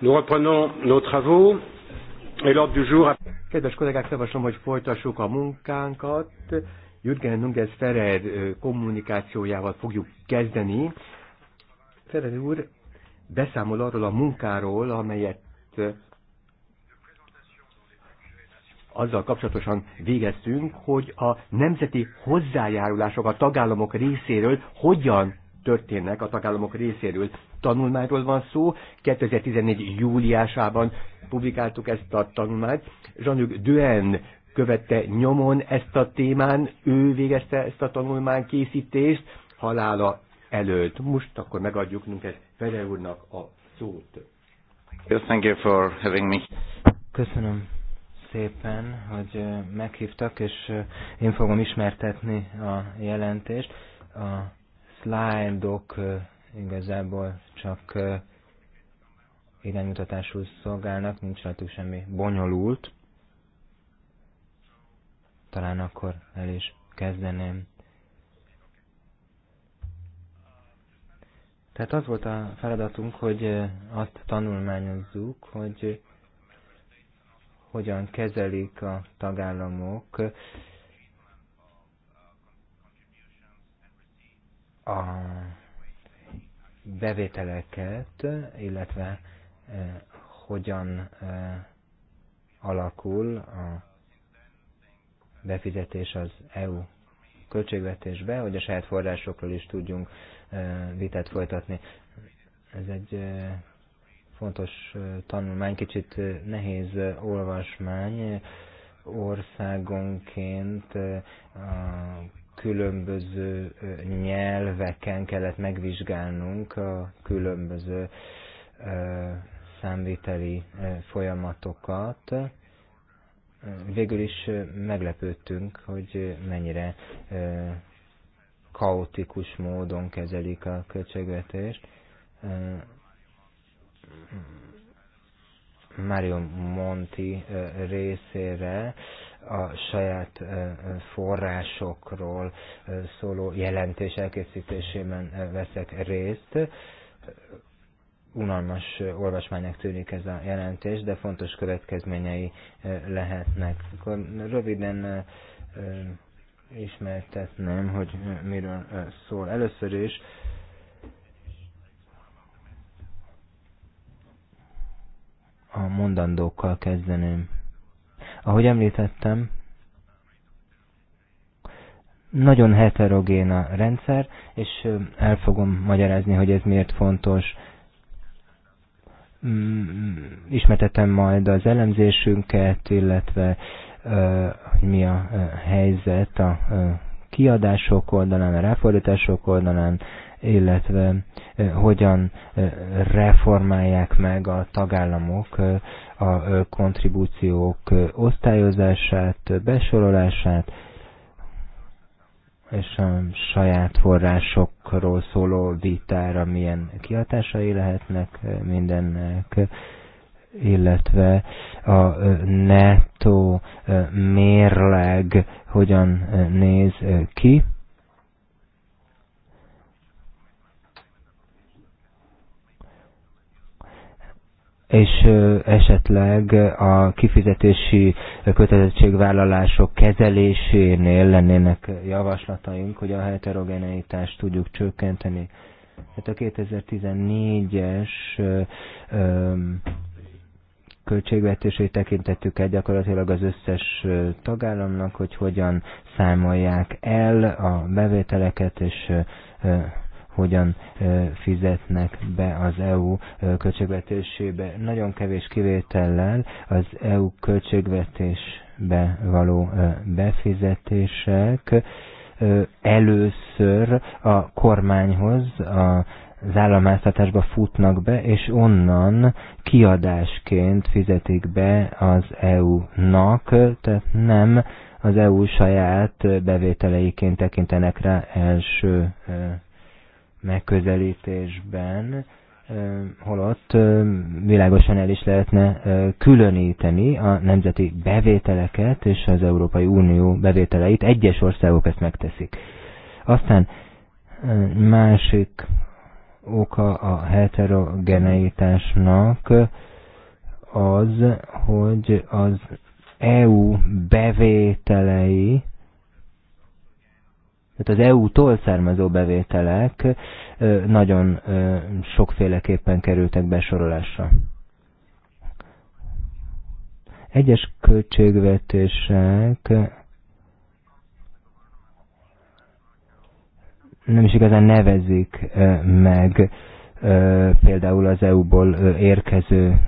Nous reprenons nos travaux et l'ordre du jour... Kedves kollégák, javaslom, hogy folytassuk a munkánkat. Jürgen Nunges Ferrer kommunikációjával fogjuk kezdeni. Ferrer úr beszámol arról a munkáról, amelyet azzal kapcsolatosan végeztünk, hogy a nemzeti hozzájárulások a tagállamok részéről hogyan történnek a tagállamok részéről. Tanulmányról van szó, 2014. júliásában publikáltuk ezt a tanulmányt. Jean-Luc Duen követte nyomon ezt a témán, ő végezte ezt a tanulmánykészítést halála előtt. Most akkor megadjuk minket Fede úrnak a szót. Thank you for having me. Köszönöm szépen, hogy eh, meghívtak, és eh, én fogom ismertetni a jelentést. A szlájdok igazából csak iránymutatásul szolgálnak, nincs rajtuk semmi bonyolult. Talán akkor el is kezdeném. Tehát az volt a feladatunk, hogy azt tanulmányozzuk, hogy hogyan kezelik a tagállamok a bevételeket, illetve eh, hogyan eh, alakul a befizetés az EU költségvetésbe, hogy a saját forrásokról is tudjunk eh, vitát folytatni. Ez egy fontos tanulmány, kicsit nehéz olvasmány, országonként a különböző nyelveken kellett megvizsgálnunk a különböző számviteli folyamatokat. Végül is meglepődtünk, hogy mennyire kaotikus módon kezelik a költségvetést. Mario Monti részére a saját forrásokról szóló jelentés elkészítésében veszek részt. Unalmas olvasmánynak tűnik ez a jelentés, de fontos következményei lehetnek. Akkor röviden ismertetném, hogy miről szól. Először is a mondandókkal kezdeném. Ahogy említettem, nagyon heterogén a rendszer, és el fogom magyarázni, hogy ez miért fontos. Mm, mm, ismertetem majd az elemzésünket, illetve hogy mi a helyzet a kiadások oldalán, a ráfordítások oldalán, illetve eh, hogyan eh, reformálják meg a tagállamok eh, a kontribúciók osztályozását, besorolását, és a saját forrásokról szóló vitára milyen kihatásai lehetnek mindennek, illetve a netto mérleg hogyan néz ki. és esetleg a kifizetési kötelezettségvállalások kezelésénél lennének javaslataink, hogy a heterogeneitást tudjuk csökkenteni. Hát a 2014-es költségvetését tekintettük egy gyakorlatilag az összes tagállamnak, hogy hogyan számolják el a bevételeket, és hogyan fizetnek be az EU költségvetésébe. Nagyon kevés kivétellel az EU költségvetésbe való befizetések először a kormányhoz, a az államáztatásba futnak be, és onnan kiadásként fizetik be az EU-nak, tehát nem az EU saját bevételeiként tekintenek rá első megközelítésben, holott világosan el is lehetne különíteni a nemzeti bevételeket és az Európai Unió bevételeit. Egyes országok ezt megteszik. Aztán másik oka a heterogeneitásnak az, hogy az EU bevételei tehát az EU-tól származó bevételek nagyon sokféleképpen kerültek besorolásra. Egyes költségvetések nem is igazán nevezik meg például az EU-ból érkező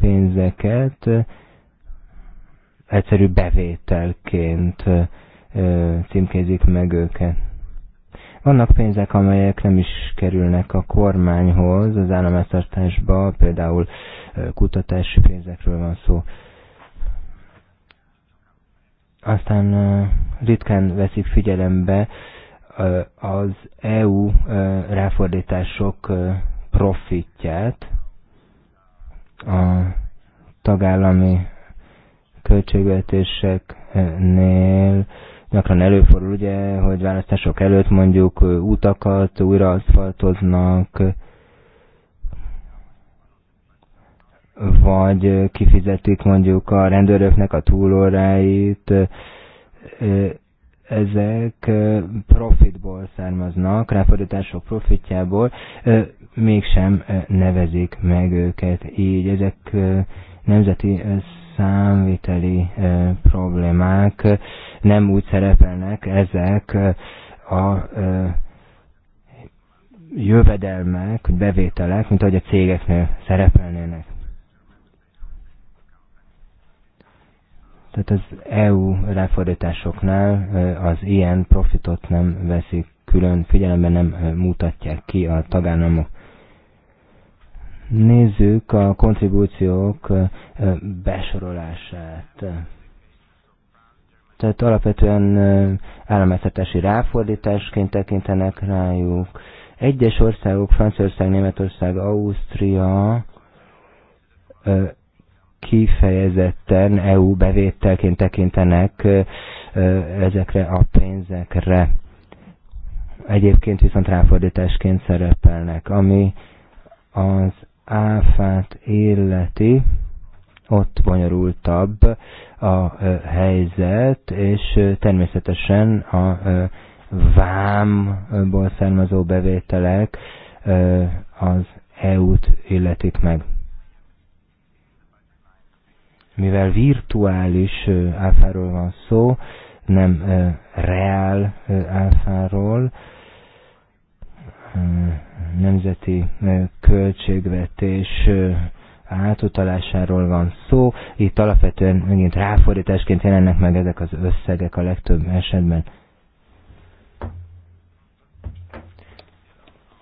pénzeket egyszerű bevételként címkézik meg őket. Vannak pénzek, amelyek nem is kerülnek a kormányhoz, az államháztartásba, például kutatási pénzekről van szó. Aztán ritkán veszik figyelembe az EU ráfordítások profitját a tagállami költségvetéseknél Gyakran előfordul ugye, hogy választások előtt mondjuk utakat újra aszfaltoznak, vagy kifizetik mondjuk a rendőröknek a túlóráit, ezek profitból származnak, ráfordítások profitjából, mégsem nevezik meg őket így. Ezek nemzeti számviteli problémák nem úgy szerepelnek ezek a jövedelmek, vagy bevételek, mint ahogy a cégeknél szerepelnének. Tehát az EU ráfordításoknál az ilyen profitot nem veszik külön figyelembe, nem mutatják ki a tagállamok nézzük a kontribúciók besorolását. Tehát alapvetően államháztartási ráfordításként tekintenek rájuk. Egyes országok, Franciaország, Németország, Ausztria kifejezetten EU bevételként tekintenek ezekre a pénzekre. Egyébként viszont ráfordításként szerepelnek, ami az áfát illeti, ott bonyolultabb a helyzet, és természetesen a vámból származó bevételek az EU-t illetik meg. Mivel virtuális áfáról van szó, nem reál áfáról, nemzeti költségvetés átutalásáról van szó. Itt alapvetően megint ráfordításként jelennek meg ezek az összegek a legtöbb esetben.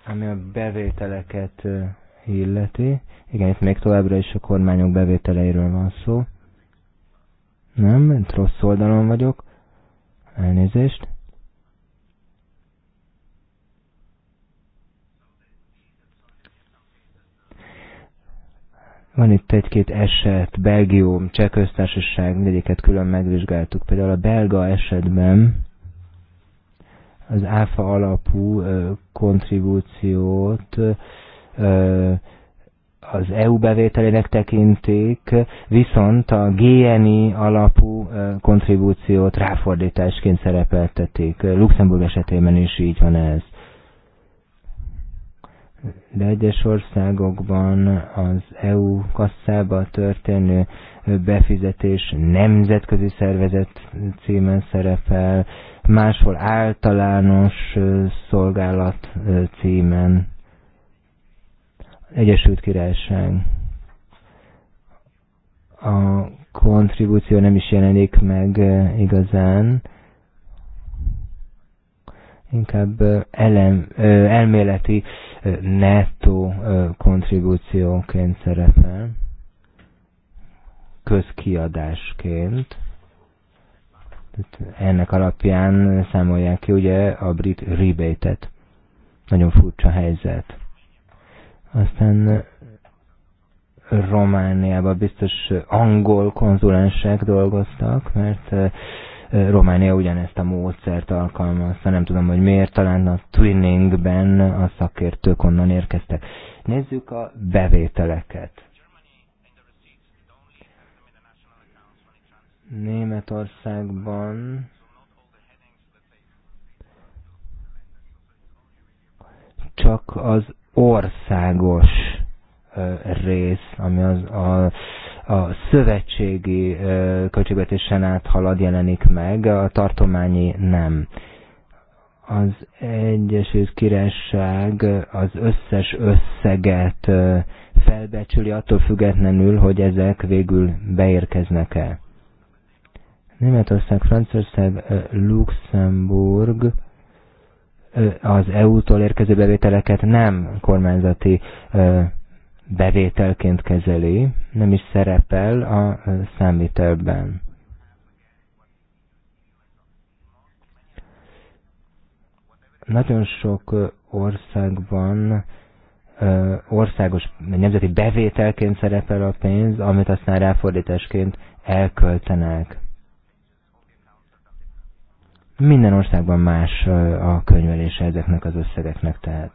Ami a bevételeket illeti. Igen, itt még továbbra is a kormányok bevételeiről van szó. Nem, rossz oldalon vagyok. Elnézést. Van itt egy-két eset, Belgium, Cseh köztársaság, mindegyiket külön megvizsgáltuk. Például a belga esetben az áfa alapú ö, kontribúciót ö, az EU bevételének tekintik, viszont a GNI alapú kontribúciót ráfordításként szerepeltetik. Luxemburg esetében is így van ez de egyes országokban az EU kasszába történő befizetés nemzetközi szervezet címen szerepel, máshol általános szolgálat címen. Egyesült Királyság. A kontribúció nem is jelenik meg igazán, inkább elem, elméleti nettó kontribúcióként szerepel, közkiadásként. Ennek alapján számolják ki ugye a brit rebate-et. Nagyon furcsa helyzet. Aztán Romániában biztos angol konzulensek dolgoztak, mert Románia ugyanezt a módszert alkalmazta, nem tudom, hogy miért, talán a twinningben a szakértők onnan érkeztek. Nézzük a bevételeket. Németországban csak az országos rész, ami az a a szövetségi költségvetésen áthalad jelenik meg, a tartományi nem. Az Egyesült Királyság az összes összeget felbecsüli, attól függetlenül, hogy ezek végül beérkeznek-e. Németország, Franciaország, Luxemburg az EU-tól érkező bevételeket nem kormányzati bevételként kezeli, nem is szerepel a számvitelben. Nagyon sok országban országos nemzeti bevételként szerepel a pénz, amit aztán ráfordításként elköltenek. Minden országban más a könyvelése ezeknek az összegeknek tehát.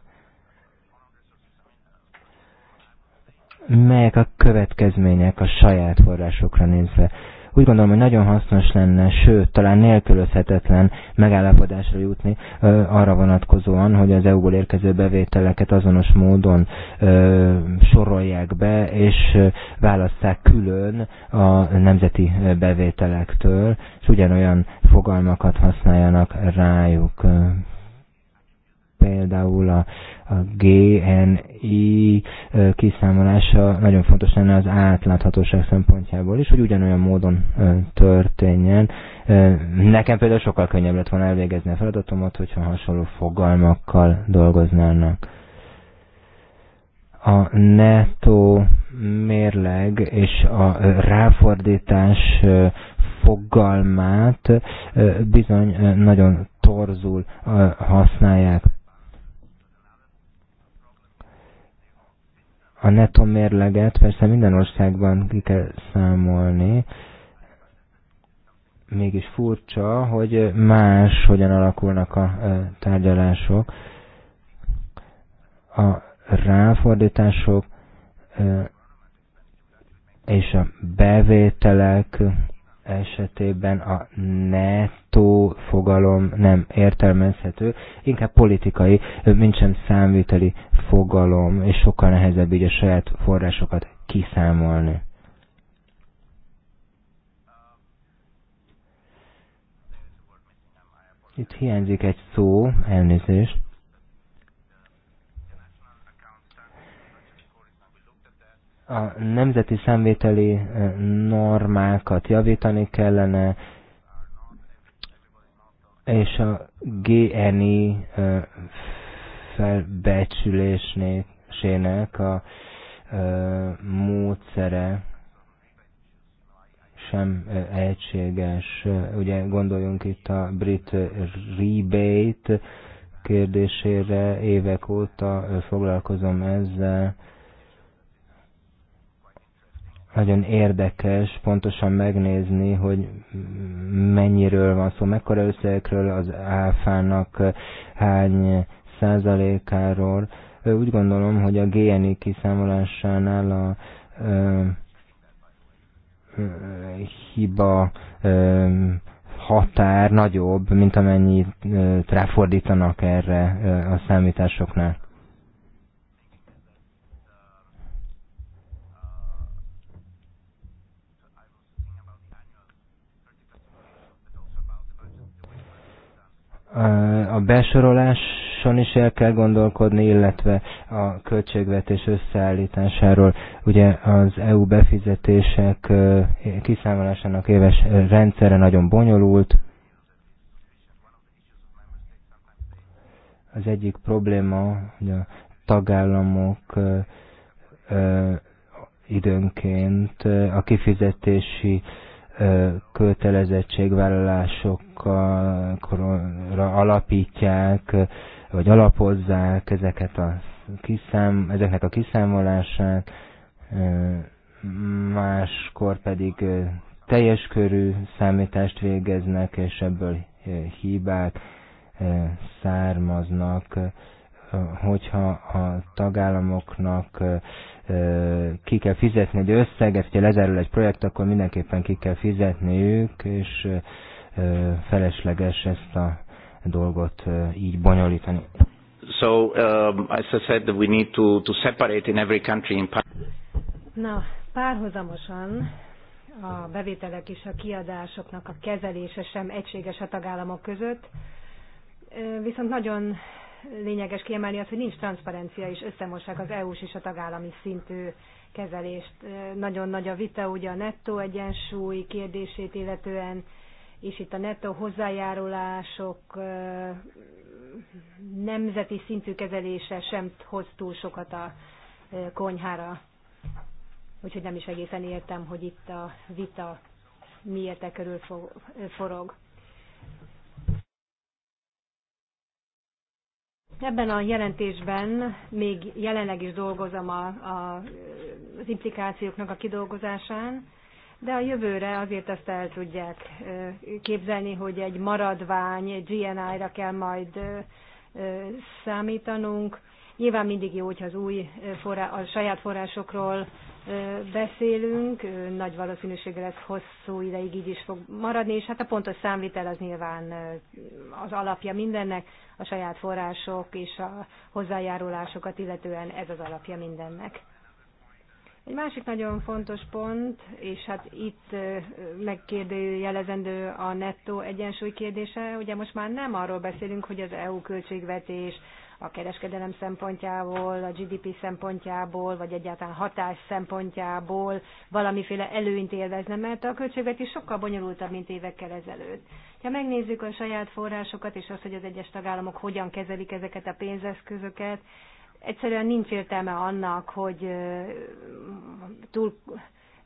melyek a következmények a saját forrásokra nézve. Úgy gondolom, hogy nagyon hasznos lenne, sőt, talán nélkülözhetetlen megállapodásra jutni ö, arra vonatkozóan, hogy az EU-ból érkező bevételeket azonos módon ö, sorolják be, és ö, válasszák külön a nemzeti bevételektől, és ugyanolyan fogalmakat használjanak rájuk például a, a GNI kiszámolása nagyon fontos lenne az átláthatóság szempontjából is, hogy ugyanolyan módon történjen. Nekem például sokkal könnyebb lett volna elvégezni a feladatomat, hogyha hasonló fogalmakkal dolgoznának a netto mérleg és a ráfordítás fogalmát bizony nagyon torzul használják. A netto mérleget persze minden országban ki kell számolni, mégis furcsa, hogy más hogyan alakulnak a tárgyalások. A ráfordítások és a bevételek esetében a netto fogalom nem értelmezhető, inkább politikai, mint sem számviteli fogalom, és sokkal nehezebb így a saját forrásokat kiszámolni. Itt hiányzik egy szó, elnézést. A nemzeti számvételi eh, normákat javítani kellene, és a GNI eh, felbecsülésének a eh, módszere sem egységes. Ugye gondoljunk itt a brit rebate kérdésére, évek óta foglalkozom ezzel, nagyon érdekes pontosan megnézni, hogy mennyiről van szó, mekkora összegekről az áfának, hány százalékáról. Úgy gondolom, hogy a GNI kiszámolásánál a ö, hiba ö, határ nagyobb, mint amennyit ráfordítanak erre a számításoknál. a besoroláson is el kell gondolkodni, illetve a költségvetés összeállításáról. Ugye az EU befizetések kiszámolásának éves rendszere nagyon bonyolult. Az egyik probléma, hogy a tagállamok időnként a kifizetési kötelezettségvállalásokra alapítják, vagy alapozzák ezeket a kiszám, ezeknek a kiszámolását, máskor pedig teljes körű számítást végeznek, és ebből hibák származnak, hogyha a tagállamoknak ki kell fizetni egy összeget, hogyha lezárul egy projekt, akkor mindenképpen ki kell fizetniük, és felesleges ezt a dolgot így bonyolítani. So, um, as I said, we need to, to separate in every country in part. Na, párhuzamosan a bevételek és a kiadásoknak a kezelése sem egységes a tagállamok között, viszont nagyon lényeges kiemelni az, hogy nincs transzparencia és összemossák az EU-s és a tagállami szintű kezelést. Nagyon nagy a vita ugye a nettó egyensúly kérdését illetően, és itt a nettó hozzájárulások nemzeti szintű kezelése sem hoz túl sokat a konyhára. Úgyhogy nem is egészen értem, hogy itt a vita miért e körül forog. Ebben a jelentésben még jelenleg is dolgozom a, a, az implikációknak a kidolgozásán, de a jövőre azért ezt el tudják képzelni, hogy egy maradvány, egy GNI-ra kell majd számítanunk. Nyilván mindig jó, hogyha az új forrá, a saját forrásokról beszélünk, nagy valószínűséggel ez hosszú ideig így is fog maradni, és hát a pontos számvitel az nyilván az alapja mindennek, a saját források és a hozzájárulásokat illetően ez az alapja mindennek. Egy másik nagyon fontos pont, és hát itt megkérdőjelezendő a nettó egyensúly kérdése, ugye most már nem arról beszélünk, hogy az EU költségvetés a kereskedelem szempontjából, a GDP szempontjából, vagy egyáltalán hatás szempontjából valamiféle előnyt élvezne, mert a költségvetés sokkal bonyolultabb, mint évekkel ezelőtt. Ha megnézzük a saját forrásokat, és azt, hogy az egyes tagállamok hogyan kezelik ezeket a pénzeszközöket, egyszerűen nincs értelme annak, hogy túl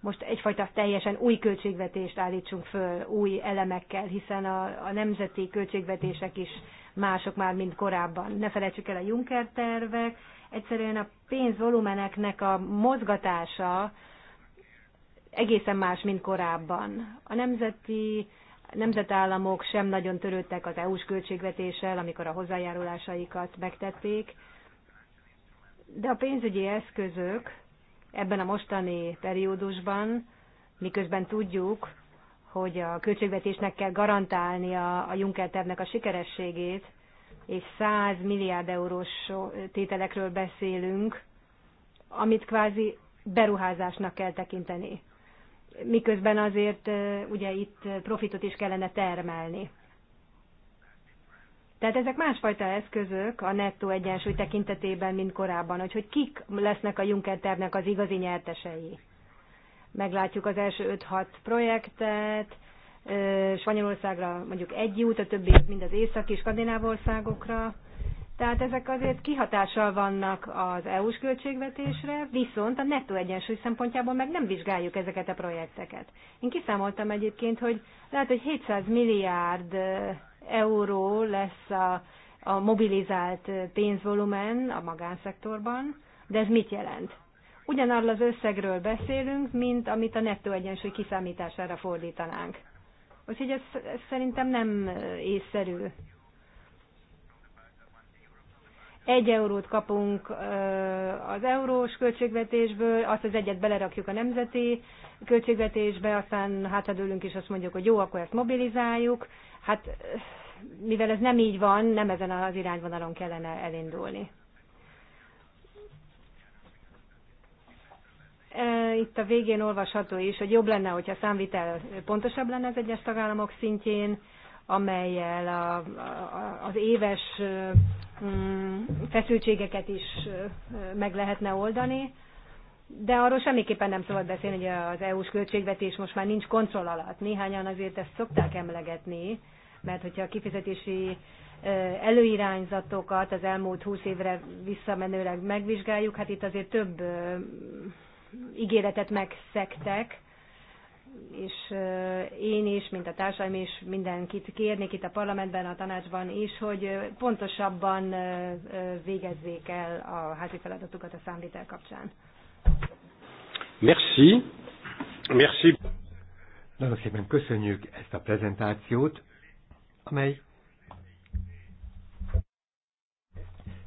most egyfajta teljesen új költségvetést állítsunk föl új elemekkel, hiszen a, a nemzeti költségvetések is mások már, mint korábban. Ne felejtsük el a Juncker tervek, egyszerűen a pénzvolumeneknek a mozgatása egészen más, mint korábban. A nemzeti nemzetállamok sem nagyon törődtek az EU-s költségvetéssel, amikor a hozzájárulásaikat megtették, de a pénzügyi eszközök ebben a mostani periódusban, miközben tudjuk, hogy a költségvetésnek kell garantálnia a Juncker tervnek a sikerességét, és 100 milliárd eurós tételekről beszélünk, amit kvázi beruházásnak kell tekinteni. Miközben azért ugye itt profitot is kellene termelni. Tehát ezek másfajta eszközök a nettó egyensúly tekintetében, mint korábban, hogy, hogy kik lesznek a Juncker tervnek az igazi nyertesei meglátjuk az első 5-6 projektet, Spanyolországra mondjuk egy út, a többi mind az északi skandináv országokra. Tehát ezek azért kihatással vannak az EU-s költségvetésre, viszont a nettó egyensúly szempontjából meg nem vizsgáljuk ezeket a projekteket. Én kiszámoltam egyébként, hogy lehet, hogy 700 milliárd euró lesz a, a mobilizált pénzvolumen a magánszektorban, de ez mit jelent? ugyanarról az összegről beszélünk, mint amit a nettó egyensúly kiszámítására fordítanánk. Úgyhogy ez, ez szerintem nem észszerű. Egy eurót kapunk az eurós költségvetésből, azt az egyet belerakjuk a nemzeti költségvetésbe, aztán hátradőlünk is, azt mondjuk, hogy jó, akkor ezt mobilizáljuk. Hát mivel ez nem így van, nem ezen az irányvonalon kellene elindulni. E, itt a végén olvasható is, hogy jobb lenne, hogyha a számvitel pontosabb lenne az egyes tagállamok szintjén, amelyel a, a, az éves mm, feszültségeket is meg lehetne oldani, de arról semmiképpen nem szabad beszélni, hogy az EU-s költségvetés most már nincs kontroll alatt. Néhányan azért ezt szokták emlegetni, mert hogyha a kifizetési előirányzatokat az elmúlt húsz évre visszamenőleg megvizsgáljuk, hát itt azért több ígéretet megszektek, és én is, mint a társaim is mindenkit kérnék itt a parlamentben, a tanácsban is, hogy pontosabban végezzék el a házi feladatukat a számvitel kapcsán. Merci. Merci. Nagyon szépen köszönjük ezt a prezentációt, amely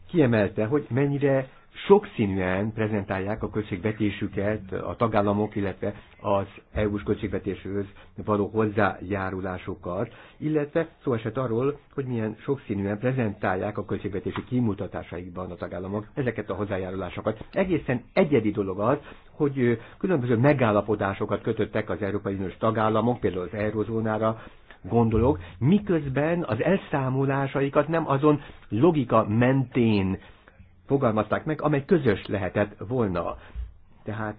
kiemelte, hogy mennyire sokszínűen prezentálják a költségvetésüket a tagállamok, illetve az EU-s költségvetéshöz való hozzájárulásokat, illetve szó esett arról, hogy milyen sokszínűen prezentálják a költségvetési kimutatásaikban a tagállamok ezeket a hozzájárulásokat. Egészen egyedi dolog az, hogy különböző megállapodásokat kötöttek az Európai Uniós tagállamok, például az Eurozónára, gondolok, miközben az elszámolásaikat nem azon logika mentén fogalmazták meg, amely közös lehetett volna. Tehát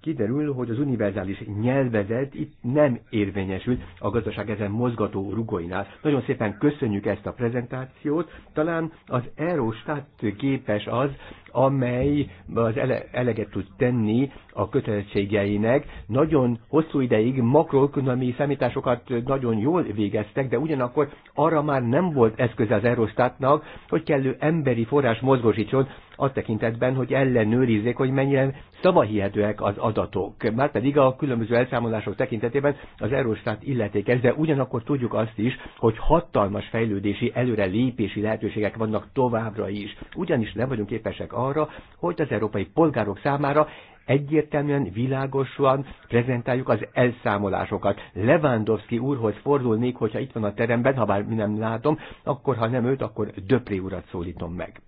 kiderül, hogy az univerzális nyelvezet itt nem érvényesült a gazdaság ezen mozgató rugóinál. Nagyon szépen köszönjük ezt a prezentációt. Talán az Eurostat képes az, amely az ele, eleget tud tenni a kötelezettségeinek. Nagyon hosszú ideig makroökonomiai számításokat nagyon jól végeztek, de ugyanakkor arra már nem volt eszköze az Erosztátnak, hogy kellő emberi forrás mozgósítson a tekintetben, hogy ellenőrizzék, hogy mennyire szavahihetőek az adatok. pedig a különböző elszámolások tekintetében az Erosztát illetékes, de ugyanakkor tudjuk azt is, hogy hatalmas fejlődési előrelépési lehetőségek vannak továbbra is. Ugyanis nem vagyunk képesek arra, arra, hogy az európai polgárok számára egyértelműen, világosan prezentáljuk az elszámolásokat. Lewandowski úrhoz fordulnék, hogyha itt van a teremben, ha bár mi nem látom, akkor ha nem őt, akkor Döpré urat szólítom meg.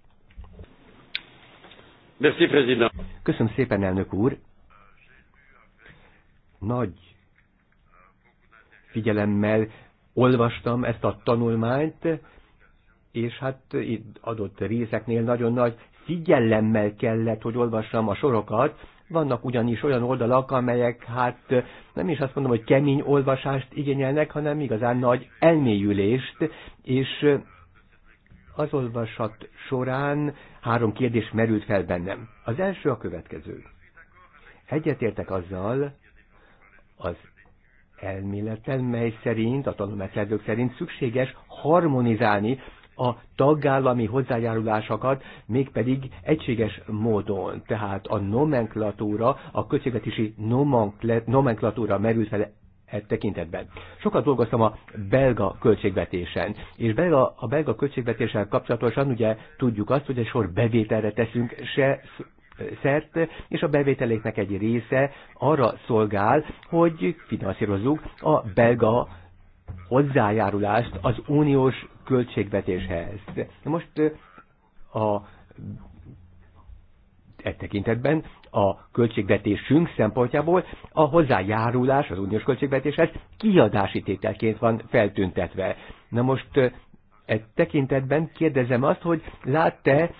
Merci, président. Köszönöm szépen, elnök úr. Nagy figyelemmel olvastam ezt a tanulmányt, és hát itt adott részeknél nagyon nagy figyelemmel kellett, hogy olvassam a sorokat, vannak ugyanis olyan oldalak, amelyek hát nem is azt mondom, hogy kemény olvasást igényelnek, hanem igazán nagy elmélyülést, és az olvasat során három kérdés merült fel bennem. Az első a következő. Egyetértek azzal az elméletem, mely szerint, a tanulmányszerzők szerint szükséges harmonizálni a tagállami hozzájárulásokat, mégpedig egységes módon. Tehát a nomenklatúra, a költségvetési nomenklatúra merül fel e tekintetben. Sokat dolgoztam a belga költségvetésen, és belga, a belga költségvetéssel kapcsolatosan ugye tudjuk azt, hogy egy sor bevételre teszünk se szert, és a bevételéknek egy része arra szolgál, hogy finanszírozzuk a belga hozzájárulást az uniós költségvetéshez. Na most a e tekintetben a költségvetésünk szempontjából a hozzájárulás az uniós költségvetéshez kiadási tételként van feltüntetve. Na most e tekintetben kérdezem azt, hogy lát-e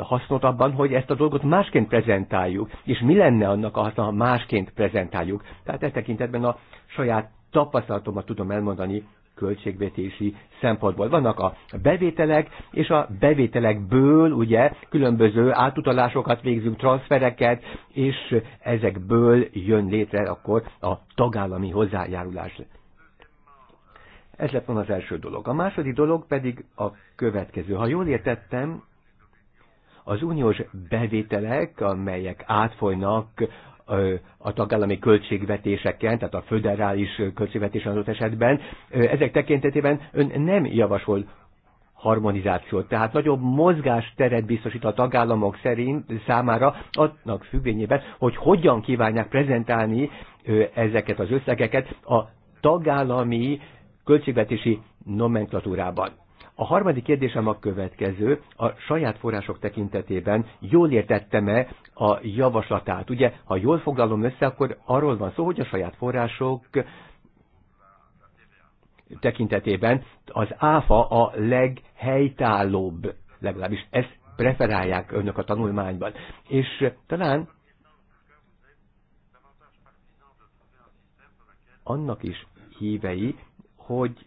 hasznot abban, hogy ezt a dolgot másként prezentáljuk, és mi lenne annak a haszna, ha másként prezentáljuk. Tehát e tekintetben a saját tapasztalatomat tudom elmondani költségvetési szempontból. Vannak a bevételek, és a bevételekből ugye különböző átutalásokat végzünk, transfereket, és ezekből jön létre akkor a tagállami hozzájárulás. Ez lett volna az első dolog. A második dolog pedig a következő. Ha jól értettem, az uniós bevételek, amelyek átfolynak a tagállami költségvetéseken, tehát a föderális költségvetésen az esetben, ezek tekintetében ön nem javasol harmonizációt. Tehát nagyobb mozgásteret biztosít a tagállamok szerint számára annak függvényében, hogy hogyan kívánják prezentálni ezeket az összegeket a tagállami költségvetési nomenklatúrában. A harmadik kérdésem a következő, a saját források tekintetében jól értettem-e a javaslatát? Ugye, ha jól foglalom össze, akkor arról van szó, hogy a saját források tekintetében az áfa a leghelytállóbb, legalábbis ezt preferálják önök a tanulmányban. És talán annak is hívei, hogy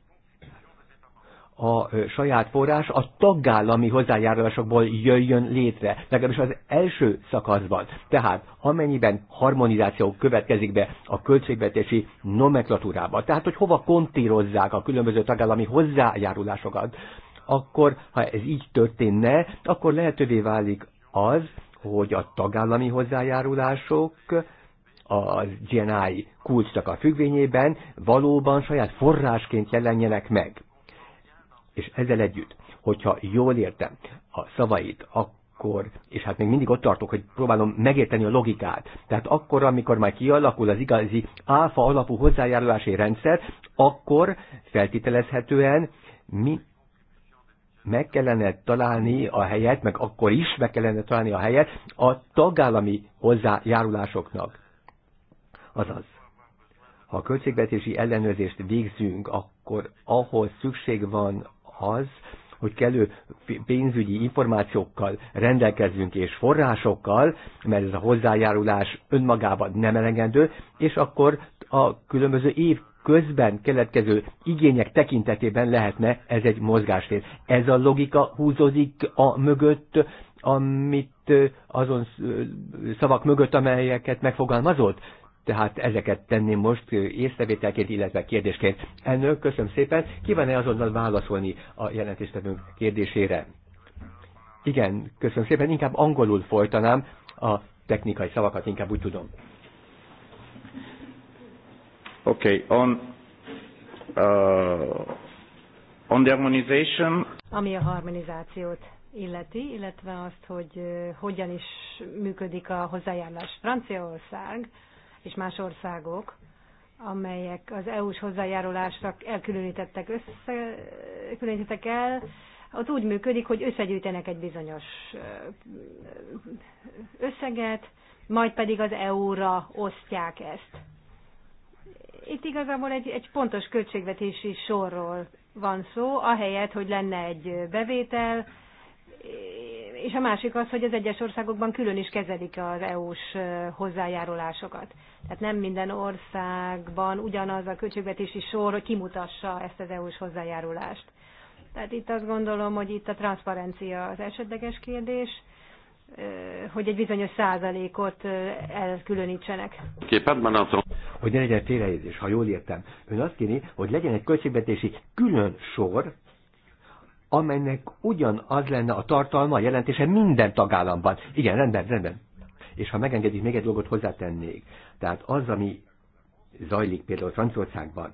a saját forrás a tagállami hozzájárulásokból jöjjön létre, legalábbis az első szakaszban. Tehát amennyiben harmonizáció következik be a költségvetési nomenklatúrába, tehát hogy hova kontírozzák a különböző tagállami hozzájárulásokat, akkor ha ez így történne, akkor lehetővé válik az, hogy a tagállami hozzájárulások a GNI kulcsnak a függvényében valóban saját forrásként jelenjenek meg. És ezzel együtt, hogyha jól értem a szavait, akkor akkor, és hát még mindig ott tartok, hogy próbálom megérteni a logikát. Tehát akkor, amikor már kialakul az igazi áfa alapú hozzájárulási rendszer, akkor feltételezhetően mi meg kellene találni a helyet, meg akkor is meg kellene találni a helyet a tagállami hozzájárulásoknak. Azaz, ha a költségvetési ellenőrzést végzünk, akkor ahhoz szükség van az, hogy kellő pénzügyi információkkal rendelkezzünk és forrásokkal, mert ez a hozzájárulás önmagában nem elegendő, és akkor a különböző év közben keletkező igények tekintetében lehetne ez egy mozgástér. Ez a logika húzódik a mögött, amit azon szavak mögött, amelyeket megfogalmazott? Tehát ezeket tenni most észrevételként, illetve kérdésként. Elnök, köszönöm szépen. Kíván-e azonnal válaszolni a jelentéstevünk kérdésére? Igen, köszönöm szépen. Inkább angolul folytanám a technikai szavakat, inkább úgy tudom. Okay, on, uh, on the harmonization. Ami a harmonizációt illeti, illetve azt, hogy hogyan is működik a hozzájárulás Franciaország, és más országok, amelyek az EU-s hozzájárulásra elkülönítettek, össze, különítettek el, az úgy működik, hogy összegyűjtenek egy bizonyos összeget, majd pedig az EU-ra osztják ezt. Itt igazából egy, egy pontos költségvetési sorról van szó, ahelyett, hogy lenne egy bevétel, és a másik az, hogy az egyes országokban külön is kezelik az EU-s hozzájárulásokat. Tehát nem minden országban ugyanaz a költségvetési sor, hogy kimutassa ezt az EU-s hozzájárulást. Tehát itt azt gondolom, hogy itt a transzparencia az esetleges kérdés, hogy egy bizonyos százalékot elkülönítsenek. Hogy ne legyen félreértés, ha jól értem. Ön azt kéri, hogy legyen egy költségvetési külön sor, amelynek ugyanaz lenne a tartalma, a jelentése minden tagállamban. Igen, rendben, rendben. És ha megengedik, még egy dolgot hozzátennék. Tehát az, ami zajlik például Franciaországban,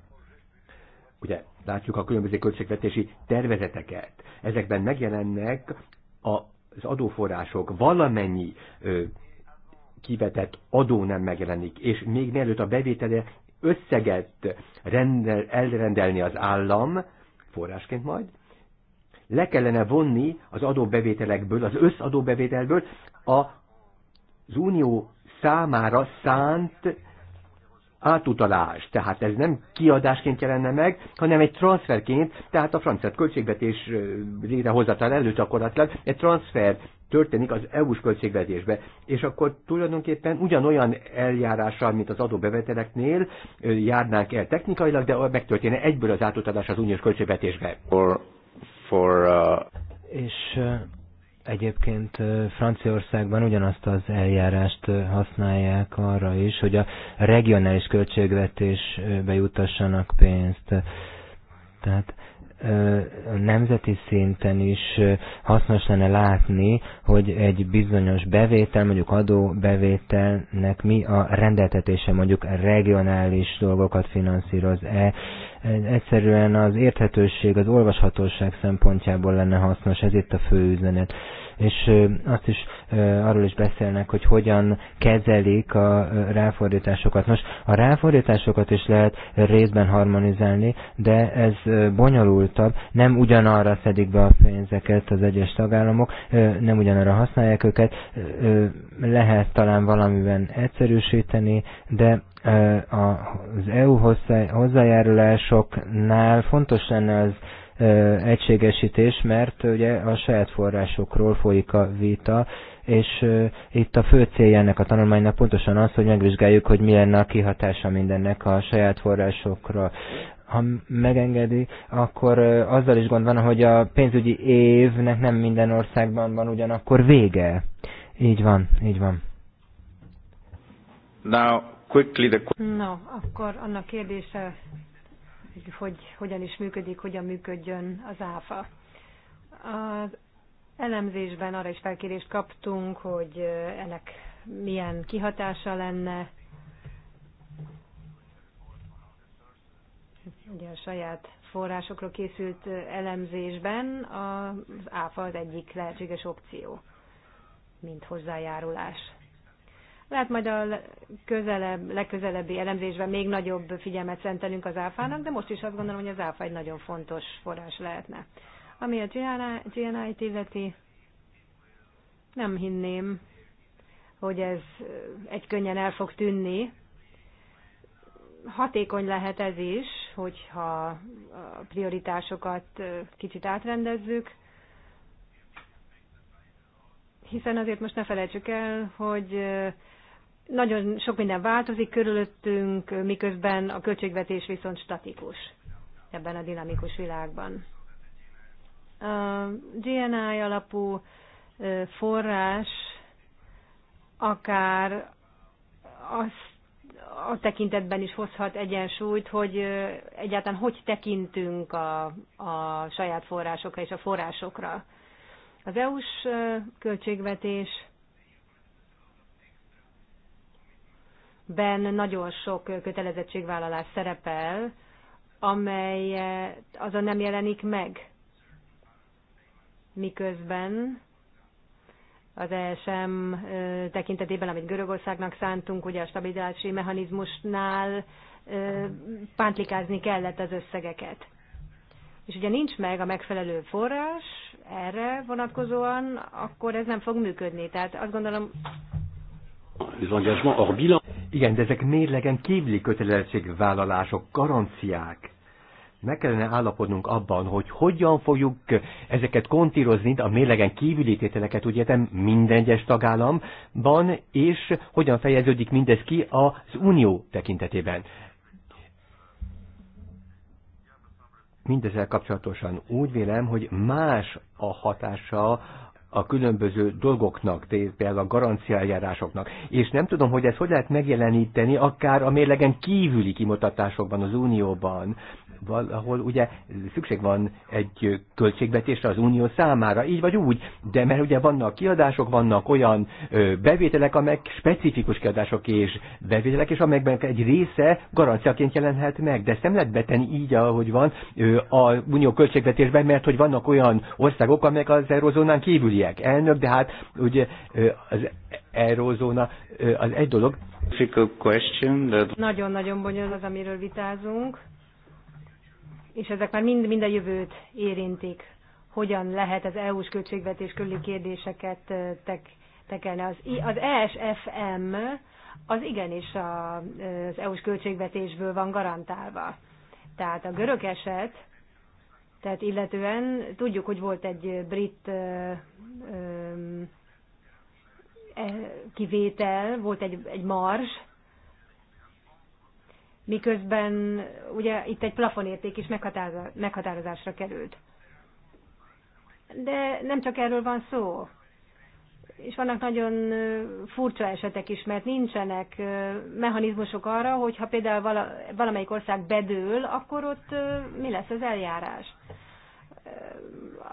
ugye látjuk a különböző költségvetési tervezeteket, ezekben megjelennek az adóforrások valamennyi ö, kivetett adó nem megjelenik, és még mielőtt a bevétele összeget rendel, elrendelni az állam, forrásként majd, le kellene vonni az adóbevételekből, az összadóbevételből az unió számára szánt átutalás, tehát ez nem kiadásként jelenne meg, hanem egy transferként, tehát a francia költségvetés létrehozatal előtt gyakorlatilag egy transfer történik az EU-s költségvetésbe, és akkor tulajdonképpen ugyanolyan eljárással, mint az adóbeveteleknél járnánk el technikailag, de megtörténne egyből az átutalás az uniós költségvetésbe. Or for... Uh... És uh, egyébként uh, Franciaországban ugyanazt az eljárást uh, használják arra is, hogy a regionális költségvetésbe jutassanak pénzt. Tehát nemzeti szinten is hasznos lenne látni, hogy egy bizonyos bevétel, mondjuk adóbevételnek mi a rendeltetése, mondjuk regionális dolgokat finanszíroz-e. Egyszerűen az érthetőség, az olvashatóság szempontjából lenne hasznos, ez itt a fő üzenet és azt is arról is beszélnek, hogy hogyan kezelik a ráfordításokat. Nos, a ráfordításokat is lehet részben harmonizálni, de ez bonyolultabb, nem ugyanarra szedik be a pénzeket az egyes tagállamok, nem ugyanarra használják őket, lehet talán valamiben egyszerűsíteni, de az EU hozzájárulásoknál fontos lenne az egységesítés, mert ugye a saját forrásokról folyik a vita, és itt a fő célja ennek a tanulmánynak pontosan az, hogy megvizsgáljuk, hogy mi lenne a kihatása mindennek a saját forrásokra. Ha megengedi, akkor azzal is gond van, hogy a pénzügyi évnek nem minden országban van ugyanakkor vége. Így van, így van. Now, quickly the... No, akkor annak kérdése hogy, hogy hogyan is működik, hogyan működjön az áfa. Az elemzésben arra is felkérést kaptunk, hogy ennek milyen kihatása lenne. Ugye a saját forrásokról készült elemzésben az áfa az egyik lehetséges opció, mint hozzájárulás. Lehet majd a közelebb, legközelebbi elemzésben még nagyobb figyelmet szentelünk az áfának, de most is azt gondolom, hogy az áfa egy nagyon fontos forrás lehetne. Ami a GNI-t illeti, nem hinném, hogy ez egy könnyen el fog tűnni. Hatékony lehet ez is, hogyha a prioritásokat kicsit átrendezzük, hiszen azért most ne felejtsük el, hogy nagyon sok minden változik körülöttünk, miközben a költségvetés viszont statikus ebben a dinamikus világban. A GNI alapú forrás akár azt a tekintetben is hozhat egyensúlyt, hogy egyáltalán hogy tekintünk a, a saját forrásokra és a forrásokra. Az EU-s költségvetés ben nagyon sok kötelezettségvállalás szerepel, amely eh, azon nem jelenik meg. Miközben az ESM eh, tekintetében, amit Görögországnak szántunk, ugye a stabilizási mechanizmusnál eh, pántlikázni kellett az összegeket. És ugye nincs meg a megfelelő forrás erre vonatkozóan, akkor ez nem fog működni. Tehát azt gondolom... Igen, de ezek mérlegen kívüli kötelezettségvállalások, garanciák. Meg kellene állapodnunk abban, hogy hogyan fogjuk ezeket kontírozni, a mérlegen kívüli tételeket, úgy értem, minden egyes tagállamban, és hogyan fejeződik mindez ki az unió tekintetében. mindezzel kapcsolatosan úgy vélem, hogy más a hatása a különböző dolgoknak, például a garanciájárásoknak. És nem tudom, hogy ezt hogy lehet megjeleníteni akár a mérlegen kívüli kimutatásokban az Unióban valahol ugye szükség van egy költségvetésre az unió számára, így vagy úgy, de mert ugye vannak kiadások, vannak olyan bevételek, amelyek specifikus kiadások és bevételek, és amelyekben egy része garanciaként jelenhet meg, de ezt nem lehet betenni így, ahogy van a unió költségvetésben, mert hogy vannak olyan országok, amelyek az eurozónán kívüliek. Elnök, de hát ugye az eurozóna az egy dolog. Nagyon-nagyon bonyolult az, amiről vitázunk és ezek már mind, mind a jövőt érintik. Hogyan lehet az EU-s költségvetés körüli kérdéseket tek, tekelni? Az, az ESFM az igenis a, az EU-s költségvetésből van garantálva. Tehát a görög eset, tehát illetően tudjuk, hogy volt egy brit ö, ö, e, kivétel, volt egy, egy mars, miközben ugye itt egy plafonérték is meghatározásra került. De nem csak erről van szó. És vannak nagyon furcsa esetek is, mert nincsenek mechanizmusok arra, hogy ha például valamelyik ország bedől, akkor ott mi lesz az eljárás.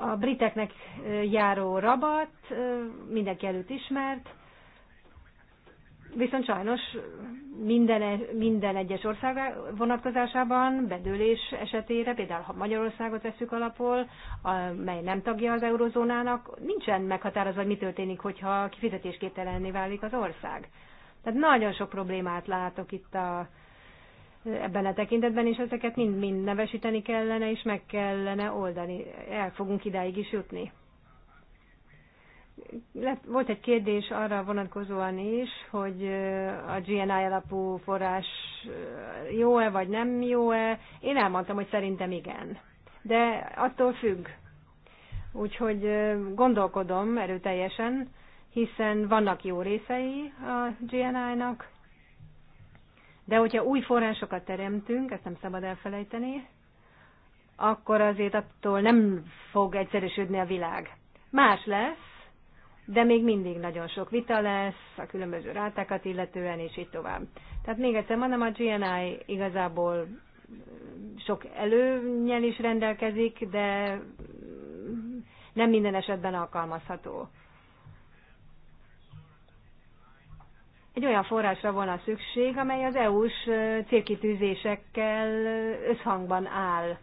A briteknek járó rabat mindenki előtt ismert, Viszont sajnos minden, minden egyes ország vonatkozásában bedőlés esetére, például ha Magyarországot veszük alapul, mely nem tagja az eurozónának, nincsen meghatározva, hogy mi történik, hogyha kifizetésképtelenné válik az ország. Tehát nagyon sok problémát látok itt a, ebben a tekintetben, és ezeket mind-mind nevesíteni kellene, és meg kellene oldani. El fogunk idáig is jutni volt egy kérdés arra vonatkozóan is, hogy a GNI alapú forrás jó-e vagy nem jó-e. Én elmondtam, hogy szerintem igen. De attól függ. Úgyhogy gondolkodom erőteljesen, hiszen vannak jó részei a GNI-nak, de hogyha új forrásokat teremtünk, ezt nem szabad elfelejteni, akkor azért attól nem fog egyszerűsödni a világ. Más lesz, de még mindig nagyon sok vita lesz a különböző rátákat illetően, és így tovább. Tehát még egyszer mondom, a GNI igazából sok előnyel is rendelkezik, de nem minden esetben alkalmazható. Egy olyan forrásra van a szükség, amely az EU-s célkitűzésekkel összhangban áll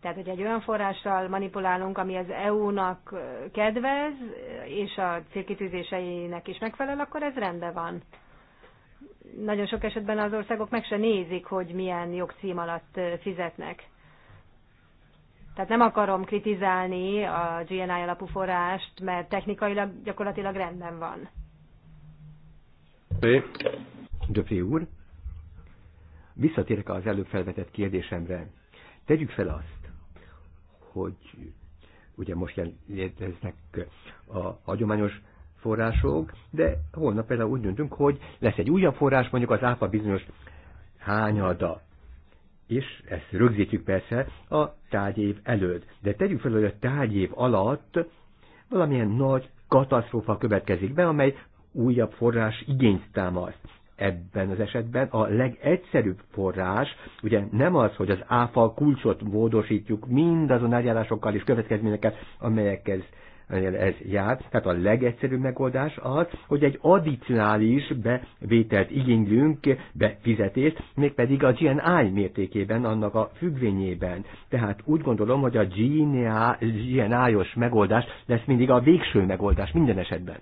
tehát, hogy egy olyan forrással manipulálunk, ami az EU-nak kedvez, és a célkitűzéseinek is megfelel, akkor ez rendben van. Nagyon sok esetben az országok meg se nézik, hogy milyen jogcím alatt fizetnek. Tehát nem akarom kritizálni a GNI alapú forrást, mert technikailag gyakorlatilag rendben van. Döpré úr, visszatérek az előbb felvetett kérdésemre. Tegyük fel azt, hogy ugye most léteznek a hagyományos források, de holnap például úgy döntünk, hogy lesz egy újabb forrás, mondjuk az áfa bizonyos hányada. És ezt rögzítjük persze a tárgyév előtt. De tegyük fel, hogy a tárgyév alatt valamilyen nagy katasztrófa következik be, amely újabb forrás igényt támaszt ebben az esetben a legegyszerűbb forrás, ugye nem az, hogy az áfa kulcsot módosítjuk mindazon eljárásokkal és következményeket, amelyekhez ez jár. Tehát a legegyszerűbb megoldás az, hogy egy addicionális bevételt igénylünk, befizetést, mégpedig a GNI mértékében, annak a függvényében. Tehát úgy gondolom, hogy a GNI-os megoldás lesz mindig a végső megoldás minden esetben.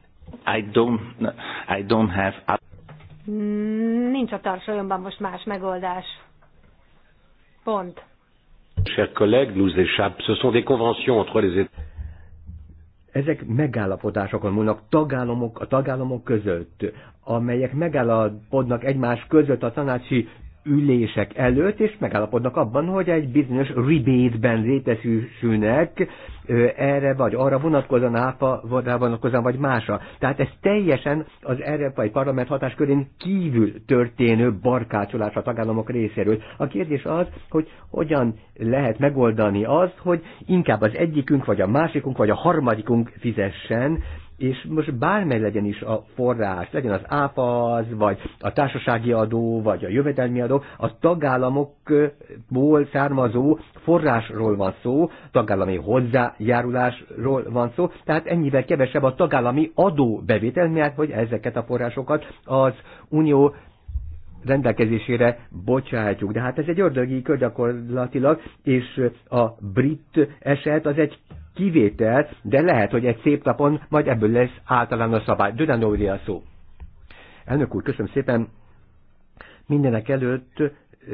I don't, I don't have Nincs a tarsolyomban most más megoldás. Pont. Chers collègues, nous échappe. Ce sont des conventions entre les États. Ezek megállapodásokon múlnak tagállamok, a tagállamok között, amelyek megállapodnak egymás között a tanácsi ülések előtt, és megállapodnak abban, hogy egy bizonyos rebate-ben létesülnek erre vagy arra vonatkozóan, ápa, arra vonatkozóan vagy másra. Tehát ez teljesen az Európai Parlament hatáskörén kívül történő barkácsolás a tagállamok részéről. A kérdés az, hogy hogyan lehet megoldani azt, hogy inkább az egyikünk, vagy a másikunk, vagy a harmadikunk fizessen, és most bármely legyen is a forrás, legyen az ÁPAZ, vagy a társasági adó, vagy a jövedelmi adó, a tagállamokból származó forrásról van szó, tagállami hozzájárulásról van szó, tehát ennyivel kevesebb a tagállami adóbevétel, mert hogy ezeket a forrásokat az unió rendelkezésére bocsájtjuk. De hát ez egy ördögi kör gyakorlatilag, és a brit eset az egy kivétel, de lehet, hogy egy szép napon majd ebből lesz a szabály. Dönánó a szó. Elnök úr, köszönöm szépen. Mindenek előtt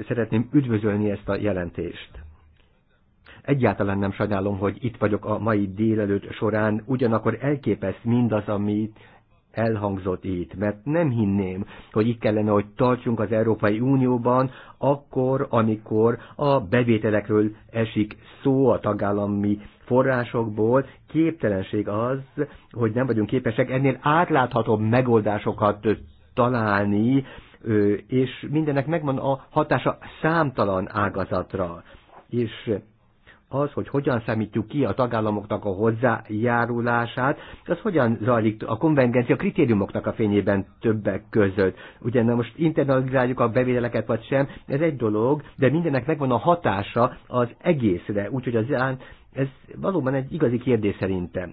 szeretném üdvözölni ezt a jelentést. Egyáltalán nem sajnálom, hogy itt vagyok a mai délelőtt során, ugyanakkor elképeszt mindaz, amit elhangzott itt, mert nem hinném, hogy itt kellene, hogy tartsunk az Európai Unióban, akkor, amikor a bevételekről esik szó a tagállami forrásokból, képtelenség az, hogy nem vagyunk képesek ennél átláthatóbb megoldásokat találni, és mindennek megvan a hatása számtalan ágazatra. És az, hogy hogyan számítjuk ki a tagállamoknak a hozzájárulását, az hogyan zajlik a konvengencia kritériumoknak a fényében többek között. Ugye na most internalizáljuk a bevételeket vagy sem, ez egy dolog, de mindennek megvan a hatása az egészre, úgyhogy az ez valóban egy igazi kérdés szerintem.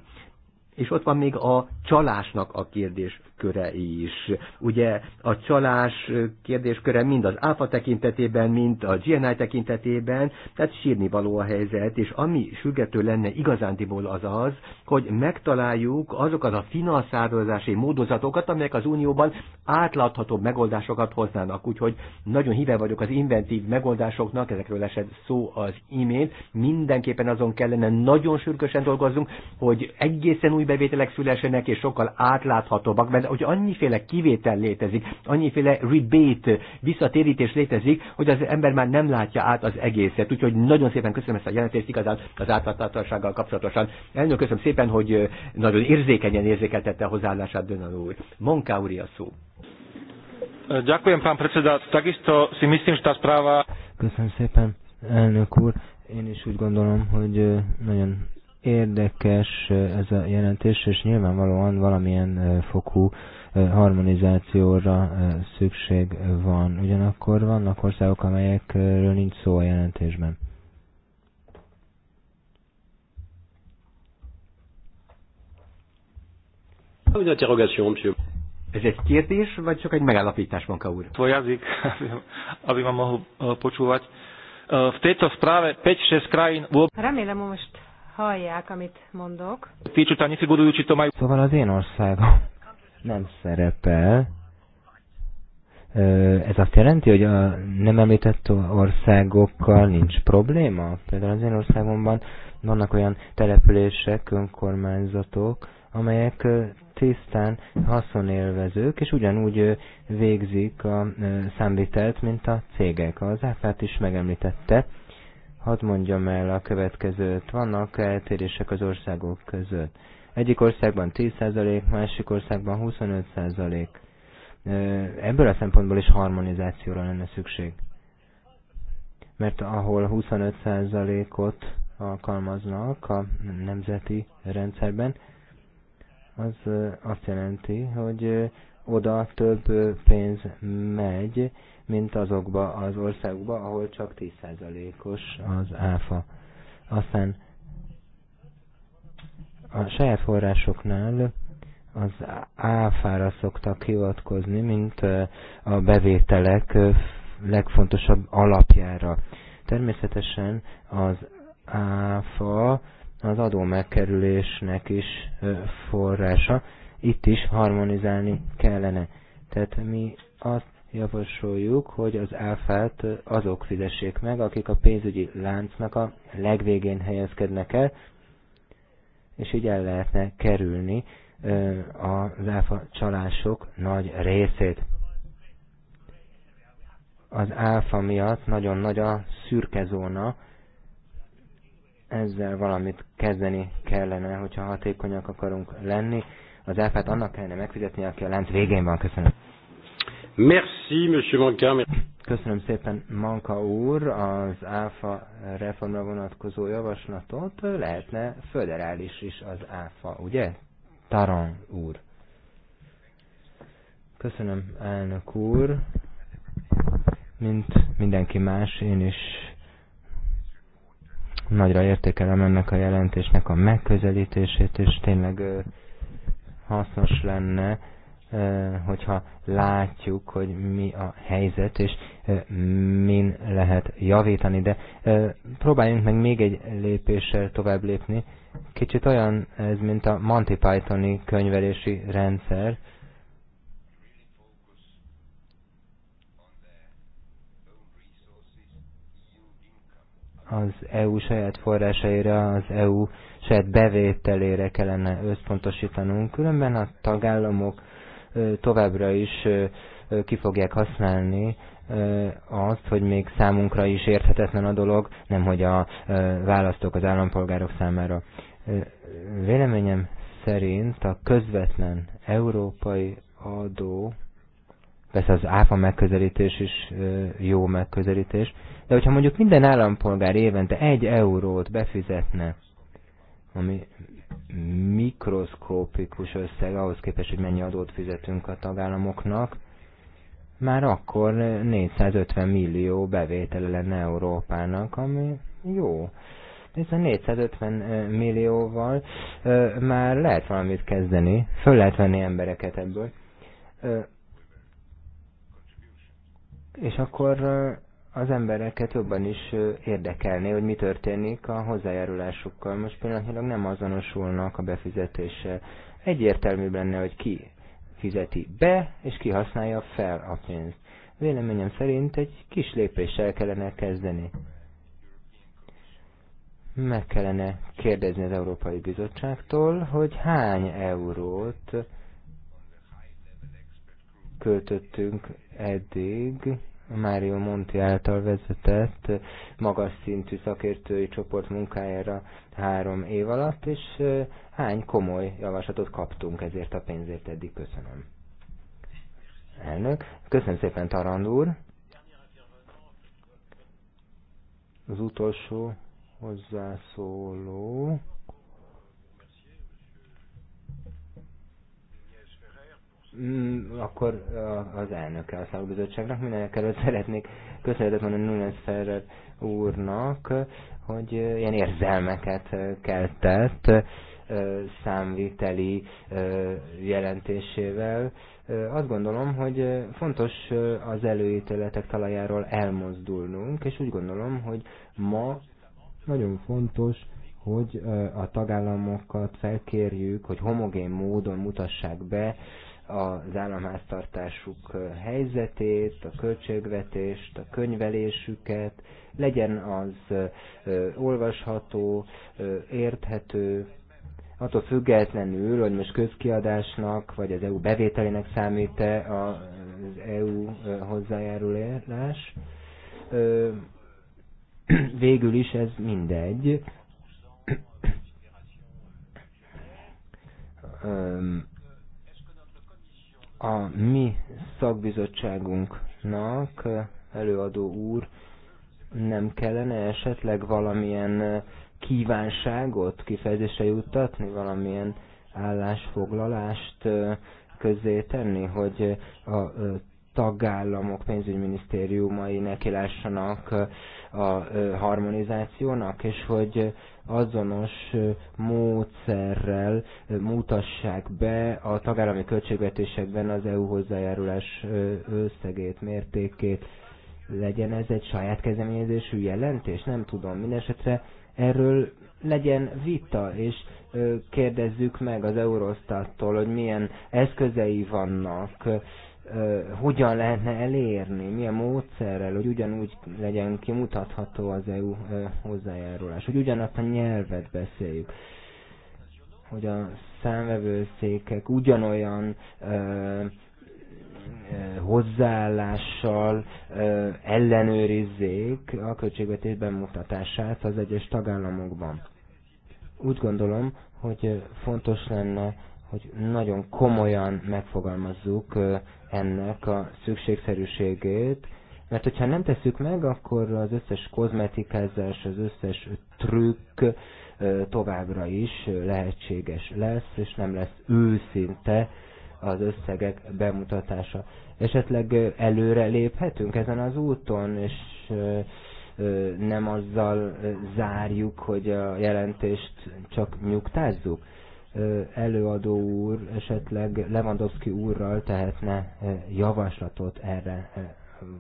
És ott van még a csalásnak a kérdésköre is. Ugye a csalás kérdésköre mind az ÁFA tekintetében, mind a GNI tekintetében, tehát sírni való a helyzet, és ami sürgető lenne igazándiból az az, hogy megtaláljuk azokat a finanszározási módozatokat, amelyek az Unióban átlátható megoldásokat hoznának. Úgyhogy nagyon híve vagyok az inventív megoldásoknak, ezekről esett szó az imént, mindenképpen azon kellene nagyon sürgősen dolgozzunk, hogy egészen új bevételek szülesenek, és sokkal átláthatóbbak, mert hogy annyiféle kivétel létezik, annyiféle rebate, visszatérítés létezik, hogy az ember már nem látja át az egészet. Úgyhogy nagyon szépen köszönöm ezt a jelentést, igazán az átláthatósággal kapcsolatosan. Elnök, köszönöm szépen, hogy nagyon érzékenyen érzékeltette a hozzáállását Dönan úr. Monká úr a szó. Ďakujem, pán predseda. Takisto si myslím, že tá správa... Köszönöm szépen, elnök úr. Én is úgy gondolom, hogy nagyon érdekes eh, ez a jelentés, és nyilvánvalóan valamilyen eh, fokú eh, harmonizációra szükség van. Ugyanakkor vannak országok, amelyekről nincs szó a jelentésben. Ez egy kérdés, vagy csak egy megállapítás, Manka úr? Tvoj jazyk, aby ma mohol počúvať. V tejto správe 5-6 krajín... Remélem, most hallják, amit mondok. Szóval az én országom nem szerepel. Ez azt jelenti, hogy a nem említett országokkal nincs probléma? Például az én országomban vannak olyan települések, önkormányzatok, amelyek tisztán haszonélvezők, és ugyanúgy végzik a számvitelt, mint a cégek. Az áfát is megemlítette Hadd mondjam el a következőt. Vannak eltérések az országok között. Egyik országban 10%, másik országban 25%. Ebből a szempontból is harmonizációra lenne szükség. Mert ahol 25%-ot alkalmaznak a nemzeti rendszerben, az azt jelenti, hogy oda több pénz megy, mint azokba az országokba, ahol csak 10%-os az áfa. Aztán a saját forrásoknál az áfára szoktak hivatkozni, mint a bevételek legfontosabb alapjára. Természetesen az áfa az adó megkerülésnek is forrása, itt is harmonizálni kellene. Tehát mi azt javasoljuk, hogy az áfát azok fizessék meg, akik a pénzügyi láncnak a legvégén helyezkednek el, és így el lehetne kerülni az áfa csalások nagy részét. Az áfa miatt nagyon nagy a szürke zóna, ezzel valamit kezdeni kellene, hogyha hatékonyak akarunk lenni. Az áfát annak kellene megfizetni, aki a lánc végén van. Köszönöm. Merci, Monsieur Manka. Köszönöm szépen Manka úr az ÁFA reformra vonatkozó javaslatot. Lehetne föderális is az ÁFA, ugye? Taran úr. Köszönöm, elnök úr. Mint mindenki más, én is nagyra értékelem ennek a jelentésnek a megközelítését, és tényleg hasznos lenne Eh, hogyha látjuk, hogy mi a helyzet, és eh, min lehet javítani. De eh, próbáljunk meg még egy lépéssel tovább lépni. Kicsit olyan ez, mint a Monty Pythoni könyvelési rendszer, az EU saját forrásaira, az EU saját bevételére kellene összpontosítanunk, különben a tagállamok továbbra is ki fogják használni azt, hogy még számunkra is érthetetlen a dolog, nemhogy a választók az állampolgárok számára. Véleményem szerint a közvetlen európai adó, persze az áfa megközelítés is jó megközelítés, de hogyha mondjuk minden állampolgár évente egy eurót befizetne, ami mikroszkópikus összeg ahhoz képest, hogy mennyi adót fizetünk a tagállamoknak, már akkor 450 millió bevétele lenne Európának, ami jó. Hiszen 450 millióval már lehet valamit kezdeni, föl lehet venni embereket ebből. És akkor az embereket jobban is érdekelné, hogy mi történik a hozzájárulásukkal. Most pillanatnyilag nem azonosulnak a befizetése. Egyértelmű lenne, hogy ki fizeti be, és ki használja fel a pénzt. Véleményem szerint egy kis lépéssel kellene kezdeni. Meg kellene kérdezni az Európai Bizottságtól, hogy hány eurót költöttünk eddig Mário Monti által vezetett magas szintű szakértői csoport munkájára három év alatt, és hány komoly javaslatot kaptunk ezért a pénzért eddig. Köszönöm. Elnök. Köszönöm szépen, Tarand úr. Az utolsó hozzászóló. Mm, akkor az elnöke a szakbizottságnak. Mindenek előtt szeretnék köszönetet mondani Nunes Ferrer úrnak, hogy ilyen érzelmeket keltett számviteli jelentésével. Azt gondolom, hogy fontos az előítéletek talajáról elmozdulnunk, és úgy gondolom, hogy ma nagyon fontos, hogy a tagállamokat felkérjük, hogy homogén módon mutassák be az államháztartásuk helyzetét, a költségvetést, a könyvelésüket, legyen az olvasható, érthető, attól függetlenül, hogy most közkiadásnak, vagy az EU bevételének számít-e az EU hozzájárulás, végül is ez mindegy. a mi szakbizottságunknak, előadó úr, nem kellene esetleg valamilyen kívánságot kifejezésre juttatni, valamilyen állásfoglalást közzé tenni, hogy a tagállamok pénzügyminisztériumai nekilássanak a harmonizációnak, és hogy azonos módszerrel mutassák be a tagállami költségvetésekben az EU hozzájárulás összegét, mértékét. Legyen ez egy saját kezdeményezésű jelentés? Nem tudom. Mindenesetre erről legyen vita, és kérdezzük meg az Eurostattól, hogy milyen eszközei vannak, hogyan lehetne elérni, milyen módszerrel, hogy ugyanúgy legyen kimutatható az EU hozzájárulás, hogy ugyanazt a nyelvet beszéljük, hogy a számvevőszékek ugyanolyan ö, hozzáállással ö, ellenőrizzék a költségvetés bemutatását az egyes tagállamokban. Úgy gondolom, hogy fontos lenne, hogy nagyon komolyan megfogalmazzuk ennek a szükségszerűségét, mert hogyha nem tesszük meg, akkor az összes kozmetikázás, az összes trükk továbbra is lehetséges lesz, és nem lesz őszinte az összegek bemutatása. Esetleg előre léphetünk ezen az úton, és nem azzal zárjuk, hogy a jelentést csak nyugtázzuk előadó úr esetleg Lewandowski úrral tehetne javaslatot erre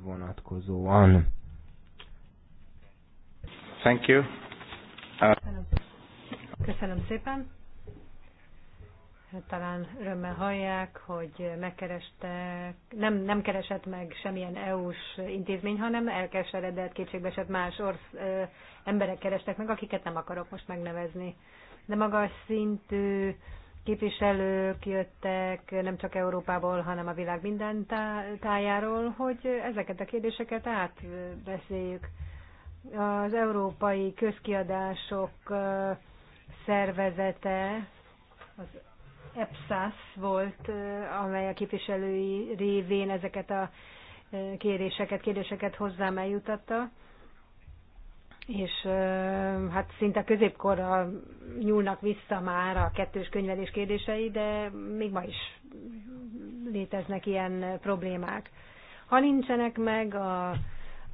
vonatkozóan. Thank you. Köszönöm. Köszönöm szépen. Talán örömmel hallják, hogy megkerestek, nem, nem keresett meg semmilyen EU-s intézmény, hanem elkeseredett, kétségbeesett más orsz, ö, emberek kerestek meg, akiket nem akarok most megnevezni. Ö, de magas szintű képviselők jöttek nem csak Európából, hanem a világ minden tájáról, hogy ezeket a kérdéseket átbeszéljük. Az Európai Közkiadások szervezete, az EPSAS volt, amely a képviselői révén ezeket a kéréseket, kérdéseket hozzám eljutatta és hát szinte középkorra nyúlnak vissza már a kettős könyvelés kérdései, de még ma is léteznek ilyen problémák. Ha nincsenek meg a,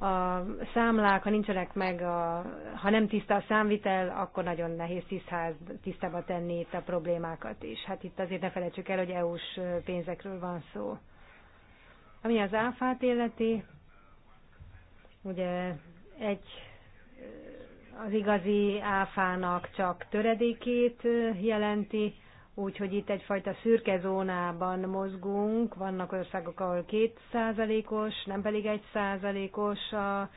a számlák, ha nincsenek meg, a, ha nem tiszta a számvitel, akkor nagyon nehéz tisztáz, tisztába tenni itt a problémákat is. Hát itt azért ne felejtsük el, hogy EU-s pénzekről van szó. Ami az áfát illeti, ugye egy az igazi áfának csak töredékét jelenti, úgyhogy itt egyfajta szürke zónában mozgunk, vannak országok, ahol 2%-os, nem pedig 1%-os a,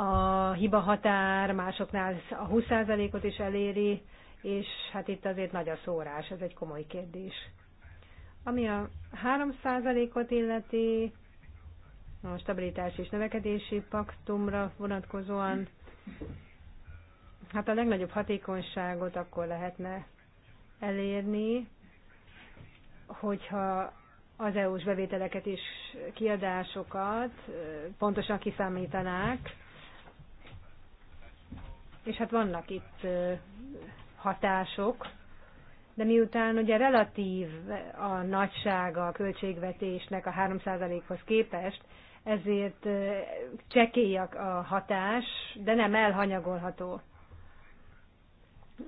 a hiba határ, másoknál a 20%-ot is eléri, és hát itt azért nagy a szórás, ez egy komoly kérdés. Ami a 3%-ot illeti, a stabilitás és növekedési paktumra vonatkozóan Hát a legnagyobb hatékonyságot akkor lehetne elérni, hogyha az EU-s bevételeket és kiadásokat pontosan kiszámítanák, és hát vannak itt hatások, de miután ugye relatív a nagysága a költségvetésnek a 3%-hoz képest, ezért csekély a hatás, de nem elhanyagolható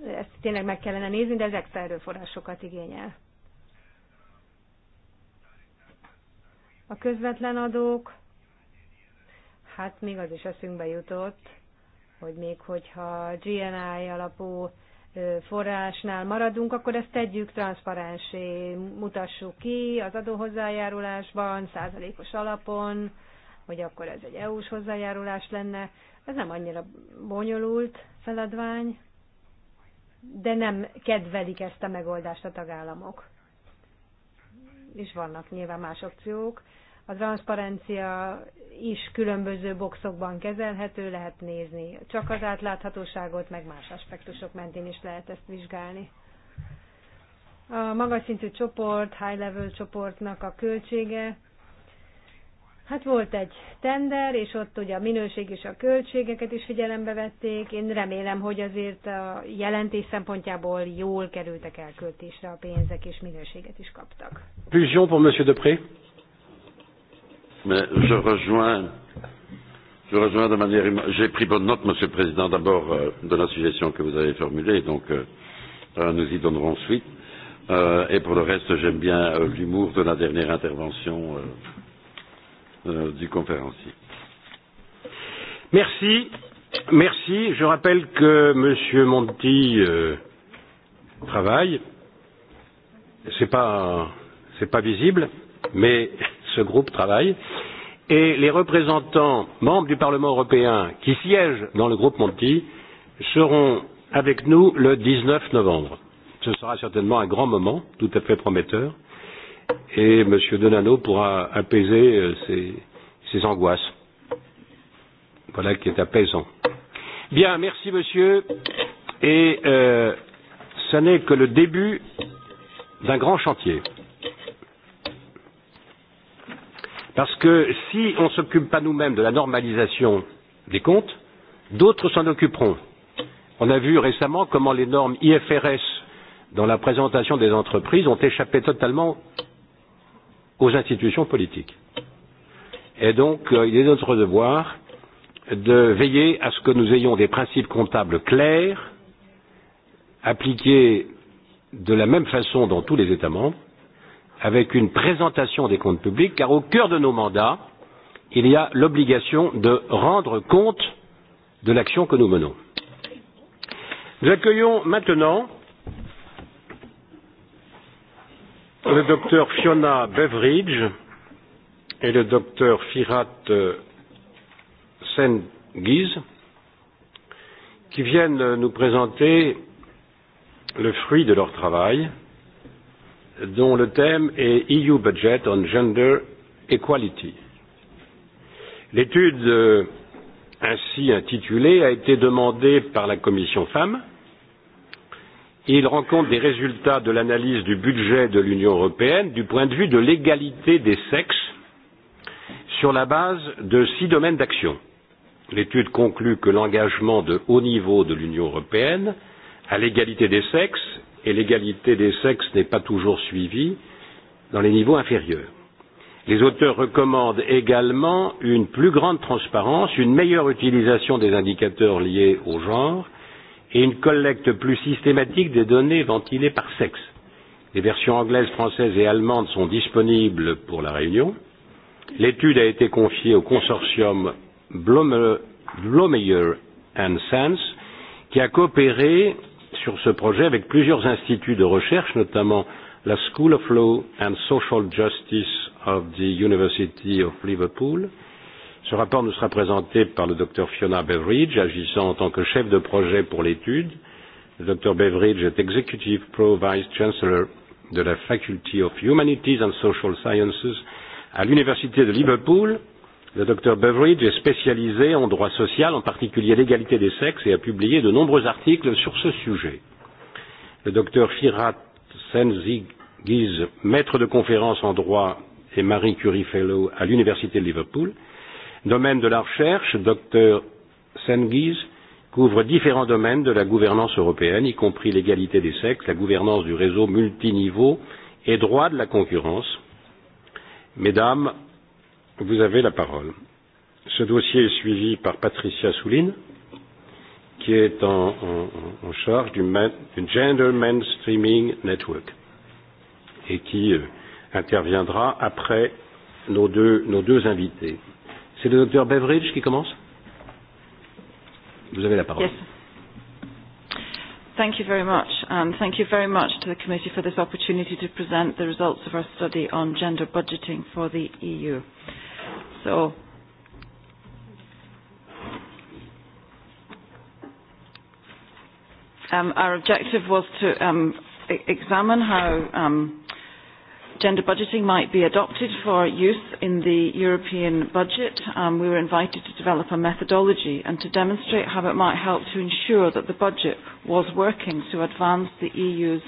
ezt tényleg meg kellene nézni, de ez extra erőforrásokat igényel. A közvetlen adók, hát még az is eszünkbe jutott, hogy még hogyha GNI alapú forrásnál maradunk, akkor ezt tegyük transzparensé, mutassuk ki az adóhozzájárulásban, százalékos alapon, hogy akkor ez egy EU-s hozzájárulás lenne. Ez nem annyira bonyolult feladvány, de nem kedvelik ezt a megoldást a tagállamok. És vannak nyilván más opciók. A transzparencia is különböző boxokban kezelhető, lehet nézni. Csak az átláthatóságot, meg más aspektusok mentén is lehet ezt vizsgálni. A magas szintű csoport, high level csoportnak a költsége Hát volt egy tender, és ott ugye a minőség és a költségeket is figyelembe vették. Én remélem, hogy azért a jelentés szempontjából jól kerültek elköltésre a pénzek, és minőséget is kaptak. Conclusion pour Monsieur Depré. Mais je rejoins, je rejoins de manière, j'ai pris bonne note, Monsieur le Président, d'abord euh, de la suggestion que vous avez formulée, donc euh, euh, nous y donnerons suite. Euh, et pour le reste, j'aime bien euh, l'humour de la dernière intervention. Euh, Euh, du conférencier. Merci. Merci. Je rappelle que M. Monti euh, travaille. Ce n'est pas, pas visible, mais ce groupe travaille. Et les représentants membres du Parlement européen qui siègent dans le groupe Monti seront avec nous le 19 novembre. Ce sera certainement un grand moment, tout à fait prometteur et M. Donano pourra apaiser euh, ses, ses angoisses. Voilà qui est apaisant. Bien, merci monsieur. Et euh, ce euh, n'est que le début d'un grand chantier. Parce que si on ne s'occupe pas nous-mêmes de la normalisation des comptes, d'autres s'en occuperont. On a vu récemment comment les normes IFRS dans la présentation des entreprises ont échappé totalement aux institutions politiques. Et donc, euh, il est notre devoir de veiller à ce que nous ayons des principes comptables clairs, appliqués de la même façon dans tous les États membres, avec une présentation des comptes publics, car au cœur de nos mandats, il y a l'obligation de rendre compte de l'action que nous menons. Nous accueillons maintenant le docteur Fiona Beveridge et le docteur Firat euh, Sengiz qui viennent nous présenter le fruit de leur travail, dont le thème est EU Budget on Gender Equality. L'étude euh, ainsi intitulée a été demandée par la Commission Femmes il rend compte des résultats de l'analyse du budget de l'Union européenne du point de vue de l'égalité des sexes sur la base de six domaines d'action. L'étude conclut que l'engagement de haut niveau de l'Union européenne à l'égalité des sexes et l'égalité des sexes n'est pas toujours suivie dans les niveaux inférieurs. Les auteurs recommandent également une plus grande transparence, une meilleure utilisation des indicateurs liés au genre et une collecte plus systématique des données ventilées par sexe. Les versions anglaises, françaises et allemandes sont disponibles pour la Réunion. L'étude a été confiée au consortium Blomeyer and Sands, qui a coopéré sur ce projet avec plusieurs instituts de recherche, notamment la School of Law and Social Justice of the University of Liverpool, Ce rapport nous sera présenté par le Dr Fiona Beveridge, agissant en tant que chef de projet pour l'étude. Le Dr Beveridge est Executive Pro Vice Chancellor de la Faculty of Humanities and Social Sciences à l'Université de Liverpool. Le Dr Beveridge est spécialisé en droit social, en particulier l'égalité des sexes, et a publié de nombreux articles sur ce sujet. Le Dr Firat Senzigiz, maître de conférence en droit et Marie Curie Fellow à l'Université de Liverpool, Domaine de la recherche, Dr. Sengiz couvre différents domaines de la gouvernance européenne, y compris l'égalité des sexes, la gouvernance du réseau multiniveau et droit de la concurrence. Mesdames, vous avez la parole. Ce dossier est suivi par Patricia Souline, qui est en, en, en charge du, du Gender Mainstreaming Network et qui euh, interviendra après nos deux, nos deux invités. C'est le docteur Beveridge qui commence Vous avez la parole. Yes. Thank you very much, and thank you very much to the committee for this opportunity to present the results of our study on gender budgeting for the EU. So, um, our objective was to um, e-, examine how um, gender budgeting might be adopted for use in the European budget, um, we were invited to develop a methodology and to demonstrate how it might help to ensure that the budget was working to advance the EU's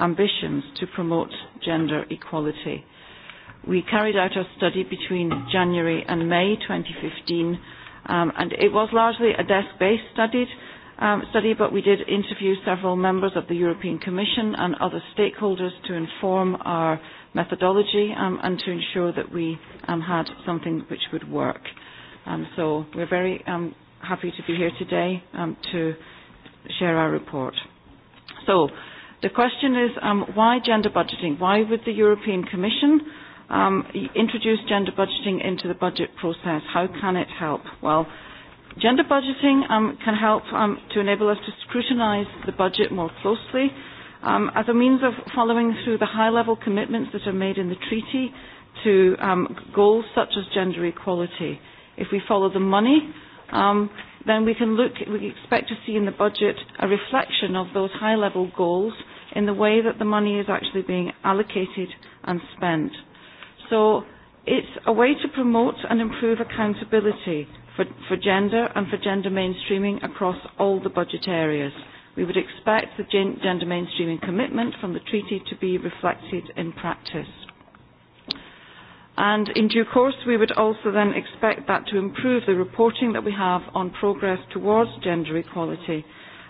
ambitions to promote gender equality. We carried out our study between January and May 2015, um, and it was largely a desk-based study, um, study, but we did interview several members of the European Commission and other stakeholders to inform our methodology um, and to ensure that we um, had something which would work. Um, so we're very um, happy to be here today um, to share our report. So the question is um, why gender budgeting? Why would the European Commission um, introduce gender budgeting into the budget process? How can it help? Well, gender budgeting um, can help um, to enable us to scrutinise the budget more closely um, as a means of following through the high-level commitments that are made in the treaty to um, goals such as gender equality. If we follow the money, um, then we can look, we expect to see in the budget a reflection of those high-level goals in the way that the money is actually being allocated and spent. So it's a way to promote and improve accountability for, for gender and for gender mainstreaming across all the budget areas. We would expect the gender mainstreaming commitment from the treaty to be reflected in practice. And in due course, we would also then expect that to improve the reporting that we have on progress towards gender equality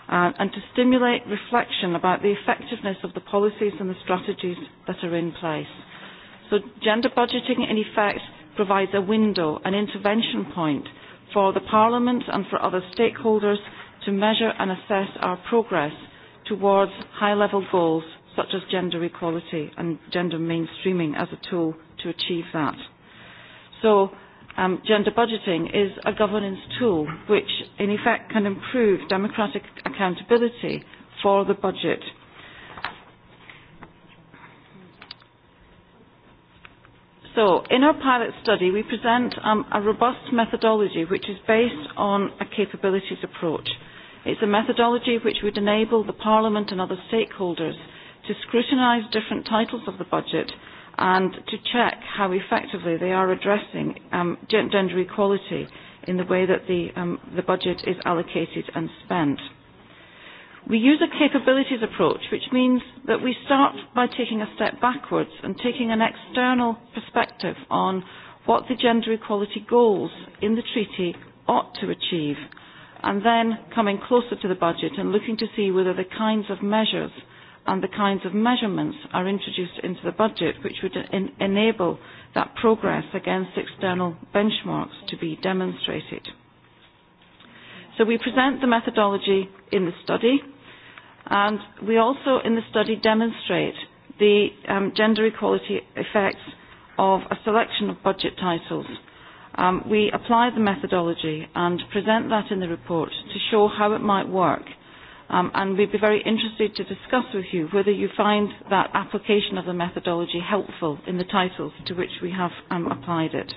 uh, and to stimulate reflection about the effectiveness of the policies and the strategies that are in place. So gender budgeting, in effect, provides a window, an intervention point for the Parliament and for other stakeholders to measure and assess our progress towards high-level goals such as gender equality and gender mainstreaming as a tool to achieve that. So um, gender budgeting is a governance tool which in effect can improve democratic accountability for the budget So, in our pilot study, we present um, a robust methodology which is based on a capabilities approach. It's a methodology which would enable the Parliament and other stakeholders to scrutinise different titles of the budget and to check how effectively they are addressing um, gender equality in the way that the, um, the budget is allocated and spent. We use a capabilities approach, which means that we start by taking a step backwards and taking an external perspective on what the gender equality goals in the treaty ought to achieve, and then coming closer to the budget and looking to see whether the kinds of measures and the kinds of measurements are introduced into the budget which would en enable that progress against external benchmarks to be demonstrated. So we present the methodology in the study And we also, in the study, demonstrate the um, gender equality effects of a selection of budget titles. Um, we apply the methodology and present that in the report to show how it might work. Um, and we'd be very interested to discuss with you whether you find that application of the methodology helpful in the titles to which we have um, applied it.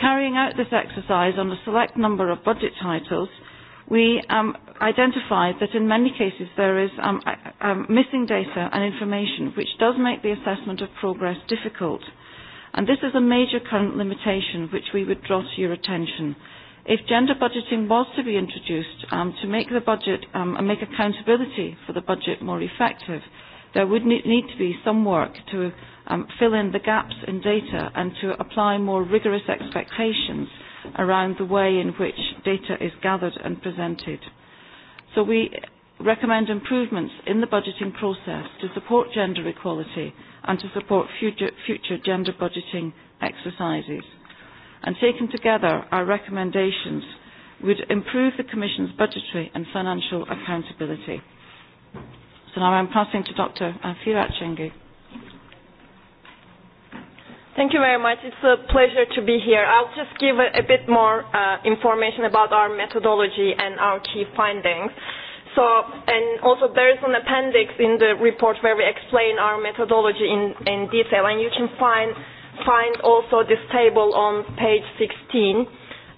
Carrying out this exercise on a select number of budget titles we um, identified that in many cases there is um, uh, um, missing data and information which does make the assessment of progress difficult. And this is a major current limitation which we would draw to your attention. If gender budgeting was to be introduced um, to make the budget um, and make accountability for the budget more effective, there would need to be some work to um, fill in the gaps in data and to apply more rigorous expectations – around the way in which data is gathered and presented. So we recommend improvements in the budgeting process to support gender equality and to support future, future gender budgeting exercises. And taken together, our recommendations would improve the Commission's budgetary and financial accountability. So now I'm passing to Dr. Afira Chenge. Thank you very much. It's a pleasure to be here. I'll just give a, a bit more uh, information about our methodology and our key findings. So, and also there is an appendix in the report where we explain our methodology in, in detail, and you can find, find also this table on page 16.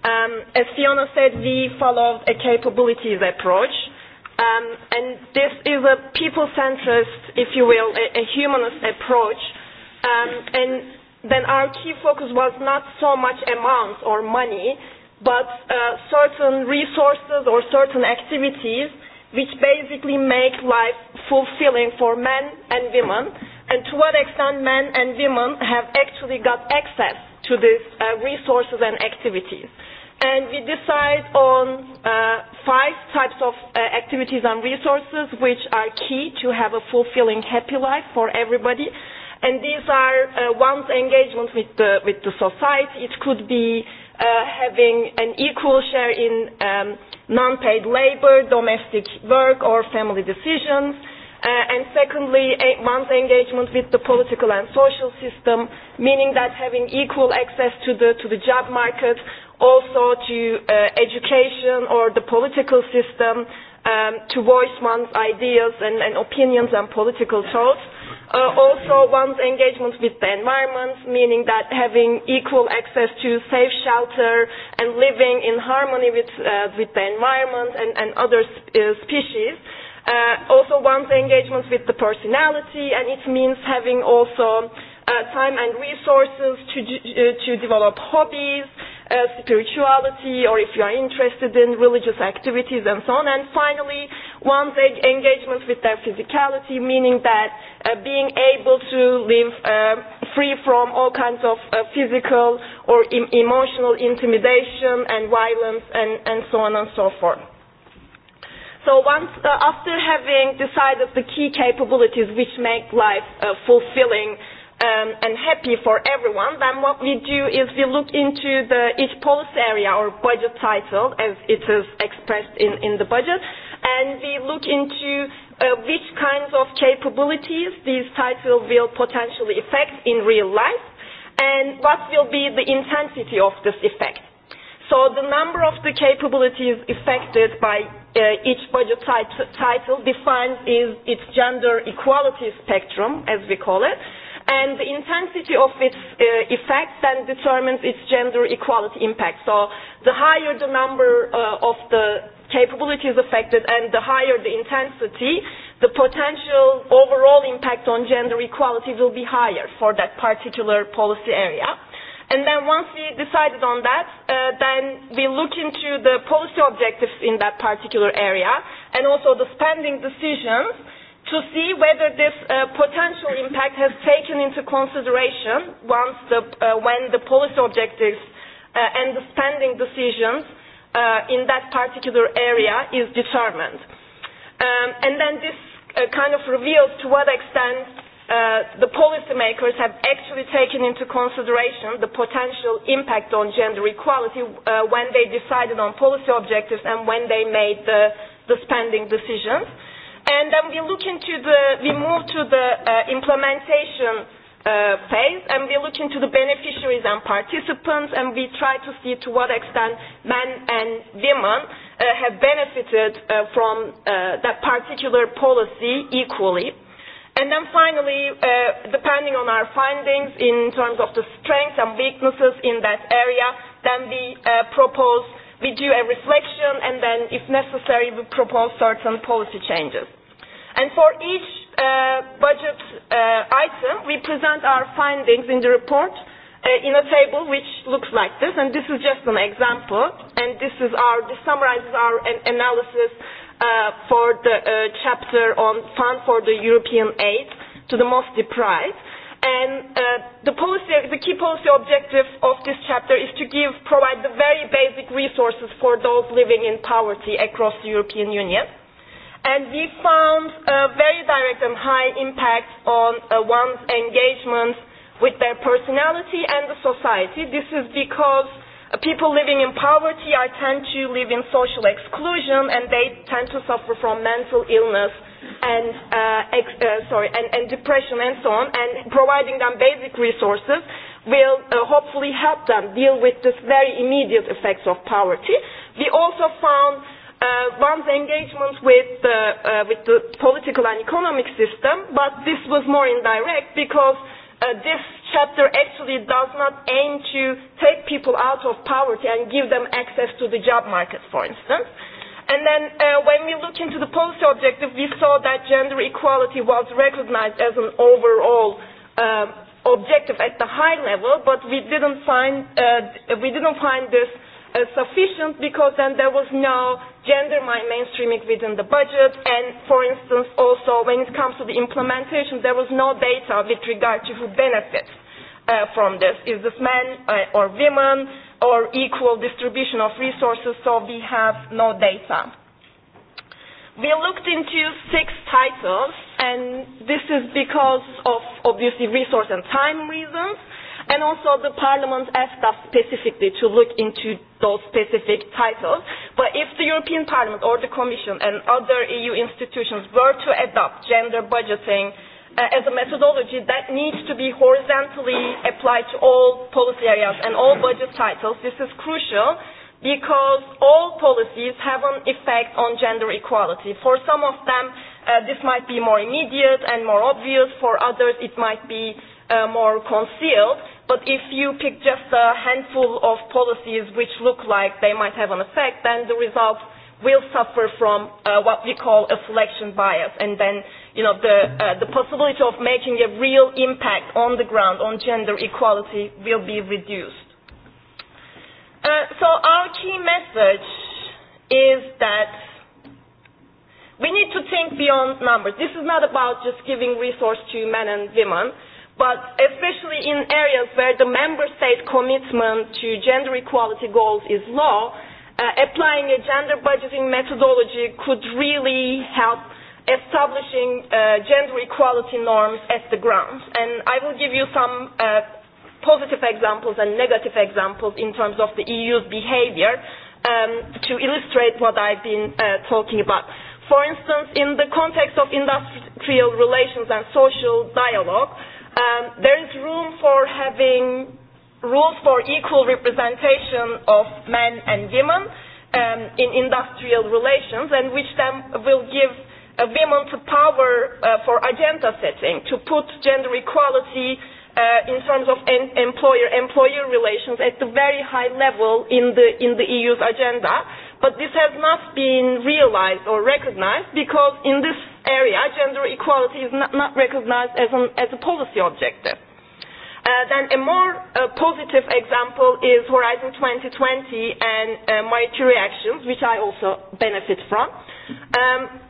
Um, as Fiona said, we followed a capabilities approach. Um, and this is a people-centrist, if you will, a, a humanist approach. Um, and then our key focus was not so much amounts or money, but uh, certain resources or certain activities which basically make life fulfilling for men and women, and to what extent men and women have actually got access to these uh, resources and activities. And we decide on uh, five types of uh, activities and resources which are key to have a fulfilling, happy life for everybody And these are uh, one's engagement with the, with the society. It could be uh, having an equal share in um, non-paid labor, domestic work, or family decisions. Uh, and secondly, one's engagement with the political and social system, meaning that having equal access to the, to the job market, also to uh, education or the political system, um, to voice one's ideas and, and opinions and political thoughts Uh, also, one's engagement with the environment, meaning that having equal access to safe shelter and living in harmony with, uh, with the environment and, and other sp uh, species. Uh, also, one's engagement with the personality, and it means having also uh, time and resources to, uh, to develop hobbies, uh, spirituality or if you are interested in religious activities and so on. And finally, one's engagement with their physicality, meaning that uh, being able to live uh, free from all kinds of uh, physical or em emotional intimidation and violence and, and so on and so forth. So once, uh, after having decided the key capabilities which make life uh, fulfilling um, and happy for everyone, then what we do is we look into the, each policy area or budget title as it is expressed in, in the budget, and we look into uh, which kinds of capabilities these titles will potentially affect in real life and what will be the intensity of this effect. So the number of the capabilities affected by uh, each budget title defines is its gender equality spectrum, as we call it and the intensity of its uh, effect then determines its gender equality impact. So the higher the number uh, of the capabilities affected and the higher the intensity, the potential overall impact on gender equality will be higher for that particular policy area. And then once we decided on that, uh, then we look into the policy objectives in that particular area and also the spending decisions to see whether this uh, potential impact has taken into consideration once the, uh, when the policy objectives uh, and the spending decisions uh, in that particular area is determined. Um, and then this uh, kind of reveals to what extent uh, the policymakers have actually taken into consideration the potential impact on gender equality uh, when they decided on policy objectives and when they made the, the spending decisions. And then um, we look into the, we move to the uh, implementation uh, phase and we look into the beneficiaries and participants and we try to see to what extent men and women uh, have benefited uh, from uh, that particular policy equally. And then finally, uh, depending on our findings in terms of the strengths and weaknesses in that area, then we uh, propose we do a reflection and then, if necessary, we propose certain policy changes. And for each uh, budget uh, item, we present our findings in the report uh, in a table which looks like this, and this is just an example, and this is our, this summarizes our an analysis uh, for the uh, chapter on Fund for the European Aid to the Most Deprived. And uh, the, policy, the key policy objective of this chapter is to give, provide the very basic resources for those living in poverty across the European Union. And we found a very direct and high impact on uh, one's engagement with their personality and the society. This is because uh, people living in poverty are tend to live in social exclusion and they tend to suffer from mental illness and uh, ex- uh, sorry and, and depression and so on and providing them basic resources will uh, hopefully help them deal with this very immediate effects of poverty. We also found uh, one's engagement with the, uh, with the political and economic system, but this was more indirect because uh, this chapter actually does not aim to take people out of poverty and give them access to the job market, for instance. And then uh, when we look into the policy objective, we saw that gender equality was recognized as an overall uh, objective at the high level, but we didn't find, uh, we didn't find this uh, sufficient because then there was no gender mainstreaming within the budget. And for instance, also when it comes to the implementation, there was no data with regard to who benefits uh, from this. Is this men uh, or women? or equal distribution of resources, so we have no data. We looked into six titles, and this is because of obviously resource and time reasons, and also the Parliament asked us specifically to look into those specific titles. But if the European Parliament or the Commission and other EU institutions were to adopt gender budgeting Uh, as a methodology that needs to be horizontally applied to all policy areas and all budget titles. This is crucial because all policies have an effect on gender equality. For some of them, uh, this might be more immediate and more obvious. For others, it might be uh, more concealed. But if you pick just a handful of policies which look like they might have an effect, then the results will suffer from uh, what we call a selection bias. And then you know, the, uh, the possibility of making a real impact on the ground on gender equality will be reduced. Uh, so our key message is that we need to think beyond numbers. This is not about just giving resource to men and women, but especially in areas where the member state commitment to gender equality goals is low, uh, applying a gender budgeting methodology could really help establishing uh, gender equality norms as the ground. And I will give you some uh, positive examples and negative examples in terms of the EU's behavior um, to illustrate what I've been uh, talking about. For instance, in the context of industrial relations and social dialogue, um, there is room for having rules for equal representation of men and women um, in industrial relations, and which then will give women the power uh, for agenda setting, to put gender equality uh, in terms of en- employer-employer relations at the very high level in the, in the EU's agenda. But this has not been realized or recognized because in this area, gender equality is not, not recognized as, an, as a policy objective. Uh, then a more uh, positive example is Horizon 2020 and uh, my two reactions, which I also benefit from. Um,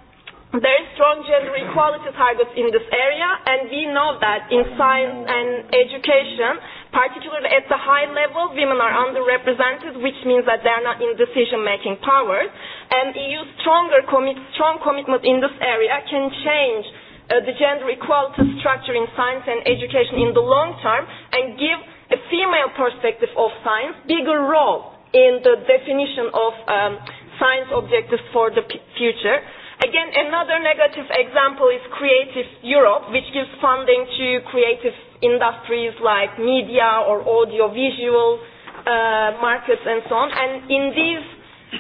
There is strong gender equality targets in this area, and we know that in science and education, particularly at the high level, women are underrepresented, which means that they are not in decision-making power. And EU's stronger commit, strong commitment in this area can change uh, the gender equality structure in science and education in the long term and give a female perspective of science bigger role in the definition of um, science objectives for the future. Again, another negative example is Creative Europe, which gives funding to creative industries like media or audiovisual uh, markets and so on. And in these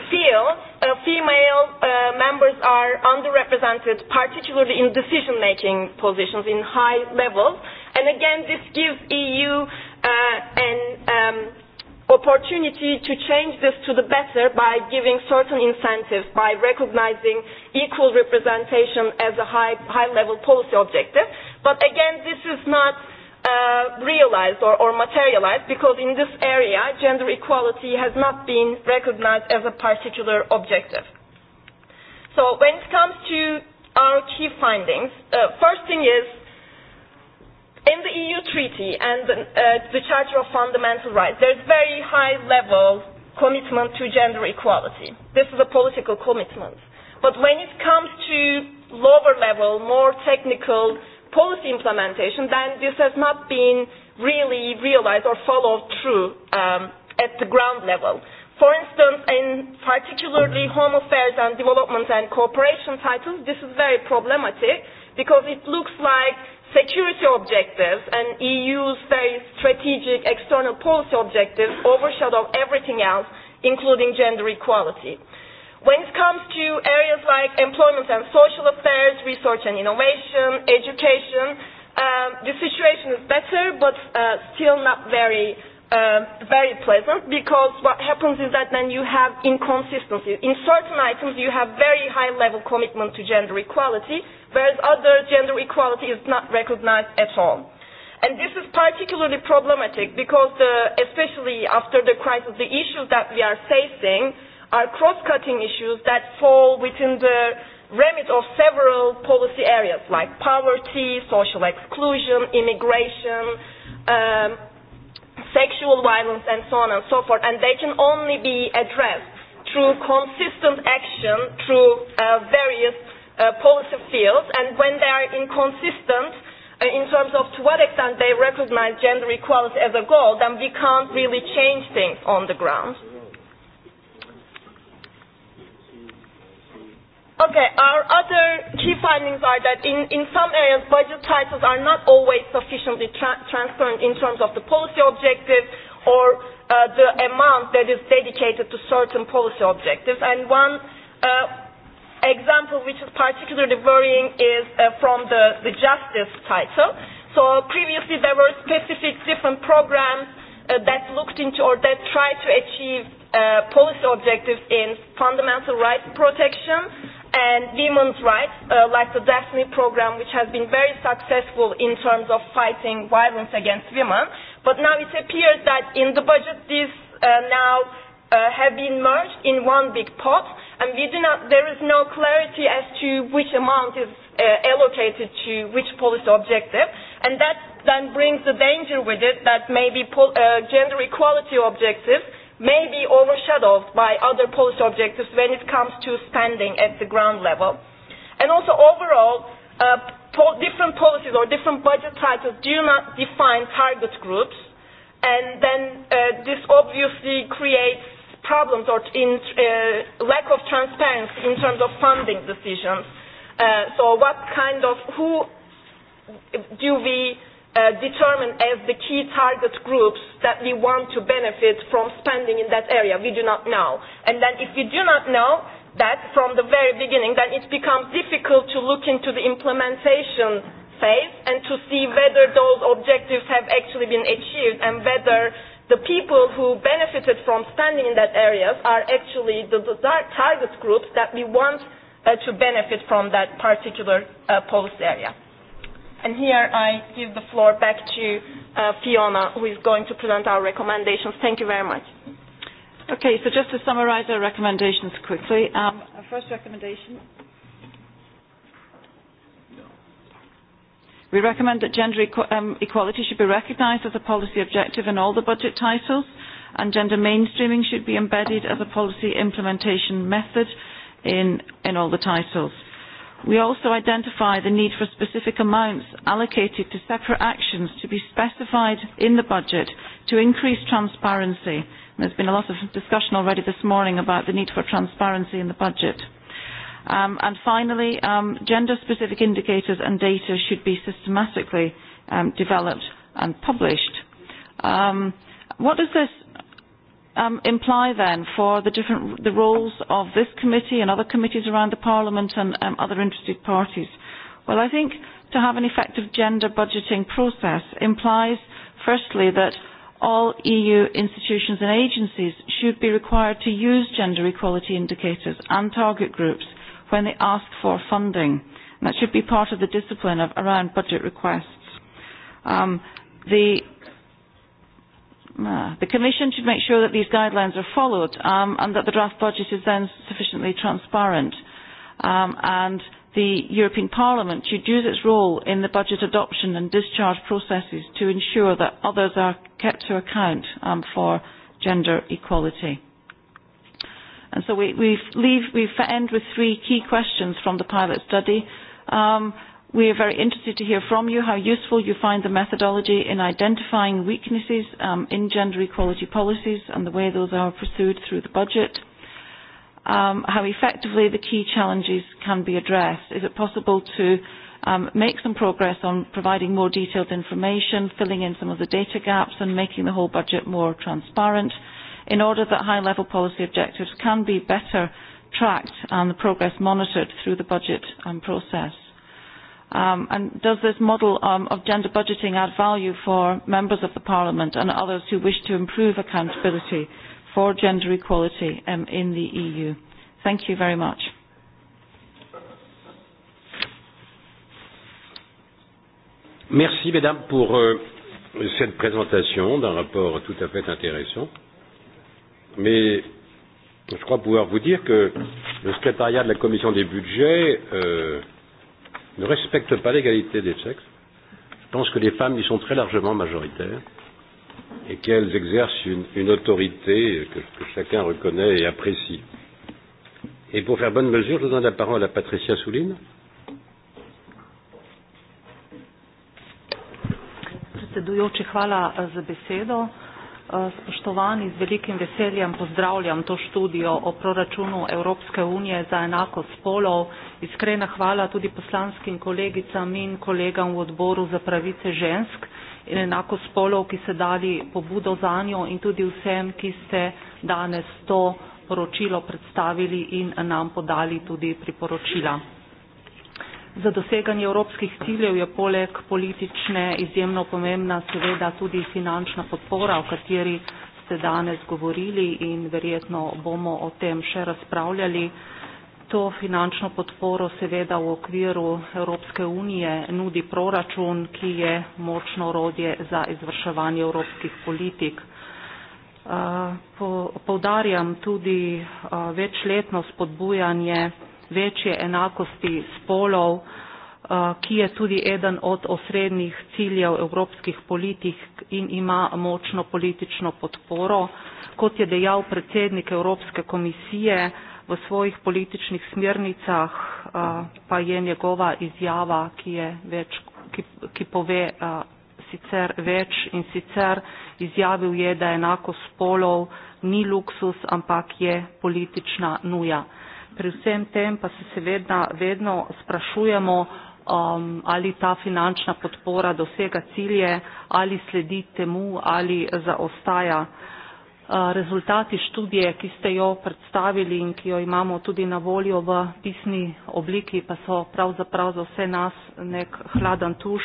fields, uh, female uh, members are underrepresented, particularly in decision-making positions in high levels. And again, this gives EU uh, an um, opportunity to change this to the better by giving certain incentives, by recognizing equal representation as a high, high level policy objective. But again, this is not uh, realized or, or materialized because in this area, gender equality has not been recognized as a particular objective. So when it comes to our key findings, uh, first thing is in the EU treaty and uh, the Charter of Fundamental Rights, there's very high level commitment to gender equality. This is a political commitment. But when it comes to lower level, more technical policy implementation, then this has not been really realized or followed through um, at the ground level. For instance, in particularly home affairs and development and cooperation titles, this is very problematic because it looks like security objectives and EU's very strategic external policy objectives overshadow everything else, including gender equality. When it comes to areas like employment and social affairs, research and innovation, education, uh, the situation is better, but uh, still not very uh, very pleasant because what happens is that then you have inconsistencies. In certain items, you have very high level commitment to gender equality, whereas other gender equality is not recognized at all. And this is particularly problematic because, the, especially after the crisis, the issues that we are facing are cross-cutting issues that fall within the remit of several policy areas like poverty, social exclusion, immigration, um, sexual violence and so on and so forth, and they can only be addressed through consistent action through uh, various uh, policy fields, and when they are inconsistent uh, in terms of to what extent they recognize gender equality as a goal, then we can't really change things on the ground. Okay, our other key findings are that in, in some areas budget titles are not always sufficiently tra transparent in terms of the policy objective or uh, the amount that is dedicated to certain policy objectives. And one uh, example which is particularly worrying is uh, from the, the justice title. So previously there were specific different programs uh, that looked into or that tried to achieve uh, policy objectives in fundamental rights protection and women's rights, uh, like the Daphne program, which has been very successful in terms of fighting violence against women. But now it appears that in the budget, these uh, now uh, have been merged in one big pot, and we do not, there is no clarity as to which amount is uh, allocated to which policy objective. And that then brings the danger with it that maybe pol- uh, gender equality objectives may be overshadowed by other policy objectives when it comes to spending at the ground level. And also overall, uh, po different policies or different budget titles do not define target groups. And then uh, this obviously creates problems or in uh, lack of transparency in terms of funding decisions. Uh, so what kind of, who do we uh, determined as the key target groups that we want to benefit from spending in that area. We do not know. And then if we do not know that from the very beginning, then it becomes difficult to look into the implementation phase and to see whether those objectives have actually been achieved and whether the people who benefited from spending in that areas are actually the, the target groups that we want uh, to benefit from that particular uh, policy area. And here I give the floor back to uh, Fiona, who is going to present our recommendations. Thank you very much. Okay, so just to summarize our recommendations quickly. Um, our first recommendation. We recommend that gender equ- um, equality should be recognized as a policy objective in all the budget titles, and gender mainstreaming should be embedded as a policy implementation method in, in all the titles. We also identify the need for specific amounts allocated to separate actions to be specified in the budget to increase transparency. There's been a lot of discussion already this morning about the need for transparency in the budget. Um, and finally, um, gender-specific indicators and data should be systematically um, developed and published. Um, what does this um, imply then for the different the roles of this committee and other committees around the Parliament and um, other interested parties? Well, I think to have an effective gender budgeting process implies, firstly, that all EU institutions and agencies should be required to use gender equality indicators and target groups when they ask for funding. And that should be part of the discipline of, around budget requests. Um, the Uh, the Commission should make sure that these guidelines are followed um, and that the draft budget is then sufficiently transparent. Um, and the European Parliament should use its role in the budget adoption and discharge processes to ensure that others are kept to account um, for gender equality. And so we we've leave, we've end with three key questions from the pilot study. Um, We are very interested to hear from you how useful you find the methodology in identifying weaknesses um, in gender equality policies and the way those are pursued through the budget. Um, how effectively the key challenges can be addressed. Is it possible to um, make some progress on providing more detailed information, filling in some of the data gaps and making the whole budget more transparent in order that high-level policy objectives can be better tracked and the progress monitored through the budget um, process? Um, and does this model um, of gender budgeting add value for members of the Parliament and others who wish to improve accountability for gender equality um, in the EU? Thank you very much. Merci, mesdames, pour euh, cette présentation d'un rapport tout à fait intéressant. Mais je crois pouvoir vous dire que le secrétariat de la Commission des budgets euh, ne respectent pas l'égalité des sexes. Je pense que les femmes y sont très largement majoritaires et qu'elles exercent une, une autorité que, que chacun reconnaît et apprécie. Et pour faire bonne mesure, je donne la parole à Patricia Souline. Predsedujoči, hvala eh, za besedo. Eh, spoštovani, z velikim veseljem pozdravljam to študijo o proračunu Evropske unije za enako spolov. Iskrena hvala tudi poslanskim kolegicam in kolegam v odboru za pravice žensk in enako spolov, ki ste dali pobudo za njo in tudi vsem, ki ste danes to poročilo predstavili in nam podali tudi priporočila. Za doseganje evropskih ciljev je poleg politične izjemno pomembna seveda tudi finančna podpora, o kateri ste danes govorili in verjetno bomo o tem še razpravljali. To finančno podporo seveda v okviru Evropske unije nudi proračun, ki je močno orodje za izvrševanje evropskih politik. Eh, povdarjam tudi eh, večletno spodbujanje večje enakosti spolov, eh, ki je tudi eden od osrednjih ciljev evropskih politik in ima močno politično podporo. Kot je dejal predsednik Evropske komisije v svojih političnih smernicah, eh, pa je njegova izjava, ki, je več, ki, ki pove eh, sicer več in sicer izjavil je, da enako spolov ni luksus, ampak je politična nuja. Pri vsem tem pa se seveda vedno sprašujemo, um, ali ta finančna podpora dosega cilje, ali sledi temu, ali zaostaja. Uh, rezultati študije, ki ste jo predstavili in ki jo imamo tudi na voljo v pisni obliki, pa so pravzaprav za vse nas nek hladen tuš,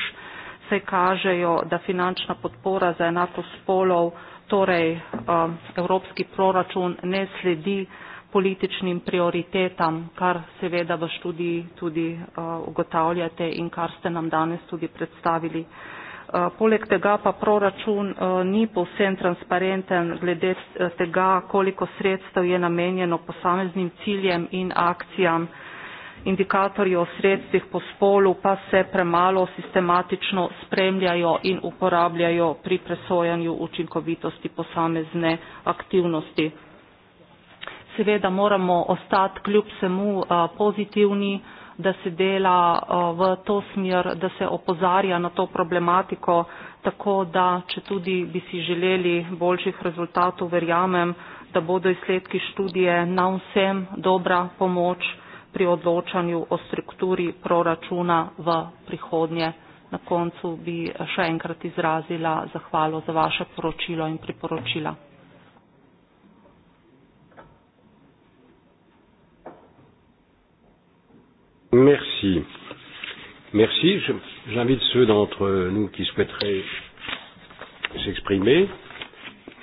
se kažejo, da finančna podpora za enako spolov, torej um, evropski proračun ne sledi uh, političnim prioritetam, kar seveda v študiji tudi eh, ugotavljate in kar ste nam danes tudi predstavili. Eh, poleg tega pa proračun eh, ni povsem transparenten glede tega, koliko sredstev je namenjeno posameznim ciljem in akcijam, indikatorji o sredstvih po spolu pa se premalo sistematično spremljajo in uporabljajo pri presojanju učinkovitosti posamezne aktivnosti seveda moramo ostati kljub vsemu eh, pozitivni, da se dela eh, v to smer, da se opozarja na to problematiko, tako da, če tudi bi si želeli boljših rezultatov, verjamem, da bodo izsledki študije na vsem dobra pomoč pri odločanju o strukturi proračuna v prihodnje. Na koncu bi še enkrat izrazila zahvalo za vaše poročilo in priporočila. Merci. Merci. J'invite ceux d'entre nous qui souhaiteraient s'exprimer,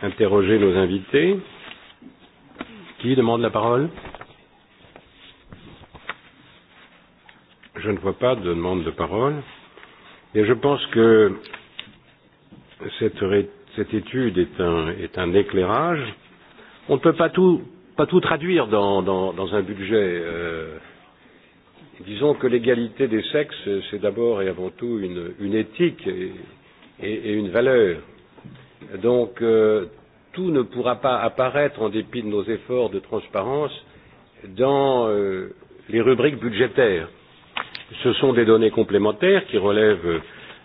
interroger nos invités. Qui demande la parole Je ne vois pas de demande de parole. Et je pense que cette, ré, cette étude est un, est un éclairage. On ne peut pas tout, pas tout traduire dans, dans, dans un budget. Euh, disons que l'égalité des sexes, c'est d'abord et avant tout une, une éthique et, et, et une valeur. Donc, euh, tout ne pourra pas apparaître, en dépit de nos efforts de transparence, dans euh, les rubriques budgétaires. Ce sont des données complémentaires qui relèvent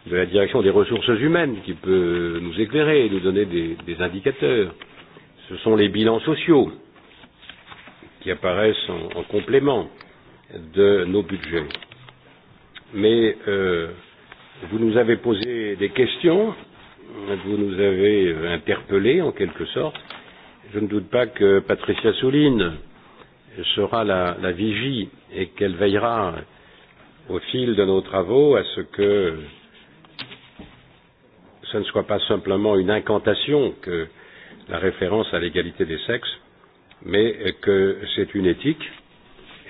de la direction des ressources humaines, qui peut nous éclairer et nous donner des, des indicateurs. Ce sont les bilans sociaux qui apparaissent en, en complément. Euh, de nos budgets. Mais euh, vous nous avez posé des questions, vous nous avez interpellés en quelque sorte. Je ne doute pas que Patricia Souline sera la, la vigie et qu'elle veillera au fil de nos travaux à ce que ce ne soit pas simplement une incantation que la référence à l'égalité des sexes, mais que c'est une éthique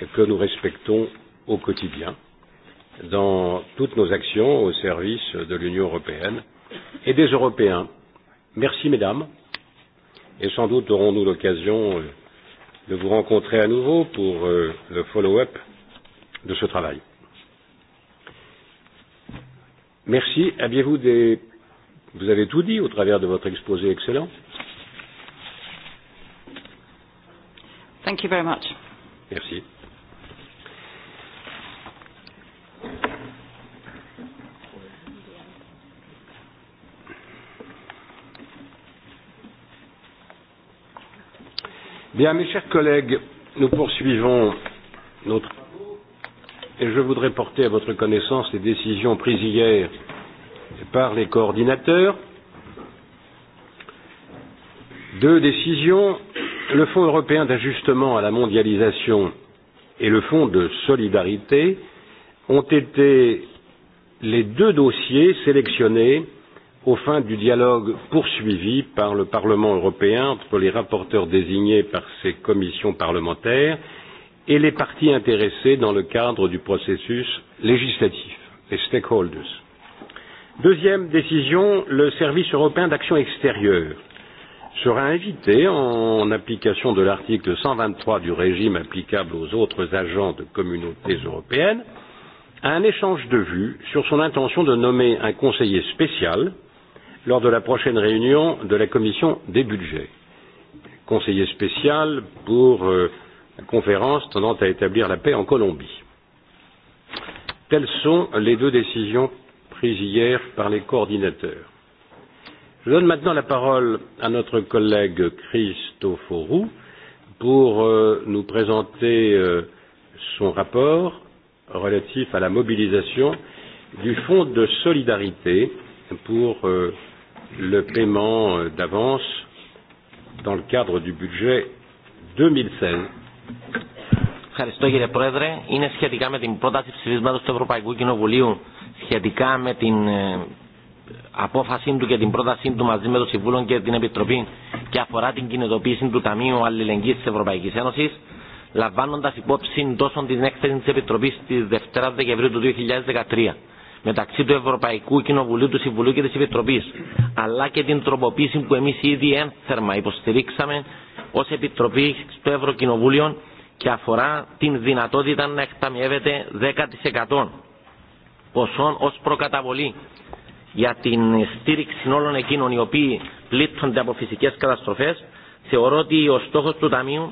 que nous respectons au quotidien dans toutes nos actions au service de l'Union européenne et des Européens. Merci, mesdames, et sans doute aurons-nous l'occasion euh, de vous rencontrer à nouveau pour euh, le follow-up de ce travail. Merci. Aviez-vous des. Vous avez tout dit au travers de votre exposé excellent. Thank you very much. Merci. Bien, mes chers collègues, nous poursuivons nos travaux et je voudrais porter à votre connaissance les décisions prises hier par les coordinateurs. Deux décisions. Le Fonds européen d'ajustement à la mondialisation et le Fonds de solidarité ont été les deux dossiers sélectionnés aux fins du dialogue poursuivi par le Parlement européen entre les rapporteurs désignés par ces commissions parlementaires et les parties intéressées dans le cadre du processus législatif, les stakeholders. Deuxième décision, le Service européen d'action extérieure sera invité, en application de l'article 123 du régime applicable aux autres agents de communautés européennes, à un échange de vues sur son intention de nommer un conseiller spécial lors de la prochaine réunion de la commission des budgets, conseiller spécial pour euh, la conférence tendant à établir la paix en Colombie. Telles sont les deux décisions prises hier par les coordinateurs. Je donne maintenant la parole à notre collègue Christophorou pour euh, nous présenter euh, son rapport relatif à la mobilisation du Fonds de solidarité pour euh, le paiement d'avance dans le cadre du budget 2016. Ευχαριστώ κύριε Πρόεδρε. Είναι σχετικά με την πρόταση ψηφίσματος του Ευρωπαϊκού Κοινοβουλίου σχετικά με την απόφαση του και την πρότασή του μαζί με το Συμβούλιο και την Επιτροπή και αφορά την κινητοποίηση του Ταμείου Αλληλεγγύης της Ευρωπαϊκής Ένωσης λαμβάνοντας υπόψη τόσο την έκθεση της Επιτροπής της Δευτέρα Δεκεμβρίου του 2013 μεταξύ του Ευρωπαϊκού Κοινοβουλίου, του Συμβουλίου και τη Επιτροπή, αλλά και την τροποποίηση που εμεί ήδη ένθερμα υποστηρίξαμε ω Επιτροπή στο Ευρωκοινοβούλιο και αφορά την δυνατότητα να εκταμιεύεται 10% ποσών ω προκαταβολή για την στήριξη όλων εκείνων οι οποίοι πλήττονται από φυσικέ καταστροφέ. θεωρώ ότι ο στόχο του Ταμείου,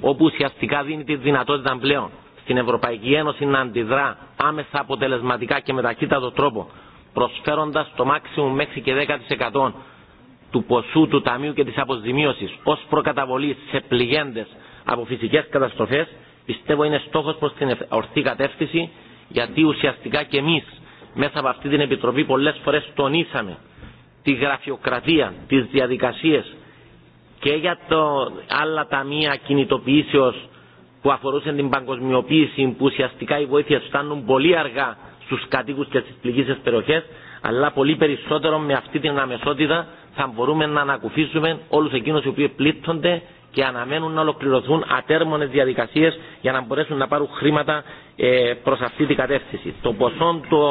όπου ουσιαστικά δίνει τη δυνατότητα πλέον στην Ευρωπαϊκή Ένωση να αντιδρά άμεσα αποτελεσματικά και με ταχύτατο τρόπο, προσφέροντας το μάξιμο μέχρι και 10% του ποσού του Ταμείου και της αποζημίωσης ως προκαταβολή σε πληγέντες από φυσικές καταστροφές, πιστεύω είναι στόχος προς την ορθή κατεύθυνση, γιατί ουσιαστικά και εμείς μέσα από αυτή την Επιτροπή πολλές φορές τονίσαμε τη γραφειοκρατία, τις διαδικασίες και για το άλλα ταμεία κινητοποιήσεως που αφορούσε την παγκοσμιοποίηση που ουσιαστικά οι βοήθειε φτάνουν πολύ αργά στου κατοίκου και στι πληγήσει περιοχέ, αλλά πολύ περισσότερο με αυτή την αμεσότητα θα μπορούμε να ανακουφίσουμε όλου εκείνου οι οποίοι πλήττονται και αναμένουν να ολοκληρωθούν ατέρμονε διαδικασίε για να μπορέσουν να πάρουν χρήματα ε, προ αυτή την κατεύθυνση. Το ποσό, το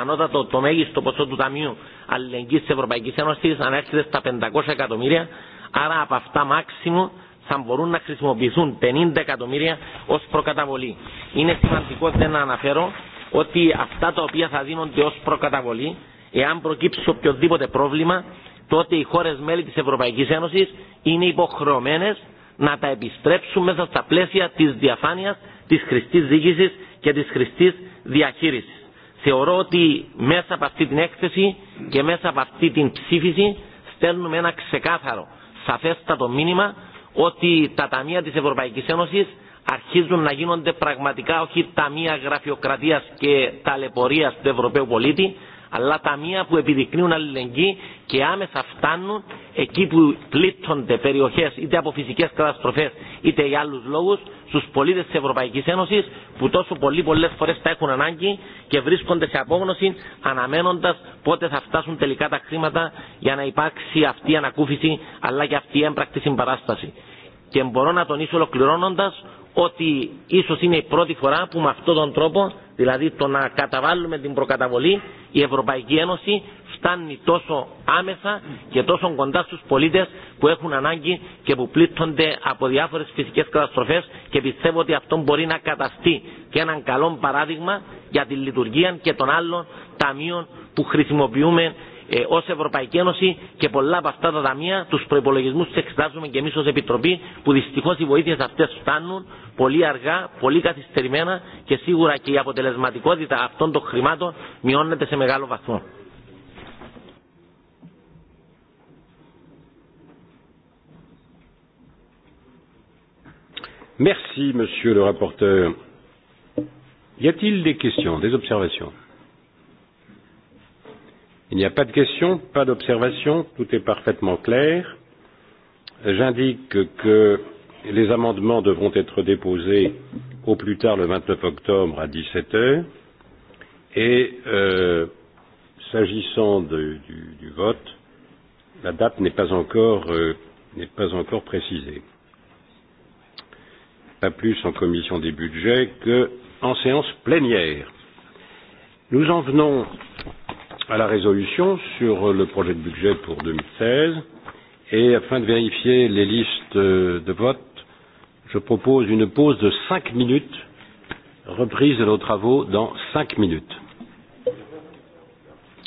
ανώτατο, το μέγιστο ποσό του Ταμείου Αλληλεγγύη τη Ευρωπαϊκή Ένωση ανέρχεται στα 500 εκατομμύρια, άρα από αυτά μάξιμο θα μπορούν να χρησιμοποιηθούν 50 εκατομμύρια ως προκαταβολή. Είναι σημαντικό δεν να αναφέρω ότι αυτά τα οποία θα δίνονται ως προκαταβολή, εάν προκύψει οποιοδήποτε πρόβλημα, τότε οι χώρες μέλη της Ευρωπαϊκής Ένωσης είναι υποχρεωμένες να τα επιστρέψουν μέσα στα πλαίσια της διαφάνειας, της χρηστής διοίκησης και της χρηστής διαχείρισης. Θεωρώ ότι μέσα από αυτή την έκθεση και μέσα από αυτή την ψήφιση στέλνουμε ένα ξεκάθαρο, σαφέστατο μήνυμα ότι τα ταμεία της Ευρωπαϊκής Ένωσης αρχίζουν να γίνονται πραγματικά όχι ταμεία γραφειοκρατίας και ταλαιπωρίας του Ευρωπαίου πολίτη, αλλά ταμεία που επιδεικνύουν αλληλεγγύη και άμεσα φτάνουν εκεί που πλήττονται περιοχέ είτε από φυσικέ καταστροφέ είτε για άλλου λόγου στου πολίτε τη Ευρωπαϊκή Ένωση που τόσο πολύ πολλέ φορέ τα έχουν ανάγκη και βρίσκονται σε απόγνωση αναμένοντα πότε θα φτάσουν τελικά τα χρήματα για να υπάρξει αυτή η ανακούφιση αλλά και αυτή η έμπρακτη συμπαράσταση. Και μπορώ να τονίσω ολοκληρώνοντα ότι ίσως είναι η πρώτη φορά που με αυτόν τον τρόπο, δηλαδή το να καταβάλουμε την προκαταβολή, η Ευρωπαϊκή Ένωση φτάνει τόσο άμεσα και τόσο κοντά στους πολίτες που έχουν ανάγκη και που πλήττονται από διάφορες φυσικές καταστροφές και πιστεύω ότι αυτό μπορεί να καταστεί και έναν καλό παράδειγμα για τη λειτουργία και των άλλων ταμείων που χρησιμοποιούμε ε, ω Ευρωπαϊκή Ένωση και πολλά από αυτά τα ταμεία του προπολογισμού του εξετάζουμε και εμεί ω Επιτροπή που δυστυχώ οι βοήθειε αυτέ φτάνουν πολύ αργά, πολύ καθυστερημένα και σίγουρα και η αποτελεσματικότητα αυτών των χρημάτων μειώνεται σε μεγάλο βαθμό. Merci, monsieur le rapporteur. Y a-t-il des questions, des observations Il n'y a pas de questions, pas d'observations, tout est parfaitement clair. J'indique que les amendements devront être déposés au plus tard le 29 octobre à 17 heures et euh, s'agissant du, du vote, la date n'est pas euh, pas encore précisée. Pas plus en commission des budgets qu'en séance plénière. Nous en venons à la résolution sur le projet de budget pour 2016 et afin de vérifier les listes de vote, je propose une pause de 5 minutes, reprise de nos travaux dans 5 minutes.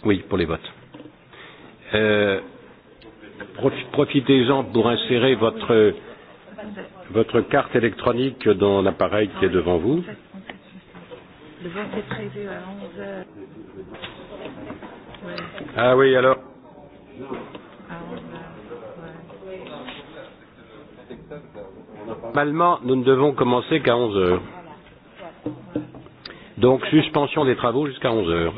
Oui, pour les votes. Euh, Profitez-en pour insérer votre, votre carte électronique dans l'appareil qui est devant vous. Le vote est prévu à 11 heures. Ah oui, alors Normalement, nous ne devons commencer qu'à 11 heures. Donc, suspension des travaux jusqu'à 11 heures.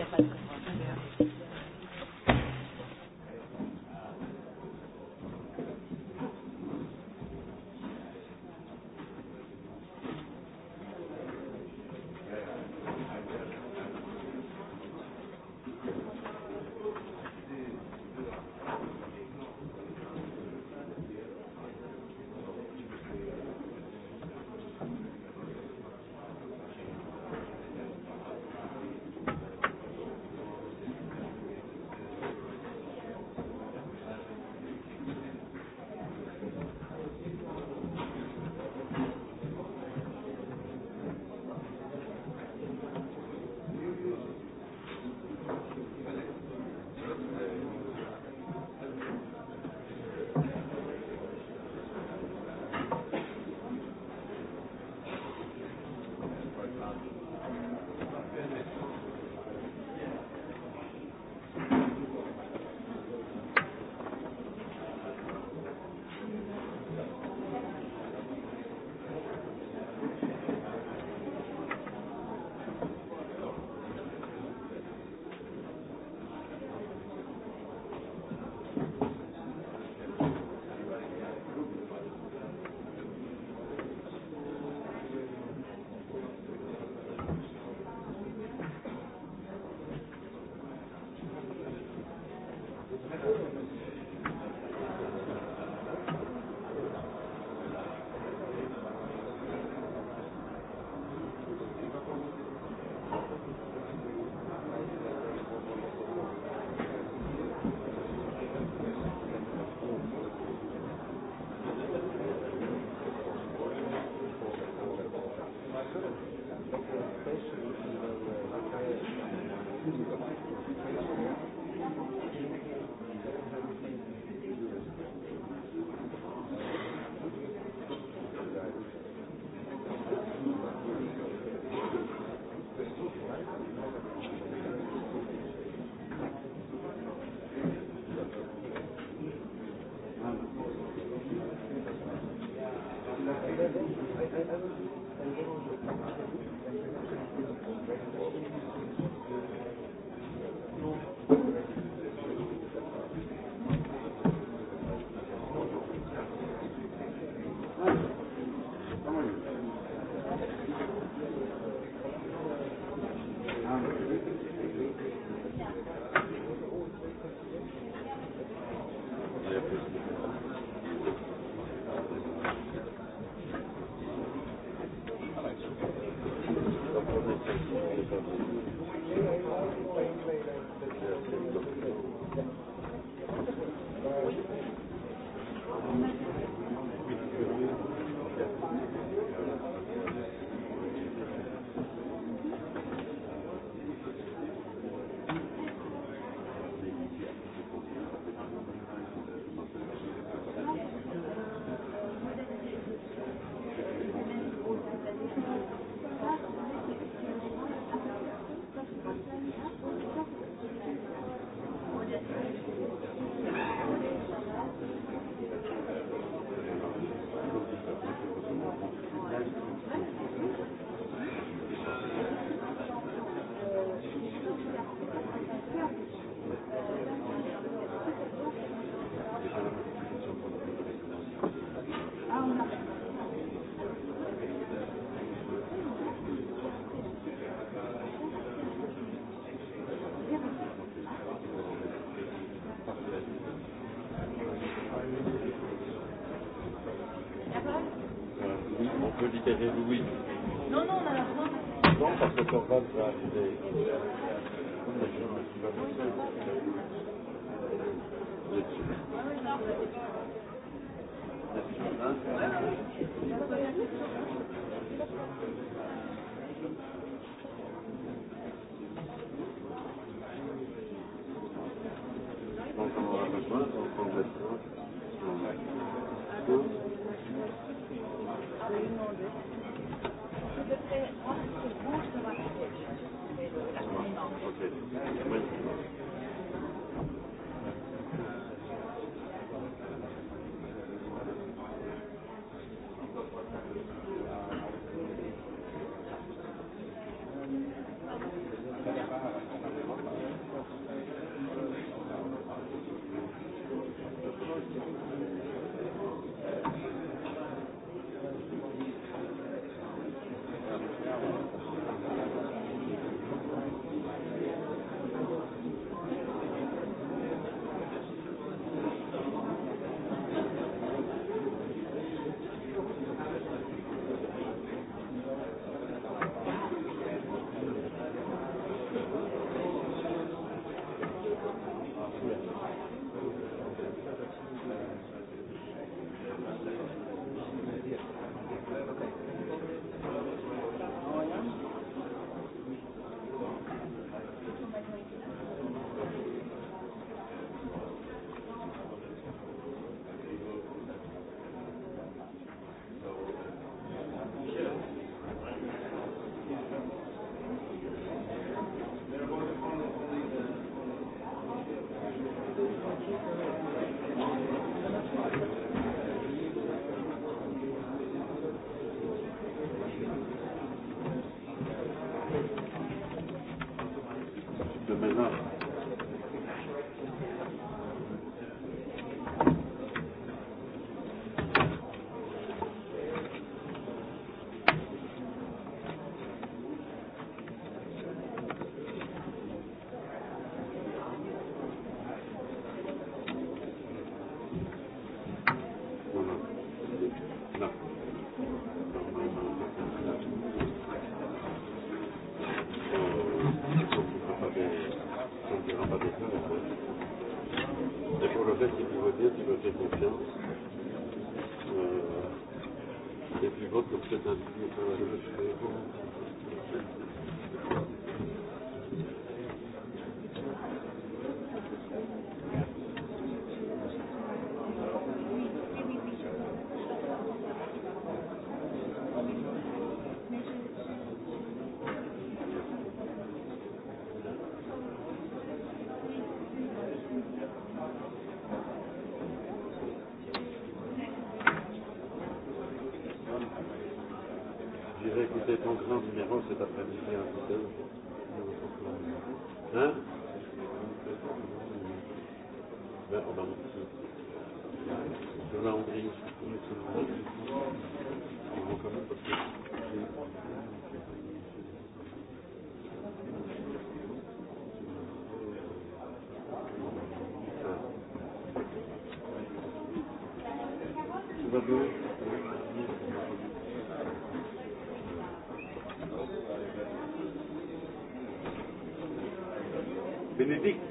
avant cet après-midi à 17h. Hein ben, on va Je vais en Hongrie. On va quand même parce que... Benedikt.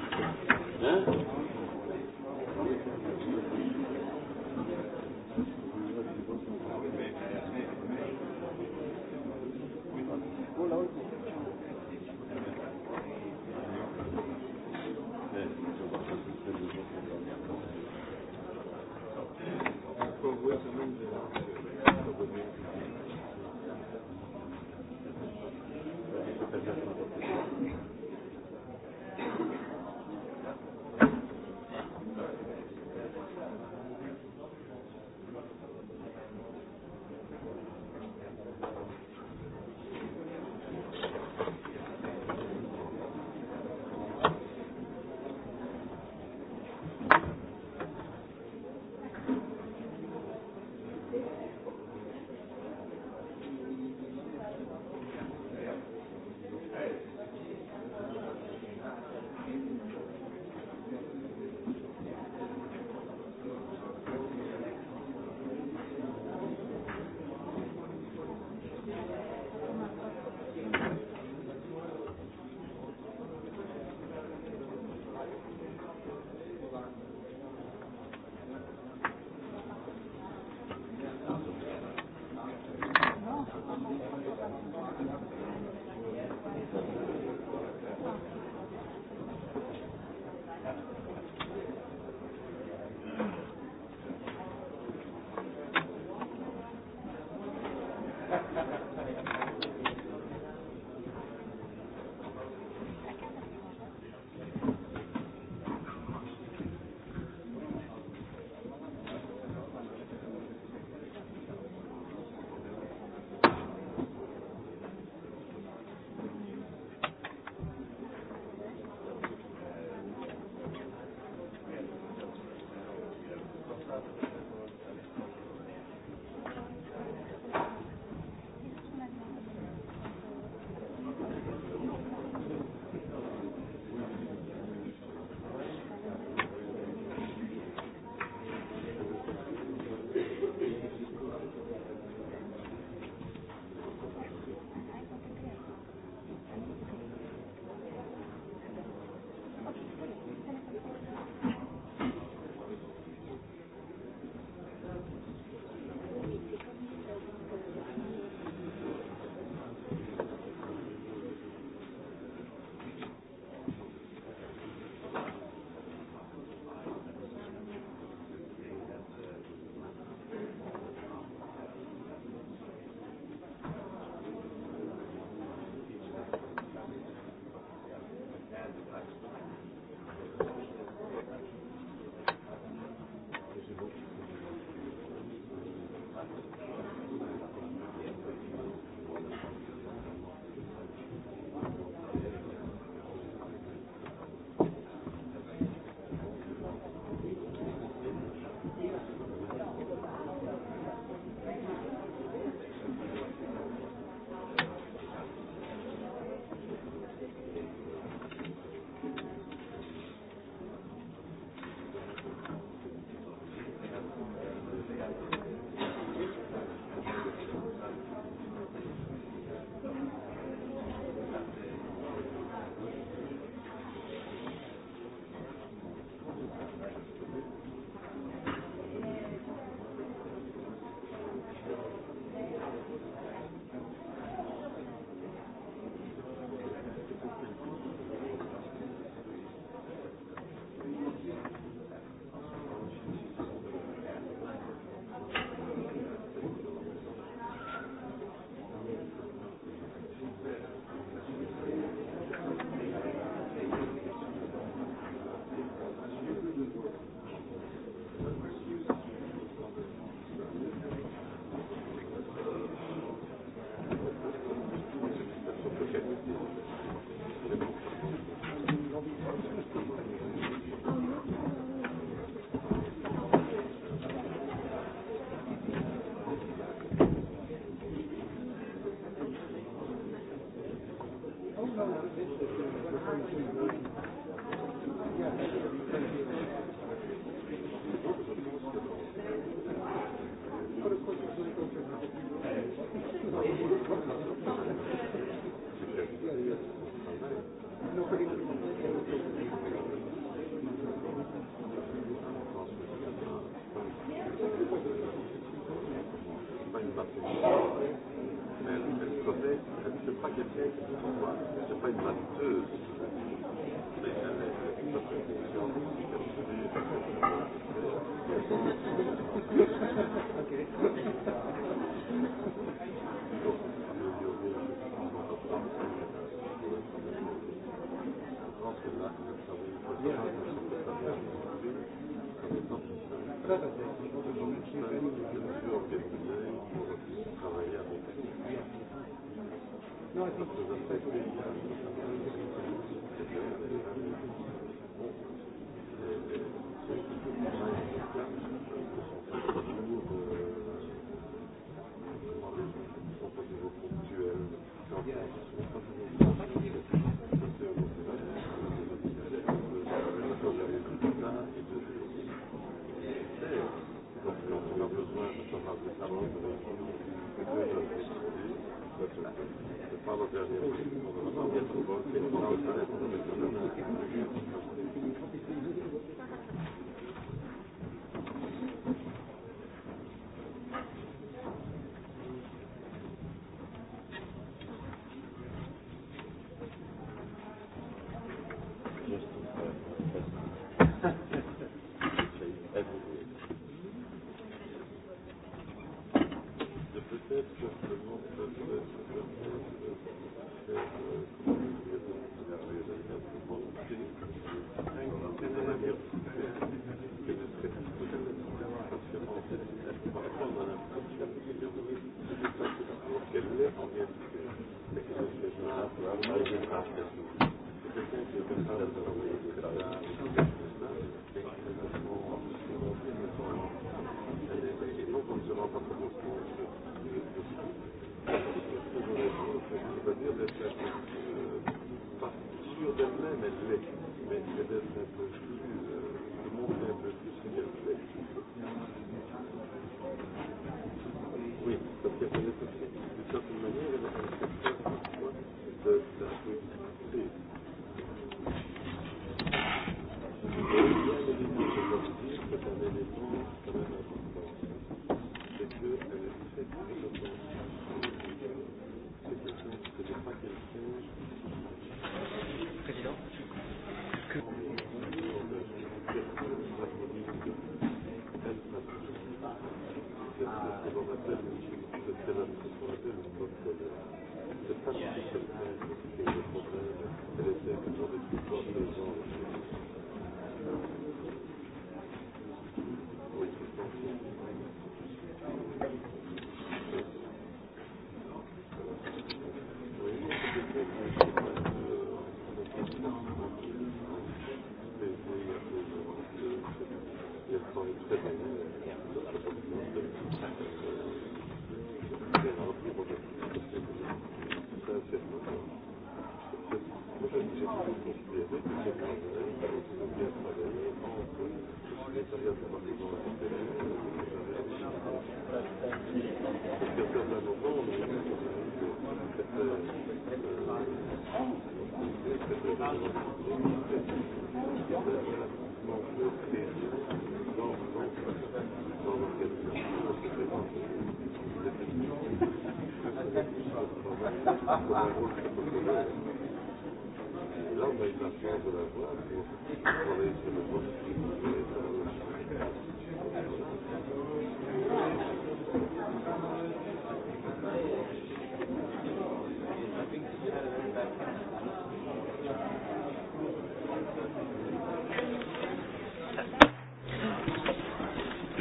pas quelqu'un qui se voit. Ce n'est pas une batteuse. Mais elle est une protection absolue. Gracias. Thank you. Павлов даже не будет. Он готов был, но остается.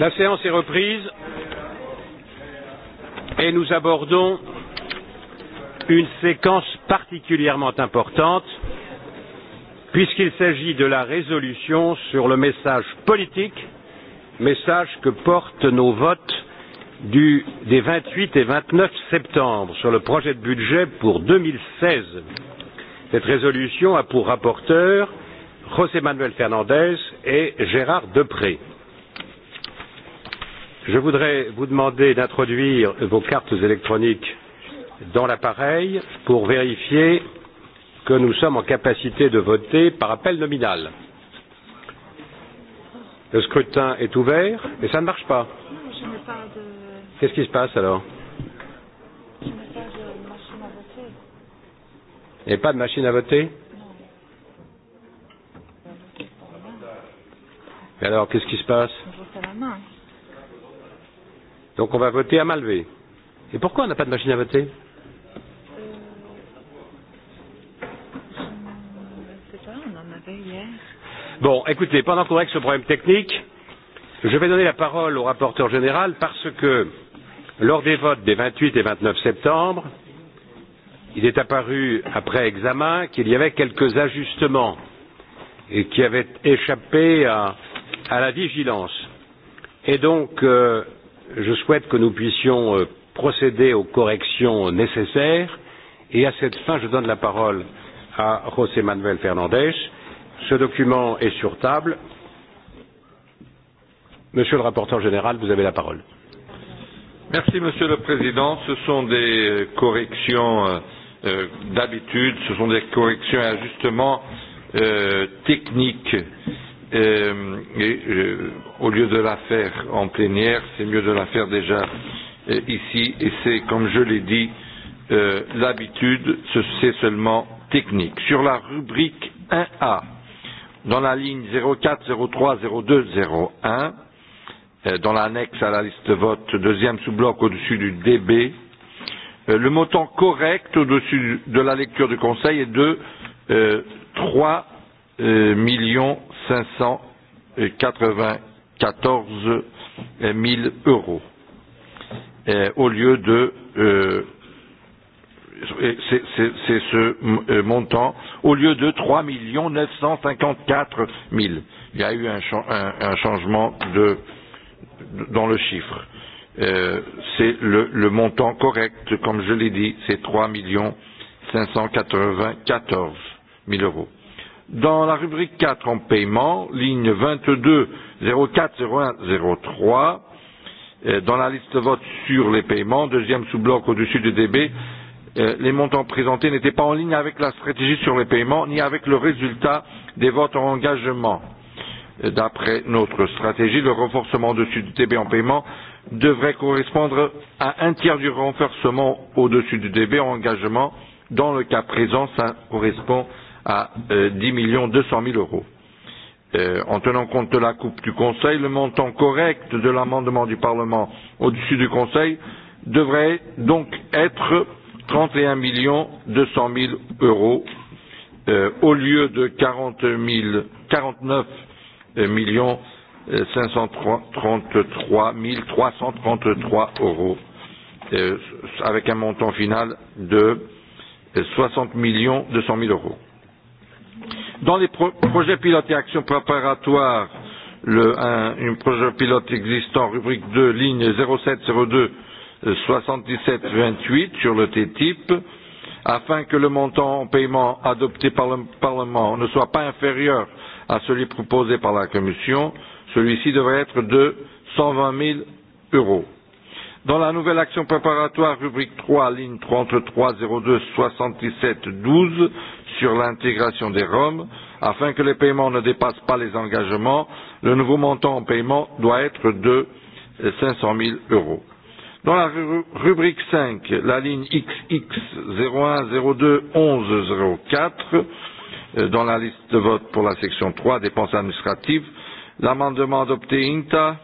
La séance est reprise et nous abordons une séquence particulièrement importante puisqu'il s'agit de la résolution sur le message politique, message que portent nos votes du, des 28 et 29 septembre sur le projet de budget pour 2016. Cette résolution a pour rapporteur José Manuel Fernandez et Gérard Depré. Je voudrais vous demander d'introduire vos cartes électroniques dans l'appareil pour vérifier que nous sommes en capacité de voter par appel nominal. Le scrutin est ouvert et ça ne marche pas. De... Qu'est-ce qui se passe alors Je n'ai pas de machine à voter. Il n'y a pas de machine à voter non. Et alors, qu'est-ce qui se passe On vote à la main. Donc on va voter à Malvé. Et pourquoi on n'a pas de machine à voter Bon, écoutez, pendant qu'on règle ce problème technique, je vais donner la parole au rapporteur général parce que lors des votes des 28 et 29 septembre, il est apparu après examen qu'il y avait quelques ajustements et qui avaient échappé à, à la vigilance. Et donc, euh, je souhaite que nous puissions euh, procéder aux corrections nécessaires et à cette fin, je donne la parole à José Manuel Fernandez. Ce document est sur table. Monsieur le rapporteur général, vous avez la parole. Merci, Monsieur le Président. Ce sont des euh, corrections euh, euh, d'habitude, ce sont des corrections et ajustements euh, techniques. Euh, Euh, et, euh, au lieu de la faire en plénière, c'est mieux de la faire déjà euh, ici. Et c'est, comme je l'ai dit, euh, l'habitude, c'est seulement technique. Sur la rubrique 1A, dans la ligne 04, euh, dans l'annexe à la liste de vote, deuxième sous-bloc au-dessus du DB, euh, le montant correct au-dessus de la lecture du Conseil est de euh, 3 euh, millions 594 000 euros et au lieu de euh, c'est ce euh, montant au lieu de 3 954 000. Il y a eu un, un, un changement de, dans le chiffre. Euh, c'est le, le montant correct, comme je l'ai dit, c'est 3 594 000 euros. Dans la rubrique 4 en paiement, ligne 22 04 01 03, dans la liste de vote sur les paiements, deuxième sous-bloc au-dessus du DB, euh, les montants présentés n'étaient pas en ligne avec la stratégie sur les paiements ni avec le résultat des votes en engagement. Euh, d'après notre stratégie, le renforcement au-dessus du DB en paiement devrait correspondre à un tiers du renforcement au-dessus du DB en engagement. Dans le cas présent, ça correspond à à euh, 10 millions cent mille euros. Euh, en tenant compte de la coupe du Conseil, le montant correct de l'amendement du Parlement au-dessus du Conseil devrait donc être trente et un millions deux cent mille euros euh, au lieu de 40 quarante neuf euh, millions euh, cinq cent cent trente trois trois mille trente trois euros, euh, avec un montant final de euh, soixante millions deux cent mille euros. Dans les pro projets pilotes et actions préparatoires, le un, un projet pilote existant, rubrique 2, ligne 0702 77 28 sur le TTIP, afin que le montant en paiement adopté par le Parlement ne soit pas inférieur à celui proposé par la Commission, celui-ci devrait être de 120 000 euros. Dans la nouvelle action préparatoire, rubrique 3, ligne 3302 77 12, sur l'intégration des Roms, afin que les paiements ne dépassent pas les engagements, le nouveau montant en paiement doit être de 500 000 euros. Dans la rubrique 5, la ligne XX 01 02 11 04, dans la liste de vote pour la section 3, dépenses administratives, l'amendement adopté INTA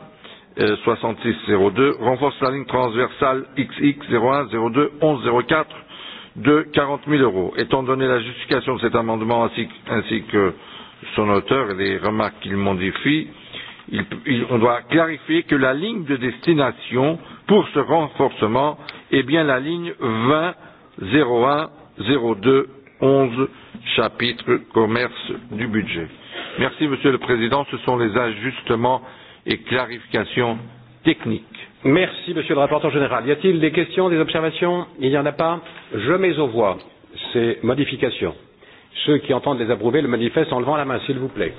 6602 euh, renforce la ligne transversale XX 01 02 11 04 de 40 000 euros. Étant donné la justification de cet amendement ainsi, ainsi que son auteur et les remarques qu'il modifie, il, il, on doit clarifier que la ligne de destination pour ce renforcement est bien la ligne 20 01 02 11 chapitre commerce du budget. Merci Monsieur le Président, ce sont les ajustements et clarifications techniques. Merci, monsieur le rapporteur général. Y a-t-il des questions, des observations Il n'y en a pas. Je mets aux voix ces modifications. Ceux qui entendent les approuver le manifestent en levant la main, s'il vous plaît.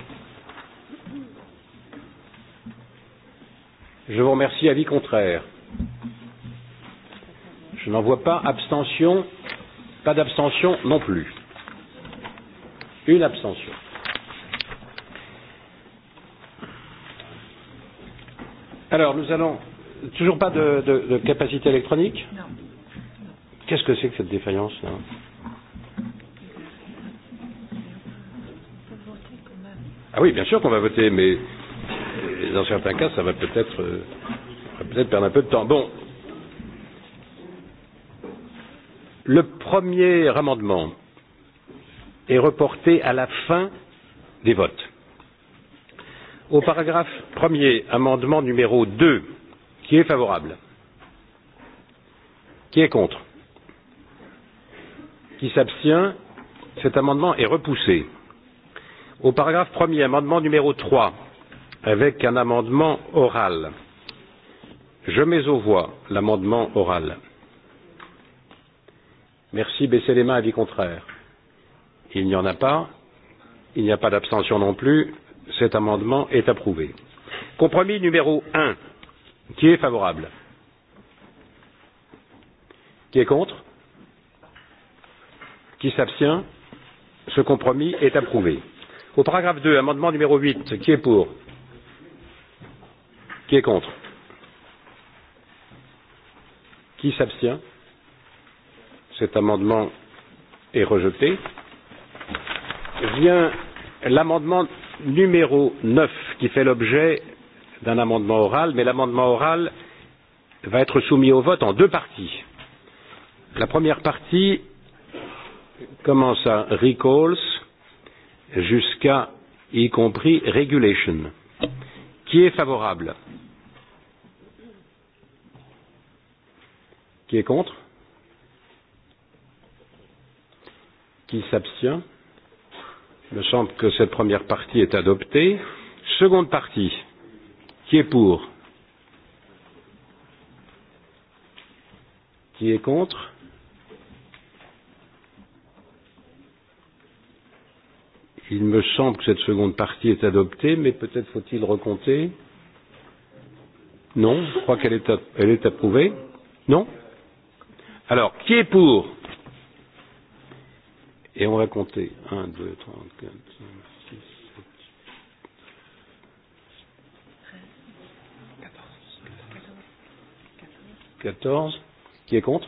Je vous remercie. Avis contraire. Je n'en vois pas. Abstention. Pas d'abstention non plus. Une abstention. Alors, nous allons Toujours pas de, de, de capacité électronique Non. Qu'est-ce que c'est que cette défaillance là Ah oui, bien sûr qu'on va voter, mais euh, dans certains cas, ça va peut-être euh, peut perdre un peu de temps. Bon, le premier amendement est reporté à la fin des votes. Au paragraphe premier, amendement numéro 2, Qui est favorable Qui est contre Qui s'abstient Cet amendement est repoussé. Au paragraphe premier, amendement numéro 3, avec un amendement oral. Je mets aux voix l'amendement oral. Merci. Baissez les mains. Avis contraire. Il n'y en a pas. Il n'y a pas d'abstention non plus. Cet amendement est approuvé. Compromis numéro 1 Qui est favorable Qui est contre Qui s'abstient Ce compromis est approuvé. Au paragraphe 2, amendement numéro 8, qui est pour Qui est contre Qui s'abstient Cet amendement est rejeté. Vient l'amendement numéro 9 qui fait l'objet d'un amendement oral, mais l'amendement oral va être soumis au vote en deux parties. La première partie commence à recalls jusqu'à y compris regulation. Qui est favorable Qui est contre Qui s'abstient Il me semble que cette première partie est adoptée. Seconde partie. Qui est pour Qui est contre Il me semble que cette seconde partie est adoptée, mais peut-être faut-il recompter. Non, je crois qu'elle est, elle est approuvée. Non Alors, qui est pour Et on va compter. 1, 2, 3, 4, 5. 14, qui est contre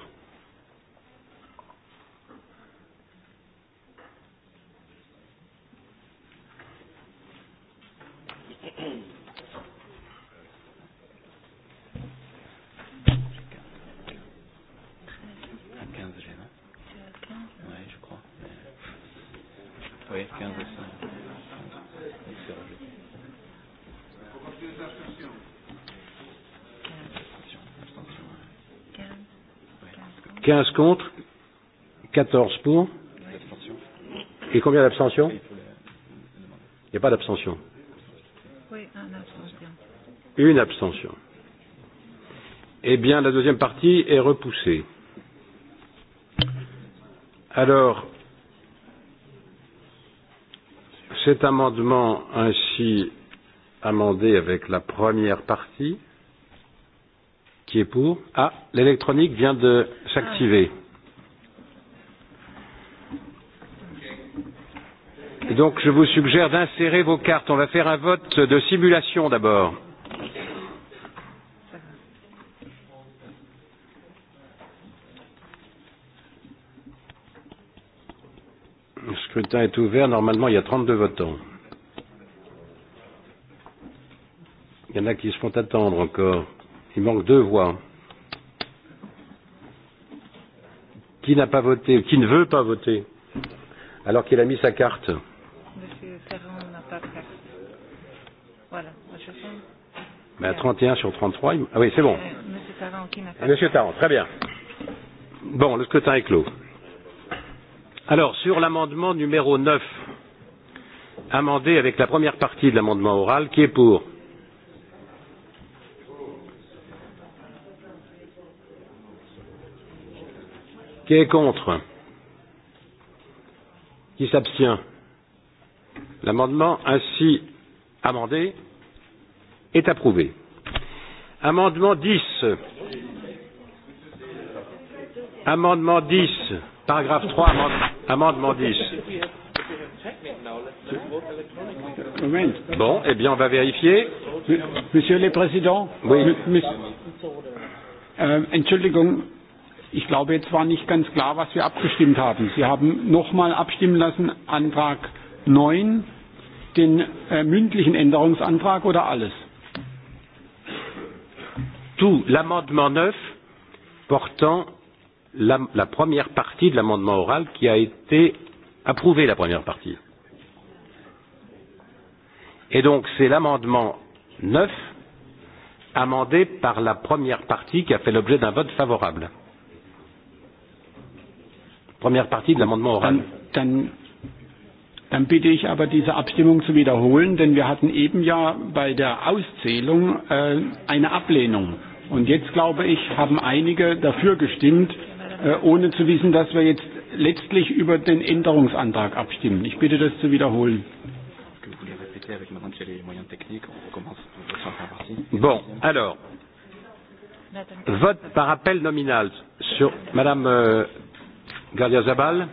15 contre, 14 pour. Et combien d'abstentions Il n'y a pas d'abstention. Une abstention. Eh bien, la deuxième partie est repoussée. Alors, cet amendement ainsi amendé avec la première partie Qui est pour Ah, l'électronique vient de s'activer. donc je vous suggère d'insérer vos cartes. On va faire un vote de simulation d'abord. Le scrutin est ouvert. Normalement, il y a 32 votants. Il y en a qui se font attendre encore. Il manque deux voix. Qui n'a pas voté Qui ne veut pas voter Alors qu'il a mis sa carte. Monsieur Ferrand n'a pas de carte. Voilà. Monsieur Je Mais à 31 sur 33, il... ah oui, c'est bon. Euh, monsieur Tarrant, qui n'a pas Monsieur Tarrant, très bien. Bon, le scrutin est clos. Alors, sur l'amendement numéro 9, amendé avec la première partie de l'amendement oral, qui est pour Qui est contre Qui s'abstient L'amendement ainsi amendé est approuvé. Amendement 10. Amendement 10, paragraphe 3, amendement 10. Bon, eh bien, on va vérifier. Monsieur le Président, oui. Euh, entschuldigung, Ich glaube, jetzt war nicht ganz klar, was wir abgestimmt haben. Sie haben nochmal abstimmen lassen, Antrag 9, den äh, mündlichen Änderungsantrag oder alles? Tout l'amendement 9 portant la, la première partie de l'amendement oral qui a été approuvé, la première partie. Et donc, c'est l'amendement 9 amendé par la première partie qui a fait l'objet d'un vote favorable première partie de l'amendement oral. Dann, dann, dann bitte ich aber, diese Abstimmung zu wiederholen, denn wir hatten eben ja bei der Auszählung äh, eine Ablehnung. Und jetzt, glaube ich, haben einige dafür gestimmt, äh, ohne zu wissen, dass wir jetzt letztlich über den Änderungsantrag abstimmen. Ich bitte, das zu wiederholen. Bon, alors, vote par appel nominal sur Madame euh, Galia Zabal.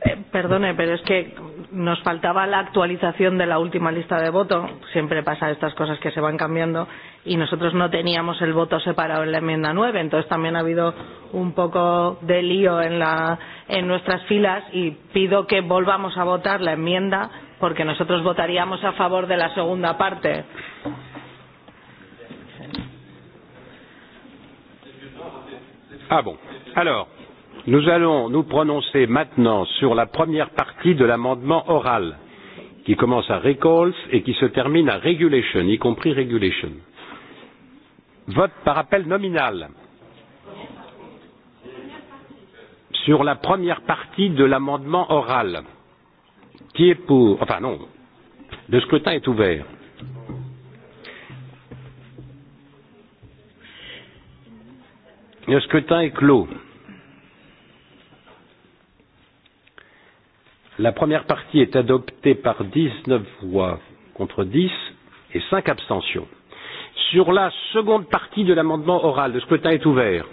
Eh, perdone, pero es que nos faltaba la actualización de la última lista de voto. Siempre pasa estas cosas que se van cambiando y nosotros no teníamos el voto separado en la enmienda 9. Entonces también ha habido un poco de lío en, la, en nuestras filas y pido que volvamos a votar la enmienda porque nosotros votaríamos a favor de la segunda parte. Ah bon. Alors, Nous allons nous prononcer maintenant sur la première partie de l'amendement oral, qui commence à recalls et qui se termine à regulation, y compris regulation. Vote par appel nominal. Sur la première partie de l'amendement oral, qui est pour, enfin non, le scrutin est ouvert. Le scrutin est clos. La première partie est adoptée par 19 voix contre 10 et 5 abstentions. Sur la seconde partie de l'amendement oral, le scrutin est ouvert.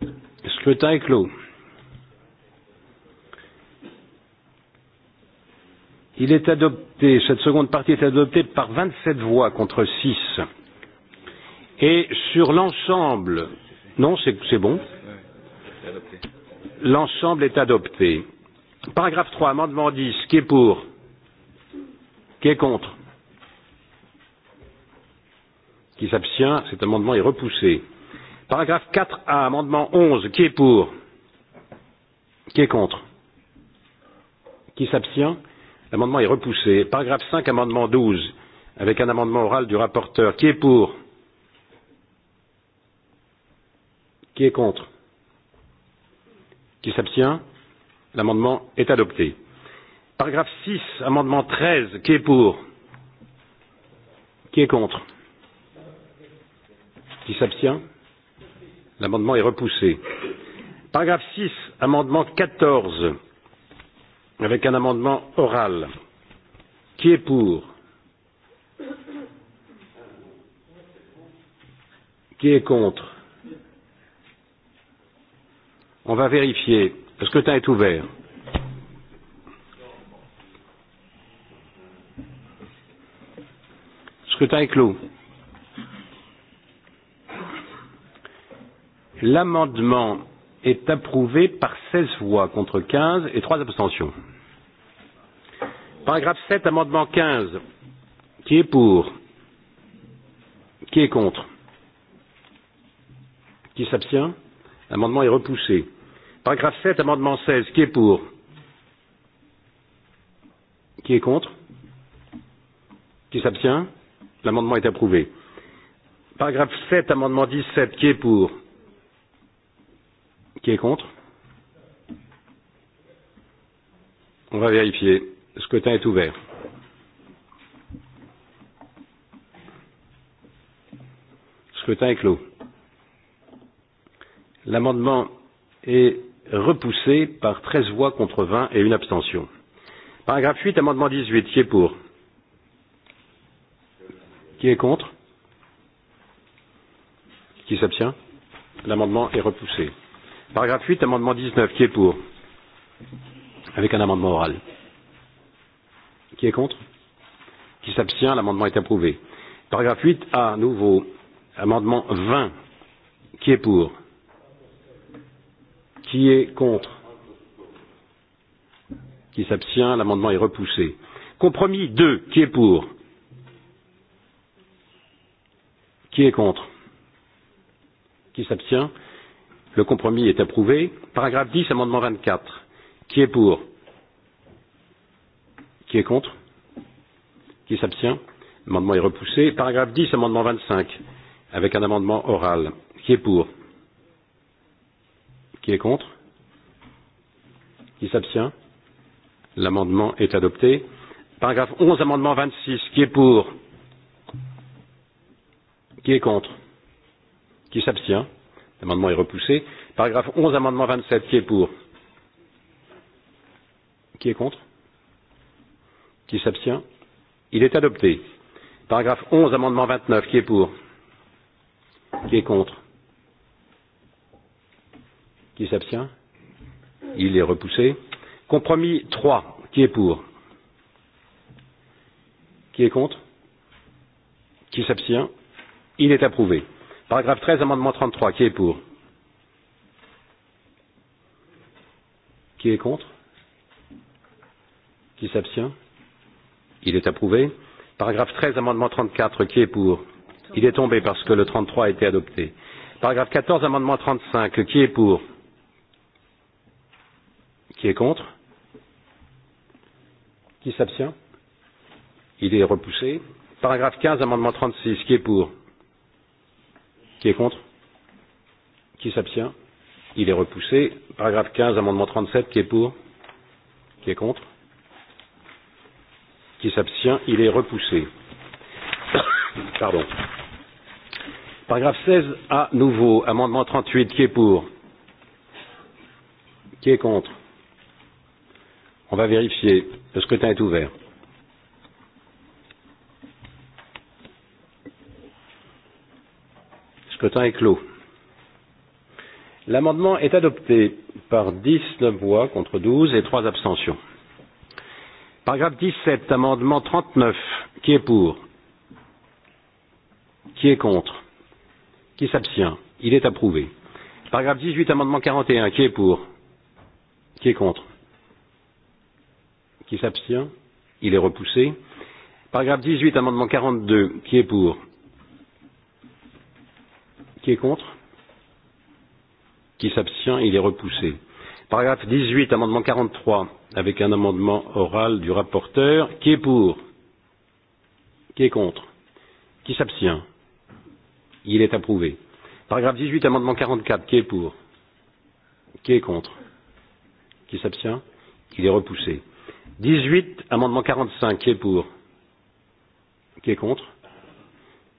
Le scrutin est clos. Il est adopté, cette seconde partie est adoptée par 27 voix contre 6. Et sur l'ensemble, non, c'est bon. L'ensemble est adopté. Paragraphe 3, amendement 10, qui est pour Qui est contre Qui s'abstient Cet amendement est repoussé. Paragraphe 4A, amendement 11, qui est pour Qui est contre Qui s'abstient L'amendement est repoussé. Paragraphe 5, amendement 12, avec un amendement oral du rapporteur. Qui est pour Qui est contre Qui s'abstient L'amendement est adopté. Paragraphe 6, amendement 13, qui est pour Qui est contre Qui s'abstient L'amendement est repoussé. Paragraphe 6, amendement 14, avec un amendement oral. Qui est pour Qui est contre On va vérifier. Le scrutin est ouvert. Scrutin est clos. L'amendement est approuvé par 16 voix contre 15 et 3 abstentions. Paragraphe 7, amendement 15. Qui est pour Qui est contre Qui s'abstient L'amendement est repoussé. Paragraphe 7, amendement 16. Qui est pour Qui est contre Qui s'abstient L'amendement est approuvé. Paragraphe 7, amendement 17. Qui est pour Qui est contre On va vérifier. Le scrutin est ouvert. Le scrutin est clos. L'amendement est repoussé par 13 voix contre 20 et une abstention. Paragraphe 8, amendement 18. Qui est pour Qui est contre Qui s'abstient L'amendement est repoussé. Paragraphe 8, amendement 19, qui est pour Avec un amendement oral. Qui est contre Qui s'abstient L'amendement est approuvé. Paragraphe 8, à nouveau, amendement 20, qui est pour Qui est contre Qui s'abstient L'amendement est repoussé. Compromis 2, qui est pour Qui est contre Qui s'abstient le compromis est approuvé. Paragraphe 10, amendement 24. Qui est pour Qui est contre Qui s'abstient L'amendement est repoussé. Paragraphe 10, amendement 25, avec un amendement oral. Qui est pour Qui est contre Qui s'abstient L'amendement est adopté. Paragraphe 11, amendement 26. Qui est pour Qui est contre Qui s'abstient L'amendement est repoussé. Paragraphe 11, amendement 27, qui est pour Qui est contre Qui s'abstient Il est adopté. Paragraphe 11, amendement 29, qui est pour Qui est contre Qui s'abstient Il est repoussé. Compromis 3, qui est pour Qui est contre Qui s'abstient Il est approuvé. Paragraphe 13, amendement 33, qui est pour Qui est contre Qui s'abstient Il est approuvé. Paragraphe 13, amendement 34, qui est pour Il est tombé parce que le 33 a été adopté. Paragraphe 14, amendement 35, qui est pour Qui est contre Qui s'abstient Il est repoussé. Paragraphe 15, amendement 36, qui est pour Qui est contre Qui s'abstient Il est repoussé. Paragraphe 15, amendement 37, qui est pour Qui est contre Qui s'abstient Il est repoussé. Pardon. Paragraphe 16, à nouveau, amendement 38, qui est pour Qui est contre On va vérifier. Le scrutin est ouvert. Scrutin est clos. L'amendement est adopté par 19 voix contre 12 et 3 abstentions. Paragraphe 17, amendement 39. Qui est pour Qui est contre Qui s'abstient Il est approuvé. Paragraphe 18, amendement 41. Qui est pour Qui est contre Qui s'abstient Il est repoussé. Paragraphe 18, amendement 42. Qui est pour Qui est contre Qui s'abstient Il est repoussé. Paragraphe 18, amendement 43, avec un amendement oral du rapporteur. Qui est pour Qui est contre Qui s'abstient Il est approuvé. Paragraphe 18, amendement 44, qui est pour Qui est contre Qui s'abstient Il est repoussé. 18, amendement 45, qui est pour Qui est contre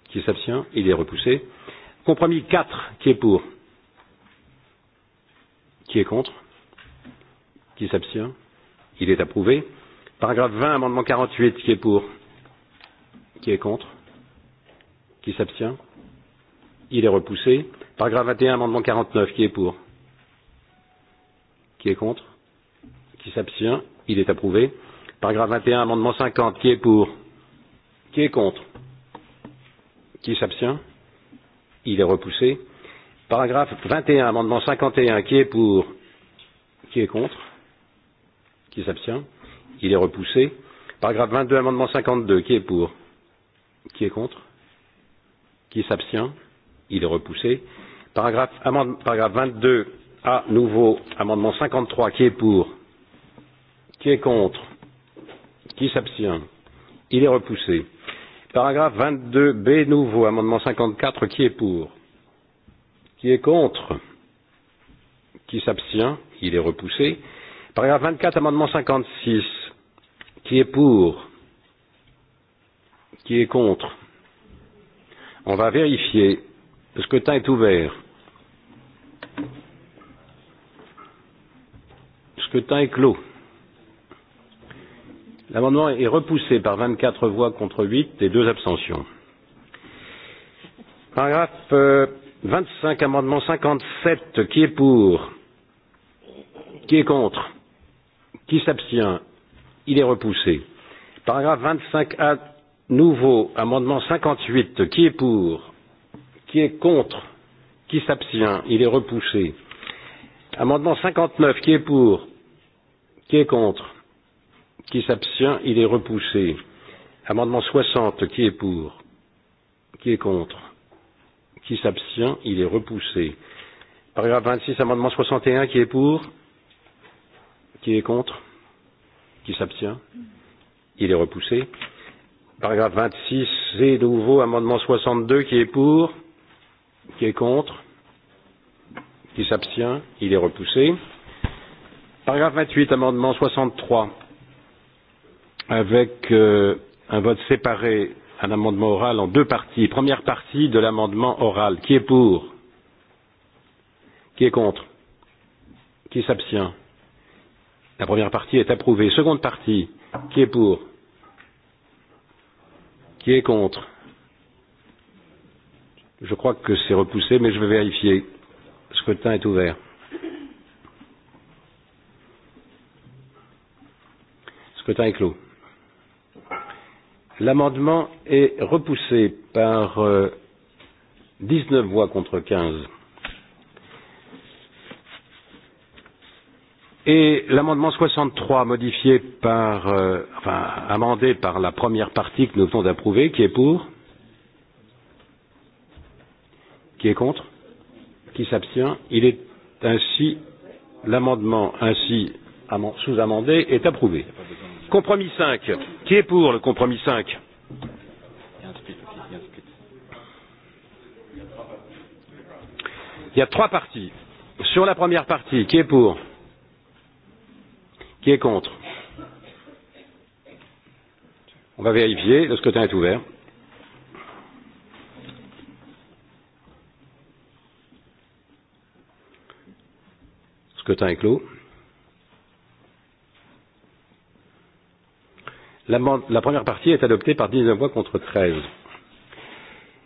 Qui s'abstient Il est repoussé. Compromis 4, qui est pour Qui est contre Qui s'abstient Il est approuvé. Paragraphe 20, amendement 48, qui est pour Qui est contre Qui s'abstient Il est repoussé. Paragraphe 21, amendement 49, qui est pour Qui est contre Qui s'abstient Il est approuvé. Paragraphe 21, amendement 50, qui est pour Qui est contre Qui s'abstient Il est repoussé. Paragraphe 21, amendement 51, qui est pour Qui est contre Qui s'abstient Il est repoussé. Paragraphe 22, amendement 52, qui est pour Qui est contre Qui s'abstient Il est repoussé. Paragraphe, amende, paragraphe 22, à nouveau, amendement 53, qui est pour Qui est contre Qui s'abstient Il est repoussé. Paragraphe 22B nouveau, amendement 54, qui est pour Qui est contre Qui s'abstient Il est repoussé. Paragraphe 24, amendement 56, qui est pour Qui est contre On va vérifier. Le scrutin est ouvert. Le scrutin est clos. L'amendement est repoussé par 24 voix contre 8 et 2 abstentions. Paragraphe euh, 25, amendement 57. Qui est pour Qui est contre Qui s'abstient Il est repoussé. Paragraphe 25A, nouveau, amendement 58. Qui est pour Qui est contre Qui s'abstient Il est repoussé. Amendement 59. Qui est pour Qui est contre qui s'abstient, il est repoussé. Amendement 60, qui est pour Qui est contre Qui s'abstient, il est repoussé. Paragraphe 26, amendement 61, qui est pour Qui est contre Qui s'abstient Il est repoussé. Paragraphe 26, c'est nouveau, amendement 62, qui est pour Qui est contre Qui s'abstient Il est repoussé. Paragraphe 28, amendement 63 avec euh, un vote séparé, un amendement oral en deux parties. Première partie de l'amendement oral. Qui est pour Qui est contre Qui s'abstient La première partie est approuvée. Seconde partie. Qui est pour Qui est contre Je crois que c'est repoussé, mais je vais vérifier. Le scrutin est ouvert. Le scrutin est clos. L'amendement est repoussé par euh, 19 voix contre 15. Et l'amendement 63, modifié par, euh, enfin, amendé par la première partie que nous venons d'approuver, qui est pour Qui est contre Qui s'abstient Il est ainsi, l'amendement ainsi sous-amendé est approuvé. Il Compromis 5. Qui est pour le compromis cinq Il y a trois parties. Sur la première partie, qui est pour Qui est contre On va vérifier. Le scrutin est ouvert. Le scrutin est clos. La, première partie est adoptée par 19 voix contre 13.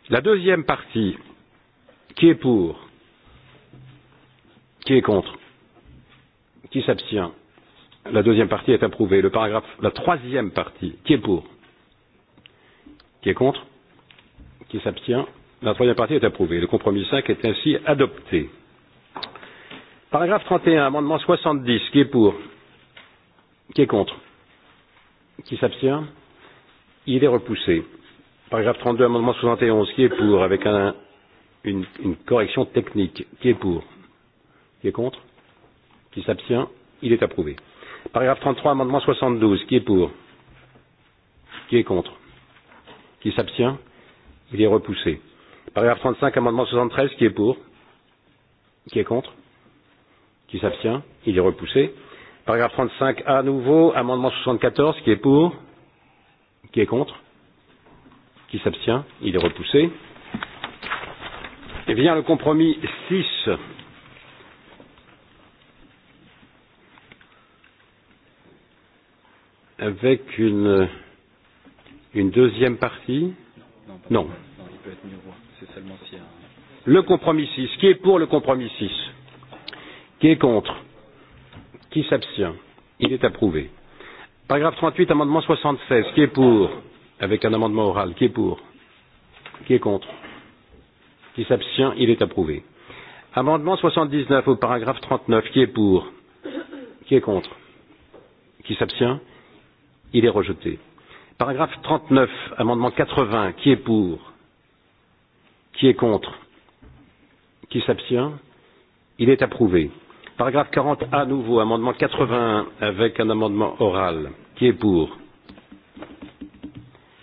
La deuxième partie, qui est pour Qui est contre Qui s'abstient La deuxième partie est approuvée. Le paragraphe, la troisième partie, qui est pour Qui est contre Qui s'abstient La troisième partie est approuvée. Le compromis 5 est ainsi adopté. Paragraphe 31, amendement 70, qui est pour Qui est contre Qui s'abstient Il est repoussé. Paragraphe 32, amendement 71. Qui est pour Avec un, une, une correction technique. Qui est pour Qui est contre Qui s'abstient Il est approuvé. Paragraphe 33, amendement 72. Qui est pour Qui est contre Qui s'abstient Il est repoussé. Paragraphe 35, amendement 73. Qui est pour Qui est contre Qui s'abstient Il est repoussé. Paragraphe 35 à nouveau, amendement 74, qui est pour Qui est contre Qui s'abstient Il est repoussé. Et eh vient le compromis 6. Avec une, une deuxième partie Non. Le compromis 6. Qui est pour le compromis 6 Qui est contre Qui s'abstient Il est approuvé. Paragraphe 38, amendement 76. Qui est pour Avec un amendement oral. Qui est pour Qui est contre Qui s'abstient Il est approuvé. Amendement 79 au paragraphe 39. Qui est pour Qui est contre Qui s'abstient Il est rejeté. Paragraphe 39, amendement 80. Qui est pour Qui est contre Qui s'abstient Il est approuvé. Paragraphe 40 à nouveau, amendement 80 avec un amendement oral. Qui est pour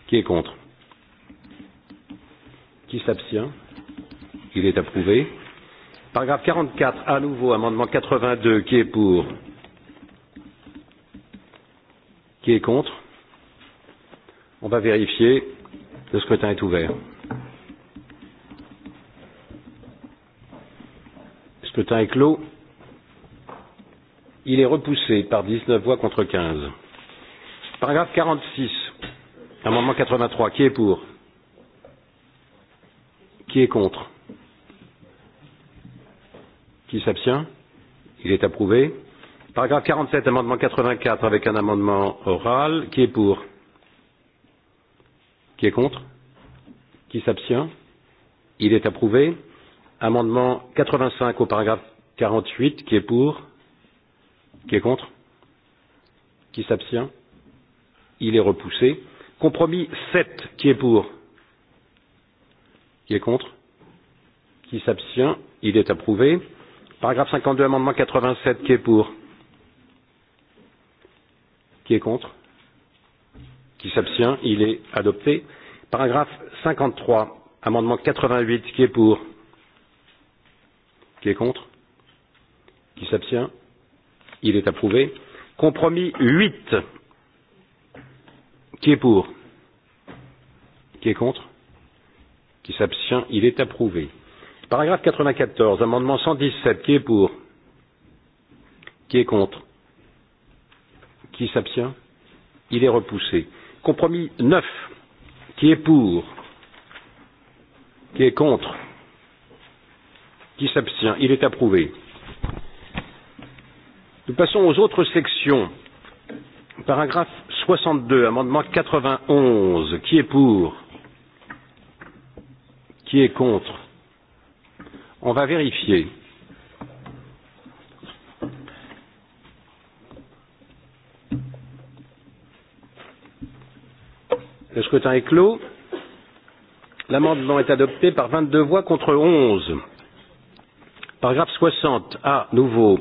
Qui est contre Qui s'abstient Il est approuvé. Paragraphe 44 à nouveau, amendement 82. Qui est pour Qui est contre On va vérifier. Le scrutin est ouvert. Le scrutin est clos. Il est repoussé par 19 voix contre 15. Paragraphe 46. Amendement 83. Qui est pour Qui est contre Qui s'abstient Il est approuvé. Paragraphe 47, amendement 84 avec un amendement oral. Qui est pour Qui est contre Qui s'abstient Il est approuvé. Amendement 85 au paragraphe 48. Qui est pour Qui est contre Qui s'abstient Il est repoussé. Compromis 7, qui est pour Qui est contre Qui s'abstient Il est approuvé. Paragraphe 52, amendement 87, qui est pour Qui est contre Qui s'abstient Il est adopté. Paragraphe 53, amendement 88, qui est pour Qui est contre Qui s'abstient Il est approuvé. Compromis 8. Qui est pour Qui est contre Qui s'abstient Il est approuvé. Paragraphe 94, amendement 117. Qui est pour Qui est contre Qui s'abstient Il est repoussé. Compromis 9. Qui est pour Qui est contre Qui s'abstient Il est approuvé. Nous passons aux autres sections. Paragraphe 62, amendement 91. Qui est pour Qui est contre On va vérifier. Le scrutin est clos. L'amendement est adopté par 22 voix contre 11. Paragraphe 60. A. Nouveau.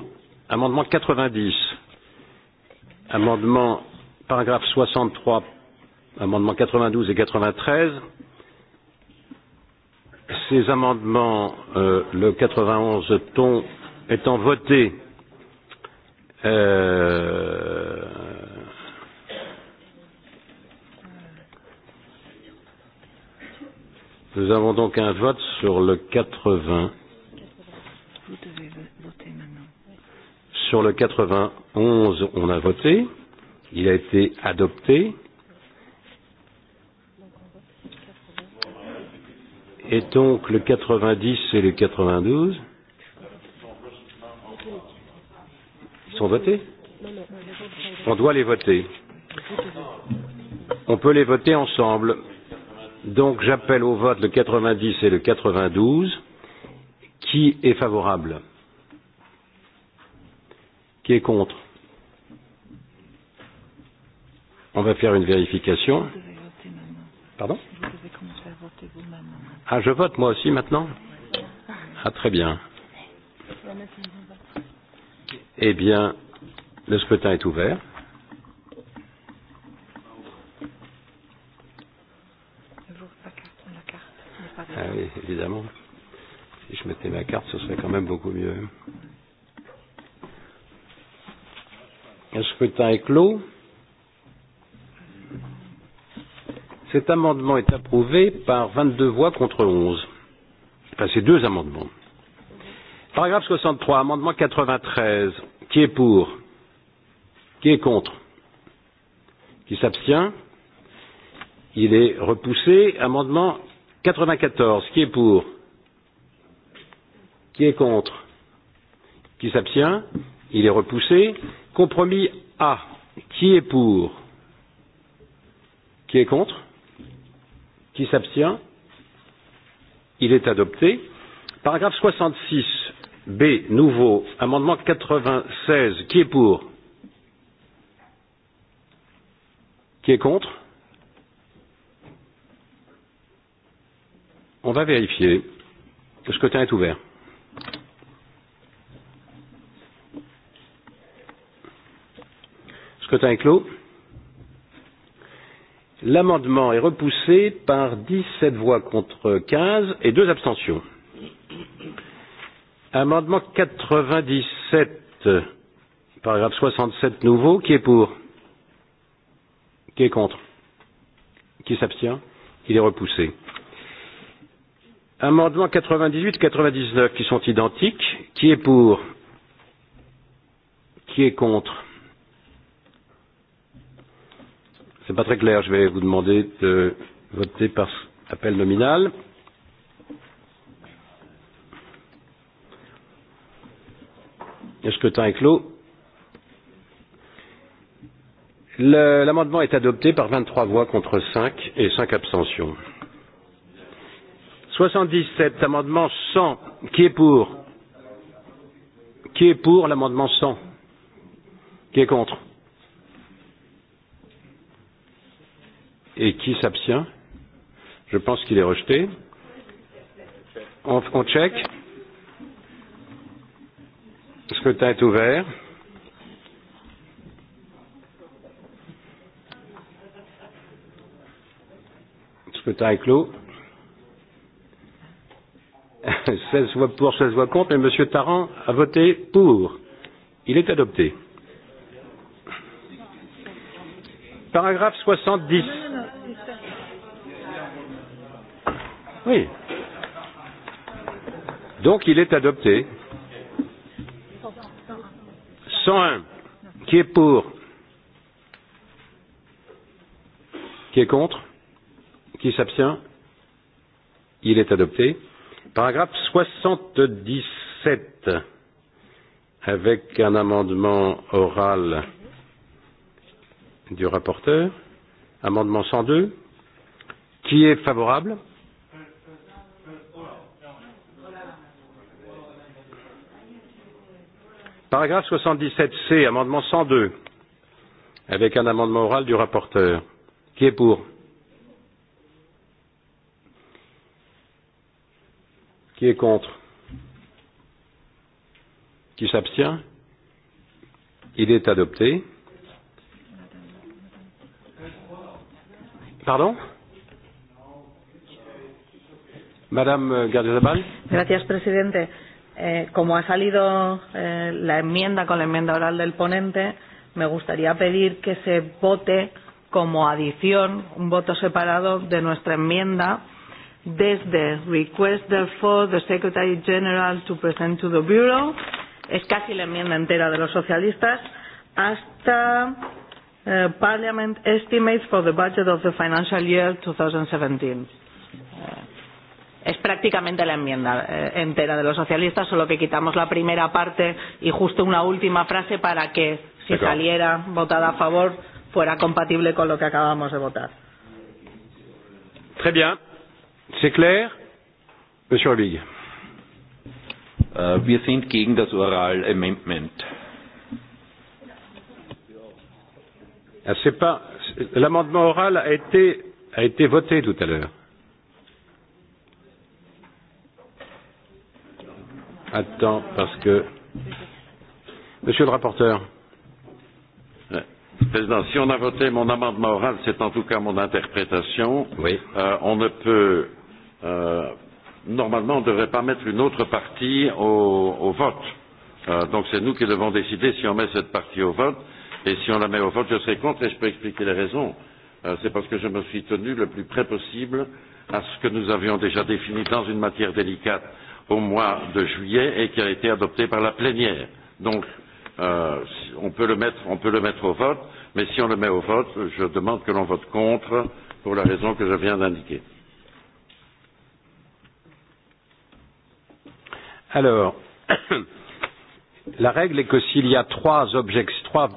Amendement 90. Amendement paragraphe 63, amendement 92 et 93. Ces amendements, euh, le 91 ton étant voté, euh, nous avons donc un vote sur le 80. Sur le 91, on a voté. Il a été adopté. Et donc le 90 et le 92 sont votés On doit les voter. On peut les voter ensemble. Donc j'appelle au vote le 90 et le 92. Qui est favorable Qui est contre On va faire une vérification. Pardon Ah, je vote moi aussi maintenant Ah, très bien. Eh bien, le scrutin est ouvert. Ah oui, évidemment. Si je mettais ma carte, ce serait quand même beaucoup mieux. Le scrutin est clos. Cet amendement est approuvé par 22 voix contre 11. Enfin, c'est deux amendements. Paragraphe 63, amendement 93. Qui est pour Qui est contre Qui s'abstient Il est repoussé. Amendement 94. Qui est pour Qui est contre Qui s'abstient Il est repoussé. Compromis A. Qui est pour Qui est contre Qui s'abstient Il est adopté. Paragraphe 66. B. Nouveau. Amendement 96. Qui est pour Qui est contre On va vérifier. Le scrutin est ouvert. Scrutin est clos. L'amendement est repoussé par 17 voix contre 15 et 2 abstentions. Amendement 97, paragraphe 67 nouveau, qui est pour Qui est contre Qui s'abstient Il est repoussé. Amendement 98 et 99 qui sont identiques. Qui est pour Qui est contre C'est pas très clair, je vais vous demander de voter par appel nominal. Le scrutin est clos. L'amendement est adopté par 23 voix contre 5 et 5 abstentions. 77, amendement 100. Qui est pour Qui est pour l'amendement 100 Qui est contre Et qui s'abstient Je pense qu'il est rejeté. On, on check. Le scrutin est ouvert. Le scrutin est clos. 16 voix pour, 16 voix contre, mais M. Tarrant a voté pour. Il est adopté. Paragraphe 70. Oui. Donc il est adopté. 101. Qui est pour Qui est contre Qui s'abstient Il est adopté. Paragraphe 77 avec un amendement oral du rapporteur. Amendement 102. Qui est favorable Paragraphe 77C, amendement 102, avec un amendement oral du rapporteur. Qui est pour Qui est contre Qui s'abstient Il est adopté. Pardon Madame Gardiazabal Gracias, presidente. Eh, como ha salido eh, la enmienda con la enmienda oral del ponente, me gustaría pedir que se vote como adición, un voto separado de nuestra enmienda, desde request therefore the Secretary General to present to the Bureau, es casi la enmienda entera de los socialistas, hasta eh, Parliament estimates for the budget of the financial year 2017. Eh, es prácticamente la enmienda eh, entera de los socialistas, solo que quitamos la primera parte y justo una última frase para que si Acá. saliera votada a favor fuera compatible con lo que acabamos de votar. Très bien. C'est clair? Monsieur Rodriguez. Uh, äh, wir sind gegen das Oral Amendment. Ah, l'amendement oral a été, a été voté tout à l'heure. attend parce que. Monsieur le rapporteur. Euh, Président, si on a voté mon amendement oral, c'est en tout cas mon interprétation. Oui. Euh, on ne peut. Euh, normalement, on ne devrait pas mettre une autre partie au, au vote. Euh, donc c'est nous qui devons décider si on met cette partie au vote. Et si on la met au vote, je serai contre et je peux expliquer les raisons. Euh, c'est parce que je me suis tenu le plus près possible à ce que nous avions déjà défini dans une matière délicate au mois de juillet et qui a été adopté par la plénière. Donc, euh, on, peut le mettre, on peut le mettre au vote, mais si on le met au vote, je demande que l'on vote contre pour la raison que je viens d'indiquer. Alors, la règle est que s'il y a trois, objects, trois,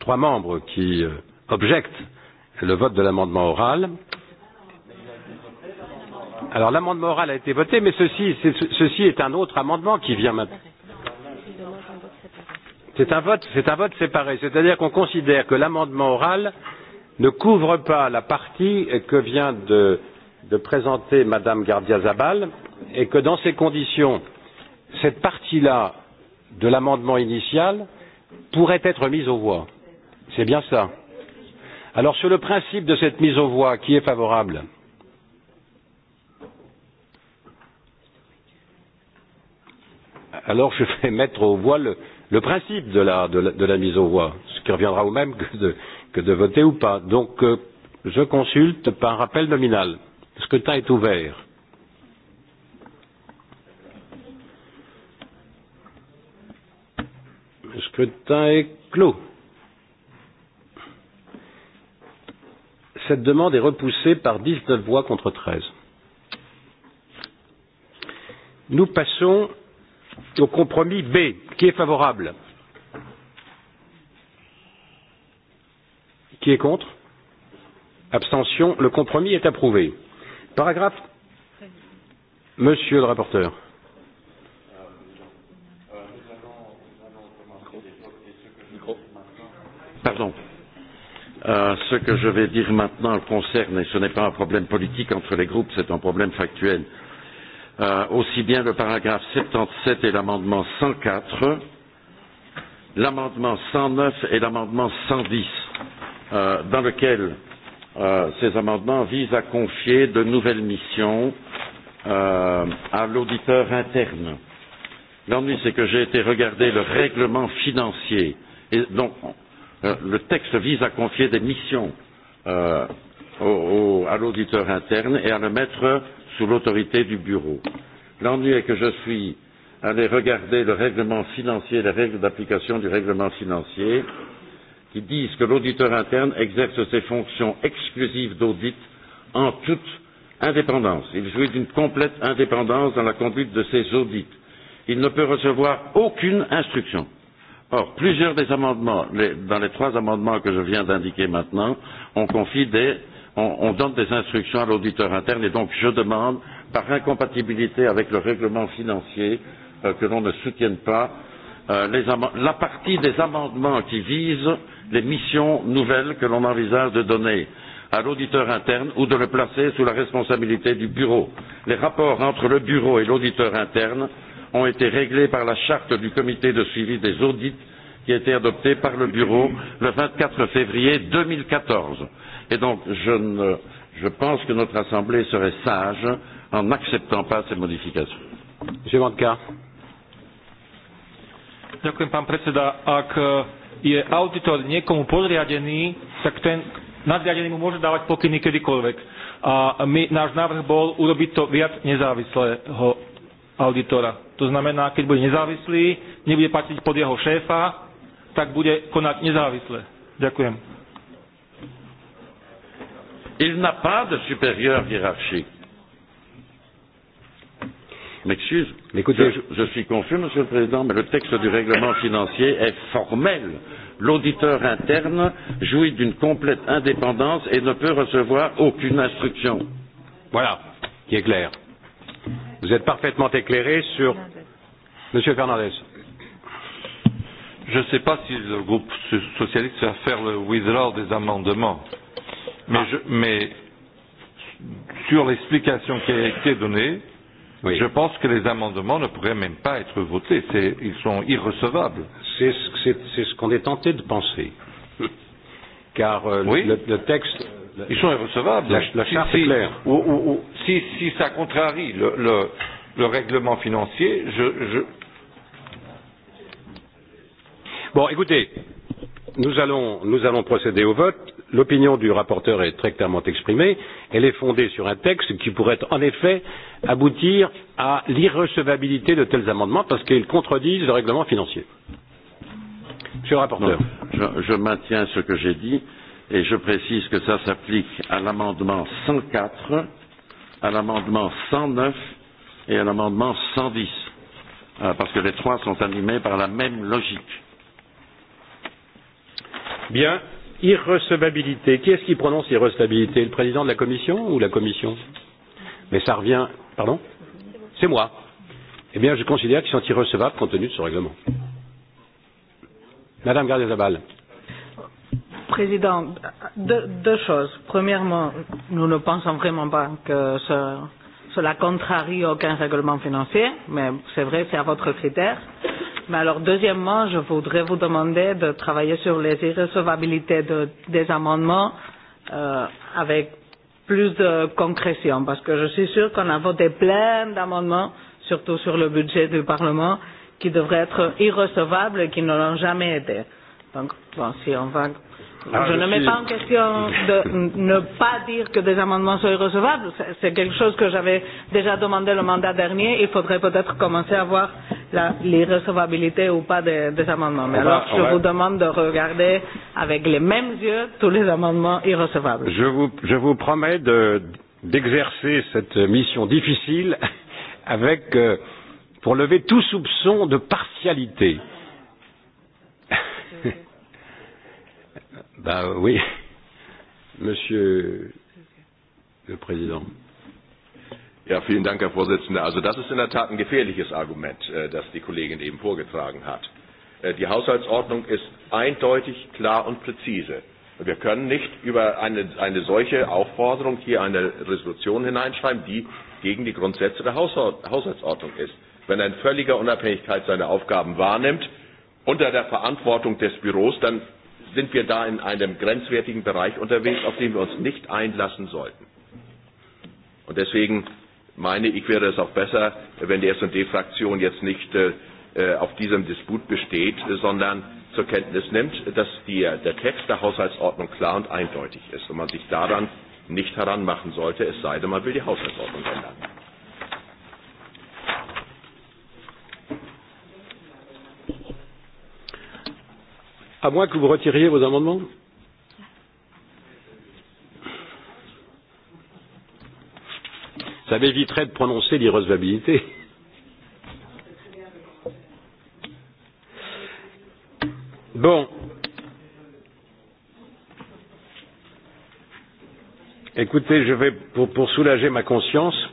trois membres qui euh, objectent le vote de l'amendement oral, Alors l'amendement oral a été voté, mais ceci, est, ceci est un autre amendement qui vient maintenant. C'est un vote, c'est un vote séparé, c'est-à-dire qu'on considère que l'amendement oral ne couvre pas la partie que vient de, de présenter Madame Gardia Zabal et que dans ces conditions, cette partie-là de l'amendement initial pourrait être mise aux voix. C'est bien ça. Alors sur le principe de cette mise aux voix, qui est favorable alors je vais mettre au voix le, le principe de la, de, la, de la mise au voie, ce qui reviendra au même que de, que de voter ou pas. Donc, euh, je consulte par un rappel nominal. Le scrutin est ouvert. Le scrutin est clos. Cette demande est repoussée par 19 voix contre 13. Nous passons au compromis B. Qui est favorable Qui est contre Abstention. Le compromis est approuvé. Paragraphe. Monsieur le rapporteur. Pardon. Euh, ce que je vais dire maintenant concerne, et ce n'est pas un problème politique entre les groupes, c'est un problème factuel euh, aussi bien le paragraphe 77 et l'amendement 104, l'amendement 109 et l'amendement 110, euh, dans lequel euh, ces amendements visent à confier de nouvelles missions euh, à l'auditeur interne. L'ennui, c'est que j'ai été regarder le règlement financier. Et donc, euh, le texte vise à confier des missions euh, au, au, à l'auditeur interne et à le mettre sous l'autorité du bureau. L'ennui est que je suis allé regarder le règlement financier, les règles d'application du règlement financier, qui disent que l'auditeur interne exerce ses fonctions exclusives d'audit en toute indépendance. Il jouit d'une complète indépendance dans la conduite de ses audits. Il ne peut recevoir aucune instruction. Or, plusieurs des amendements, les, dans les trois amendements que je viens d'indiquer maintenant, on confie des on, on donne des instructions à l'auditeur interne et donc je demande, par incompatibilité avec le règlement financier, euh, que l'on ne soutienne pas euh, les la partie des amendements qui visent les missions nouvelles que l'on envisage de donner à l'auditeur interne ou de le placer sous la responsabilité du bureau. Les rapports entre le bureau et l'auditeur interne ont été réglés par la charte du comité de suivi des audits qui a été adoptée par le bureau le 24 février 2014 Et donc, je, ne, je pense que notre Assemblée serait sage en n'acceptant pas ces modifications. Monsieur Vanka. Ďakujem, pán predseda. Ak e, je auditor niekomu podriadený, tak ten nadriadený mu môže dávať pokyny kedykoľvek. A my, náš návrh bol urobiť to viac nezávislého auditora. To znamená, keď bude nezávislý, nebude patiť pod jeho šéfa, tak bude konať nezávisle. Ďakujem. Il n'a pas de supérieur hiérarchique. M'excuse, Écoutez, je, je suis confus, Monsieur le Président, mais le texte du règlement financier est formel. L'auditeur interne jouit d'une complète indépendance et ne peut recevoir aucune instruction. Voilà, qui est clair. Vous êtes parfaitement éclairé sur. Monsieur Fernandez. Je ne sais pas si le groupe socialiste va faire le withdraw des amendements. Mais, je, mais sur l'explication qui a été donnée, oui. je pense que les amendements ne pourraient même pas être votés. Ils sont irrecevables. C'est ce, ce qu'on est tenté de penser. Car euh, oui. le, le texte. Ils sont irrecevables. La, la charte si, est claire. Si, ou, ou, ou, si, si ça contrarie le, le, le règlement financier, je, je. Bon, écoutez, nous allons, nous allons procéder au vote l'opinion du rapporteur est très clairement exprimée. Elle est fondée sur un texte qui pourrait en effet aboutir à l'irrecevabilité de tels amendements parce qu'ils contredisent le règlement financier. Monsieur le rapporteur. Non, je, je maintiens ce que j'ai dit et je précise que ça s'applique à l'amendement 104, à l'amendement 109 et à l'amendement 110 euh, parce que les trois sont animés par la même logique. Bien, Irrecevabilité. Qui est-ce qui prononce irrecevabilité Le président de la commission ou la commission Mais ça revient. Pardon C'est moi. Eh bien, je considère qu'ils sont irrecevables compte tenu de ce règlement. Madame gardez Gardiazabal. Président, deux, deux choses. Premièrement, nous ne pensons vraiment pas que ce, cela contrarie aucun règlement financier, mais c'est vrai, c'est à votre critère. Euh, Mais alors, deuxièmement, je voudrais vous demander de travailler sur les irrecevabilités de, des amendements euh, avec plus de concrétion, parce que je suis sûre qu'on a voté plein d'amendements, surtout sur le budget du Parlement, qui devraient être irrecevables et qui ne l'ont jamais été. Donc, bon, si on va Alors, ah, je ne mets pas en question de ne pas dire que des amendements sont irrecevables. C'est quelque chose que j'avais déjà demandé le mandat dernier. Il faudrait peut-être commencer à voir l'irrecevabilité ou pas des, des amendements. Mais on alors, va, je va... vous demande de regarder avec les mêmes yeux tous les amendements irrecevables. Je vous, je vous promets d'exercer de, cette mission difficile avec, euh, pour lever tout soupçon de partialité. Ben oui, Monsieur le Président. Ja, vielen Dank, Herr Vorsitzender. Also das ist in der Tat ein gefährliches Argument, äh, das die Kollegin eben vorgetragen hat. Äh, die Haushaltsordnung ist eindeutig, klar und präzise. Wir können nicht über eine, eine solche Aufforderung hier eine Resolution hineinschreiben, die gegen die Grundsätze der Haushaltsordnung ist. Wenn ein völliger Unabhängigkeit seine Aufgaben wahrnimmt, unter der Verantwortung des Büros, dann sind wir da in einem grenzwertigen Bereich unterwegs, auf den wir uns nicht einlassen sollten. Und deswegen meine ich, wäre es auch besser, wenn die S&D-Fraktion jetzt nicht äh, äh, auf diesem Disput besteht, sondern zur Kenntnis nimmt, dass die, der Text der Haushaltsordnung klar und eindeutig ist und man sich daran nicht heranmachen sollte, es sei denn, man will die Haushaltsordnung ändern. À moins que vous retiriez vos amendements. Ça m'éviterait de prononcer l'irrecevabilité. Bon. Écoutez, je vais, pour, pour soulager ma conscience,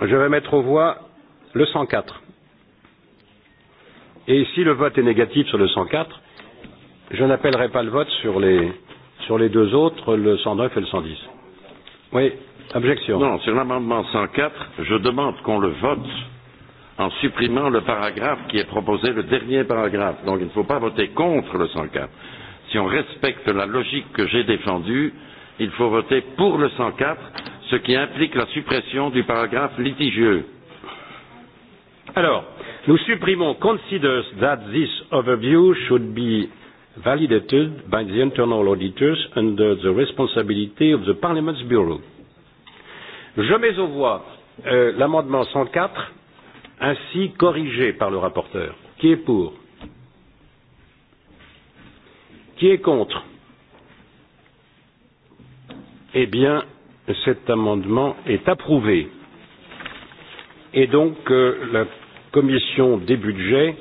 je vais mettre aux voix le 104. Et si le vote est négatif sur le 104, Je n'appellerai pas le vote sur les, sur les deux autres, le 109 et le 110. Oui, objection. Non, sur l'amendement 104, je demande qu'on le vote en supprimant le paragraphe qui est proposé, le dernier paragraphe. Donc il ne faut pas voter contre le 104. Si on respecte la logique que j'ai défendue, il faut voter pour le 104, ce qui implique la suppression du paragraphe litigieux. Alors, nous supprimons considers that this overview should be validated by the internal auditors under the responsibility of the Parliament's Bureau. Je mets aux voix euh, l'amendement 104 ainsi corrigé par le rapporteur. Qui est pour Qui est contre Eh bien, cet amendement est approuvé. Et donc, euh, la commission des budgets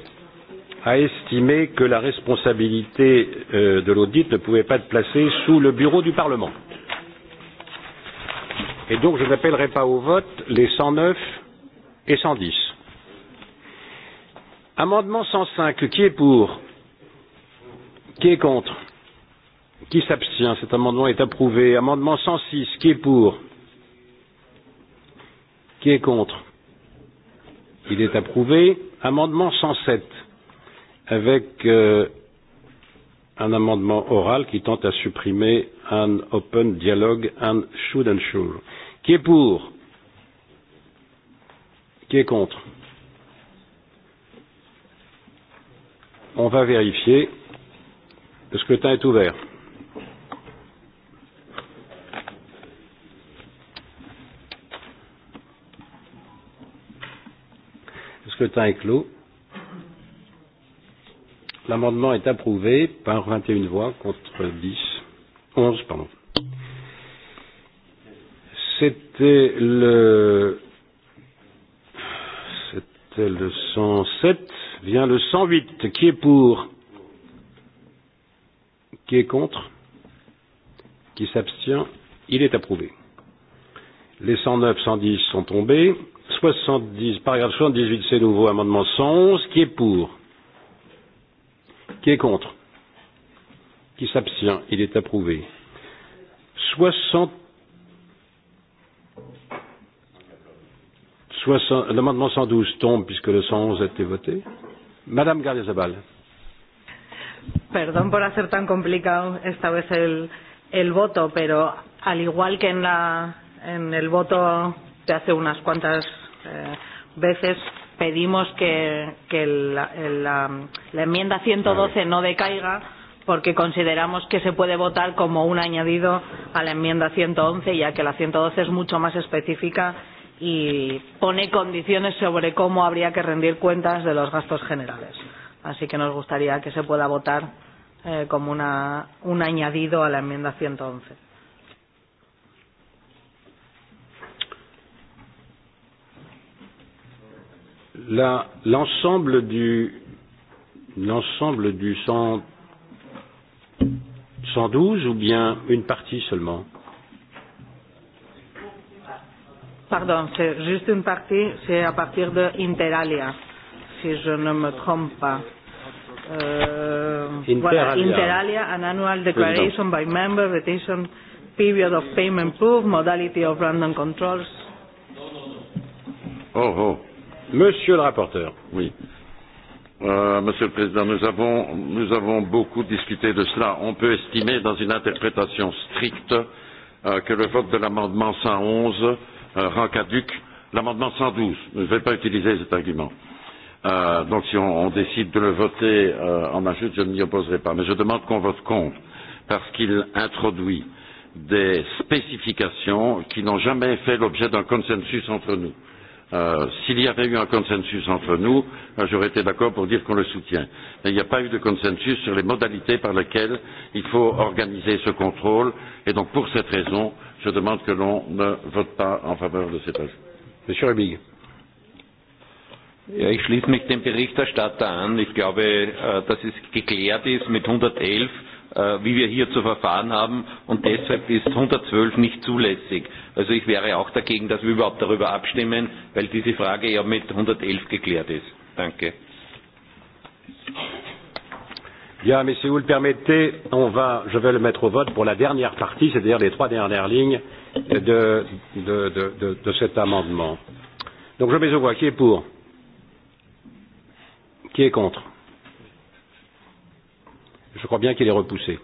a estimé que la responsabilité euh, de l'audit ne pouvait pas être placée sous le bureau du Parlement. Et donc je n'appellerai pas au vote les 109 et 110. Amendement 105, qui est pour Qui est contre Qui s'abstient Cet amendement est approuvé. Amendement 106, qui est pour Qui est contre Il est approuvé. Amendement 107, avec euh, un amendement oral qui tente à supprimer un open dialogue un should and sure. Qui est pour Qui est contre On va vérifier. Le scrutin est ouvert. Le scrutin est clos. L'amendement est approuvé par 21 voix contre 10, 11, pardon. C'était le, c'était le 107, vient le 108. Qui est pour Qui est contre Qui s'abstient Il est approuvé. Les 109, 110 sont tombés. 70, paragraphe 78, c'est nouveau, amendement 111. Qui est pour Qui est contre Qui s'abstient Il est approuvé. 60... 60... L'amendement 112 tombe puisque le 111 a été voté. Madame Gardiazabal. Perdón por hacer tan complicado esta vez el, el voto, pero al igual que en, la, en el voto de hace unas cuantas eh, veces, pedimos que, que la, la, la enmienda 112 no decaiga porque consideramos que se puede votar como un añadido a la enmienda 111, ya que la 112 es mucho más específica y pone condiciones sobre cómo habría que rendir cuentas de los gastos generales. Así que nos gustaría que se pueda votar eh, como una, un añadido a la enmienda 111. l'ensemble du l'ensemble du 100, 112 ou bien une partie seulement Pardon, c'est juste une partie, c'est à partir de Interalia, si je ne me trompe pas. Euh, Interalia. Voilà, Interalia, an annual declaration by member, retention period of payment proof, modality of random controls. Oh, oh. Monsieur le rapporteur. Oui. Euh, Monsieur le Président, nous avons, nous avons beaucoup discuté de cela. On peut estimer, dans une interprétation stricte, euh, que le vote de l'amendement 111 euh, rend caduque l'amendement 112. Je ne vais pas utiliser cet argument. Euh, donc, si on, on décide de le voter euh, en ajoute, je ne m'y opposerai pas. Mais je demande qu'on vote contre, parce qu'il introduit des spécifications qui n'ont jamais fait l'objet d'un consensus entre nous. Euh, s'il y avait eu un consensus entre nous, euh, j'aurais été d'accord pour dire qu'on le soutient. Mais il n'y a pas eu de consensus sur les modalités par lesquelles il faut organiser ce contrôle. Et donc, pour cette raison, je demande que l'on ne vote pas en faveur de cet ajout. Monsieur Rubig. Ja, ich schließe mich dem Berichterstatter an. Ich glaube, äh, dass es geklärt ist mit 111 Äh, wie wir hier zu verfahren haben. Und deshalb ist 112 nicht zulässig. Also ich wäre auch dagegen, dass wir überhaupt darüber abstimmen, weil diese Frage ja mit 111 geklärt ist. Danke. Bien, mais si vous le permettez, on va, je vais le mettre au vote pour la dernière partie, c'est-à-dire les trois dernières lignes de, de, de, de, de cet amendement. Donc je mets au voix qui est pour, qui est contre, Je crois bien qu'il est repoussé.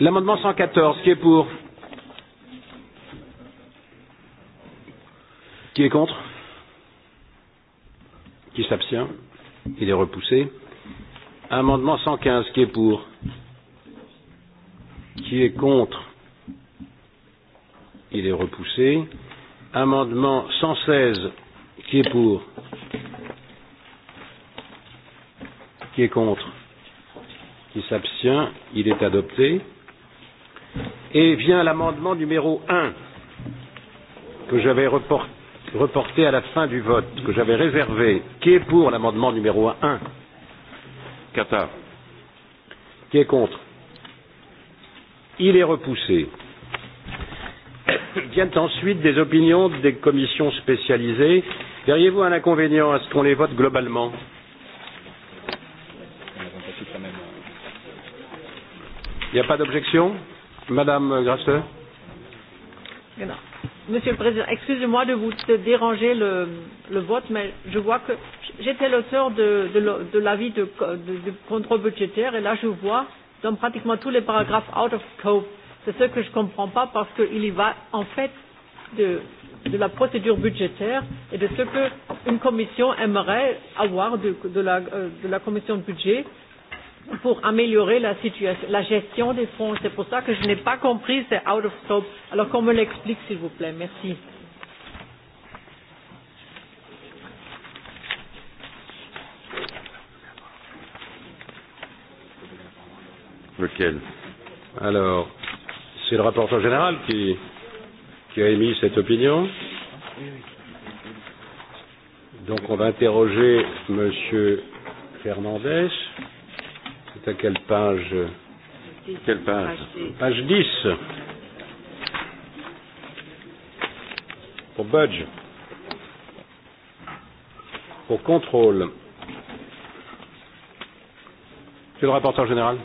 L'amendement 114, qui est pour Qui est contre Qui s'abstient Il est repoussé. Amendement 115, qui est pour Qui est contre Il est repoussé. Amendement 116, qui est pour Qui est contre Qui s'abstient Il est adopté. Et vient l'amendement numéro 1 que j'avais reporté à la fin du vote, que j'avais réservé. Qui est pour l'amendement numéro 1 Qatar. Qui est contre Il est repoussé. Viennent ensuite des opinions des commissions spécialisées. Verriez-vous un inconvénient à ce qu'on les vote globalement Il n'y a pas d'objection Madame Grasseux non. Monsieur le Président, excusez-moi de vous de déranger le, le vote, mais je vois que j'étais l'auteur de, de, de l'avis de, de, de contrôle budgétaire et là je vois dans pratiquement tous les paragraphes out of scope. C'est ce que je ne comprends pas parce qu'il y va en fait de, de la procédure budgétaire et de ce qu'une commission aimerait avoir de, de, la, euh, de la commission de budget pour améliorer la, situation, la gestion des fonds. C'est pour ça que je n'ai pas compris, c'est out of scope. Alors qu'on me l'explique, s'il vous plaît. Merci. Lequel Alors, c'est le rapporteur général qui, qui a émis cette opinion. Donc on va interroger Monsieur Fernandez à quelle page Quelle page Page 10. Pour Budge. Pour contrôle. Monsieur le rapporteur général.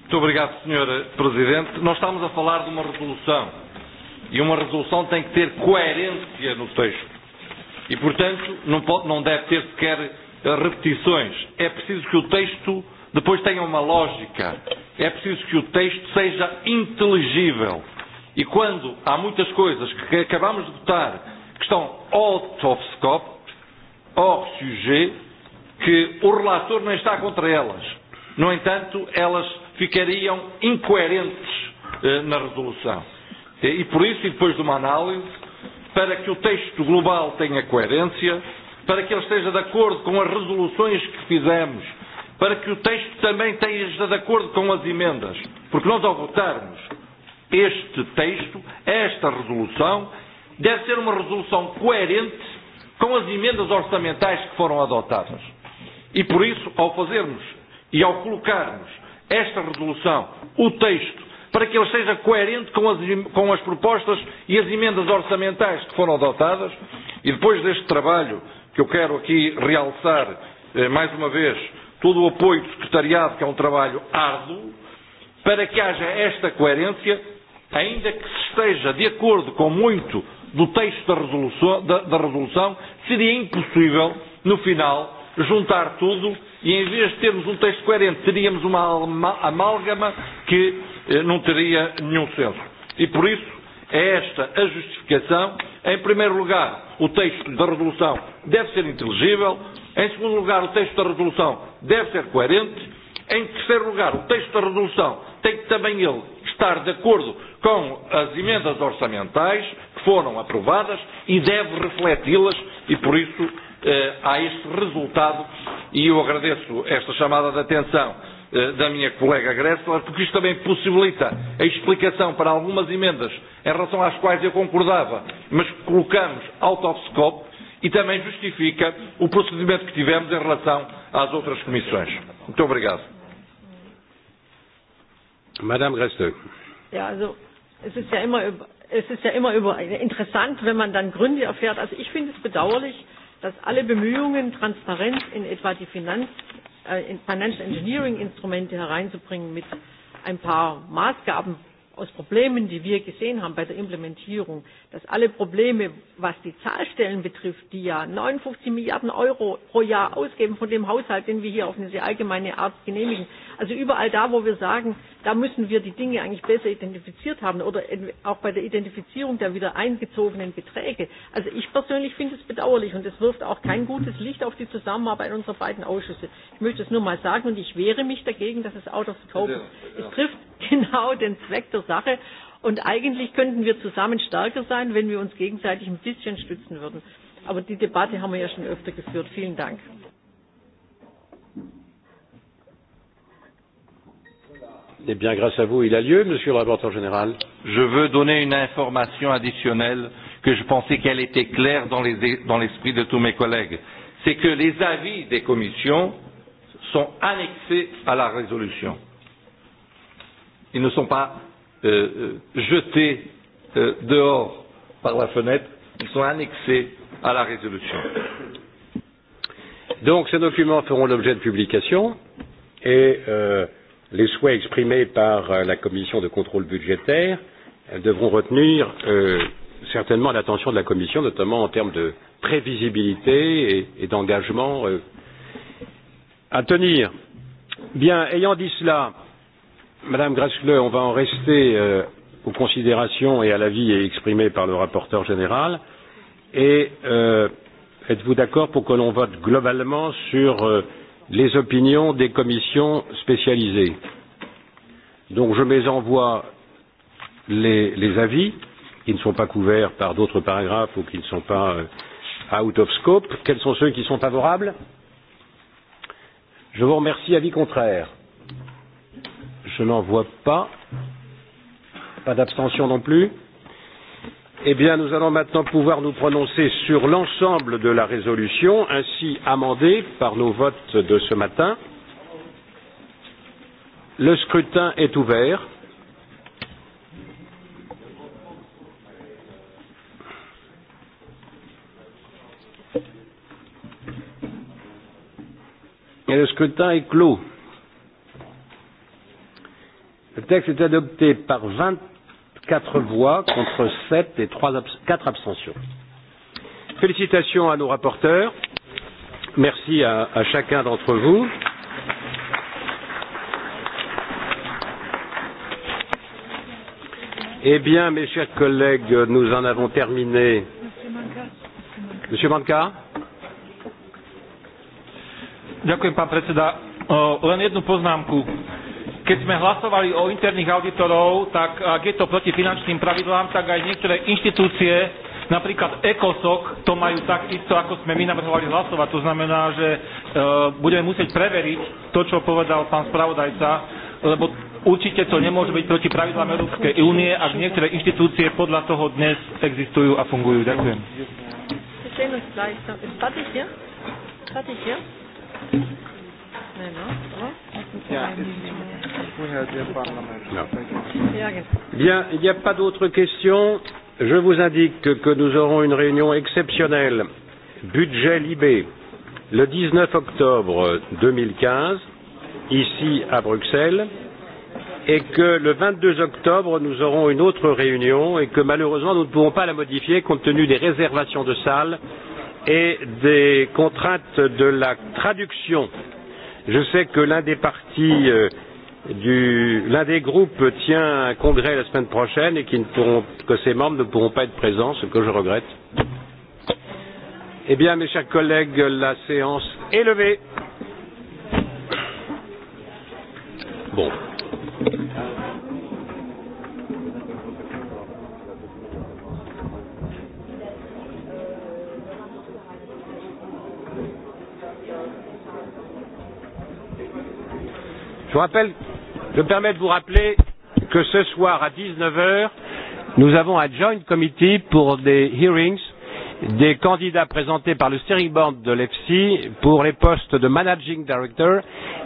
Muito obrigado, Sr. Presidente. Nós estamos a falar de uma resolução. E uma resolução tem que ter coerência no texto. E, portanto, não, pode, não deve ter sequer repetições. É preciso que o texto depois tenha uma lógica. É preciso que o texto seja inteligível. E quando há muitas coisas que acabamos de votar que estão out of scope, off sujet, que o relator não está contra elas. No entanto, elas ficariam incoerentes eh, na resolução. E, e por isso, e depois de uma análise, para que o texto global tenha coerência, para que ele esteja de acordo com as resoluções que fizemos, para que o texto também esteja de acordo com as emendas. Porque nós, ao votarmos este texto, esta resolução, deve ser uma resolução coerente com as emendas orçamentais que foram adotadas. E por isso, ao fazermos e ao colocarmos esta resolução, o texto, para que ele seja coerente com as, com as propostas e as emendas orçamentais que foram adotadas, e depois deste trabalho que eu quero aqui realçar eh, mais uma vez todo o apoio do secretariado, que é um trabalho árduo, para que haja esta coerência, ainda que se esteja de acordo com muito do texto da resolução, da, da resolução seria impossível, no final, juntar tudo e, em vez de termos um texto coerente, teríamos uma amálgama que eh, não teria nenhum senso. E por isso, É esta a justificação. Em primeiro lugar, o texto da resolução deve ser inteligível. Em segundo lugar, o texto da resolução deve ser coerente. Em terceiro lugar, o texto da resolução tem que também ele estar de acordo com as emendas orçamentais que foram aprovadas e deve refleti-las e por isso eh, há este resultado e eu agradeço esta chamada de atenção Eh, da minha colega Gressler, porque isto também possibilita a explicação para algumas emendas em relação às quais eu concordava, mas que colocamos out of scope e também justifica o procedimento que tivemos em relação às outras comissões. Muito obrigado. Madame Gressler. es ist ja immer, es ist ja immer über, äh, interessant, wenn man dann Gründe erfährt. Also ich finde es bedauerlich, dass alle Bemühungen, Transparenz in etwa die Finanz- Äh, Financial Engineering Instrumente hereinzubringen mit ein paar Maßgaben aus Problemen, die wir gesehen haben bei der Implementierung, dass alle Probleme, was die Zahlstellen betrifft, die ja 59 Milliarden Euro pro Jahr ausgeben von dem Haushalt, den wir hier auf eine sehr allgemeine Art genehmigen, Also überall da, wo wir sagen, da müssen wir die Dinge eigentlich besser identifiziert haben oder auch bei der Identifizierung der wieder eingezogenen Beträge. Also ich persönlich finde es bedauerlich und es wirft auch kein gutes Licht auf die Zusammenarbeit unserer beiden Ausschüsse. Ich möchte es nur mal sagen und ich wehre mich dagegen, dass es out of scope ist. Es trifft genau den Zweck der Sache und eigentlich könnten wir zusammen stärker sein, wenn wir uns gegenseitig ein bisschen stützen würden. Aber die Debatte haben wir ja schon öfter geführt. Vielen Dank. Eh bien, grâce à vous, il a lieu, monsieur le rapporteur général. Je veux donner une information additionnelle que je pensais qu'elle était claire dans l'esprit les, de tous mes collègues. C'est que les avis des commissions sont annexés à la résolution. Ils ne sont pas euh, euh, jetés euh, dehors par la fenêtre, ils sont annexés à la résolution. Donc, ces documents feront l'objet de publication et. Euh, les souhaits exprimés par euh, la commission de contrôle budgétaire euh, devront retenir euh, certainement l'attention de la commission, notamment en termes de prévisibilité et, et d'engagement euh, à tenir. Bien, ayant dit cela, Madame Grassle, on va en rester euh, aux considérations et à l'avis exprimé par le rapporteur général. Et euh, êtes-vous d'accord pour que l'on vote globalement sur euh, les opinions des commissions spécialisées. Donc je mets en voie les, les avis qui ne sont pas couverts par d'autres paragraphes ou qui ne sont pas euh, out of scope. Quels sont ceux qui sont favorables Je vous remercie. Avis contraire Je n'en vois pas. Pas d'abstention non plus Eh bien, nous allons maintenant pouvoir nous prononcer sur l'ensemble de la résolution, ainsi amendée par nos votes de ce matin. Le scrutin est ouvert. Et le scrutin est clos. Le texte est adopté par 20 4 voix contre 7 et 3 abs 4 abstentions. Félicitations à nos rapporteurs. Merci à, à chacun d'entre vous. Eh bien, mes chers collègues, nous en avons terminé. Monsieur Manka. Ďakujem, pán predseda. Len jednu poznámku Keď sme hlasovali o interných auditorov, tak ak je to proti finančným pravidlám, tak aj niektoré inštitúcie, napríklad ECOSOC, to majú takisto, ako sme my navrhovali hlasovať. To znamená, že e, budeme musieť preveriť to, čo povedal pán spravodajca, lebo určite to nemôže byť proti pravidlám Európskej únie, ak niektoré inštitúcie podľa toho dnes existujú a fungujú. Ďakujem. Ja, ist, Non. Bien, il n'y a pas d'autres questions. Je vous indique que nous aurons une réunion exceptionnelle, budget Libé, le 19 octobre 2015, ici à Bruxelles, et que le 22 octobre, nous aurons une autre réunion et que malheureusement, nous ne pouvons pas la modifier compte tenu des réservations de salles et des contraintes de la traduction. Je sais que l'un des partis euh, du, l'un des groupes tient un congrès la semaine prochaine et qui ne pourront, que ses membres ne pourront pas être présents, ce que je regrette. Eh bien, mes chers collègues, la séance est levée. Bon. Je vous rappelle Je me permets de vous rappeler que ce soir à 19h, nous avons un joint committee pour des hearings des candidats présentés par le steering board de l'EFSI pour les postes de managing director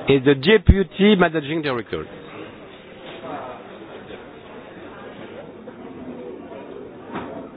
et de deputy managing director.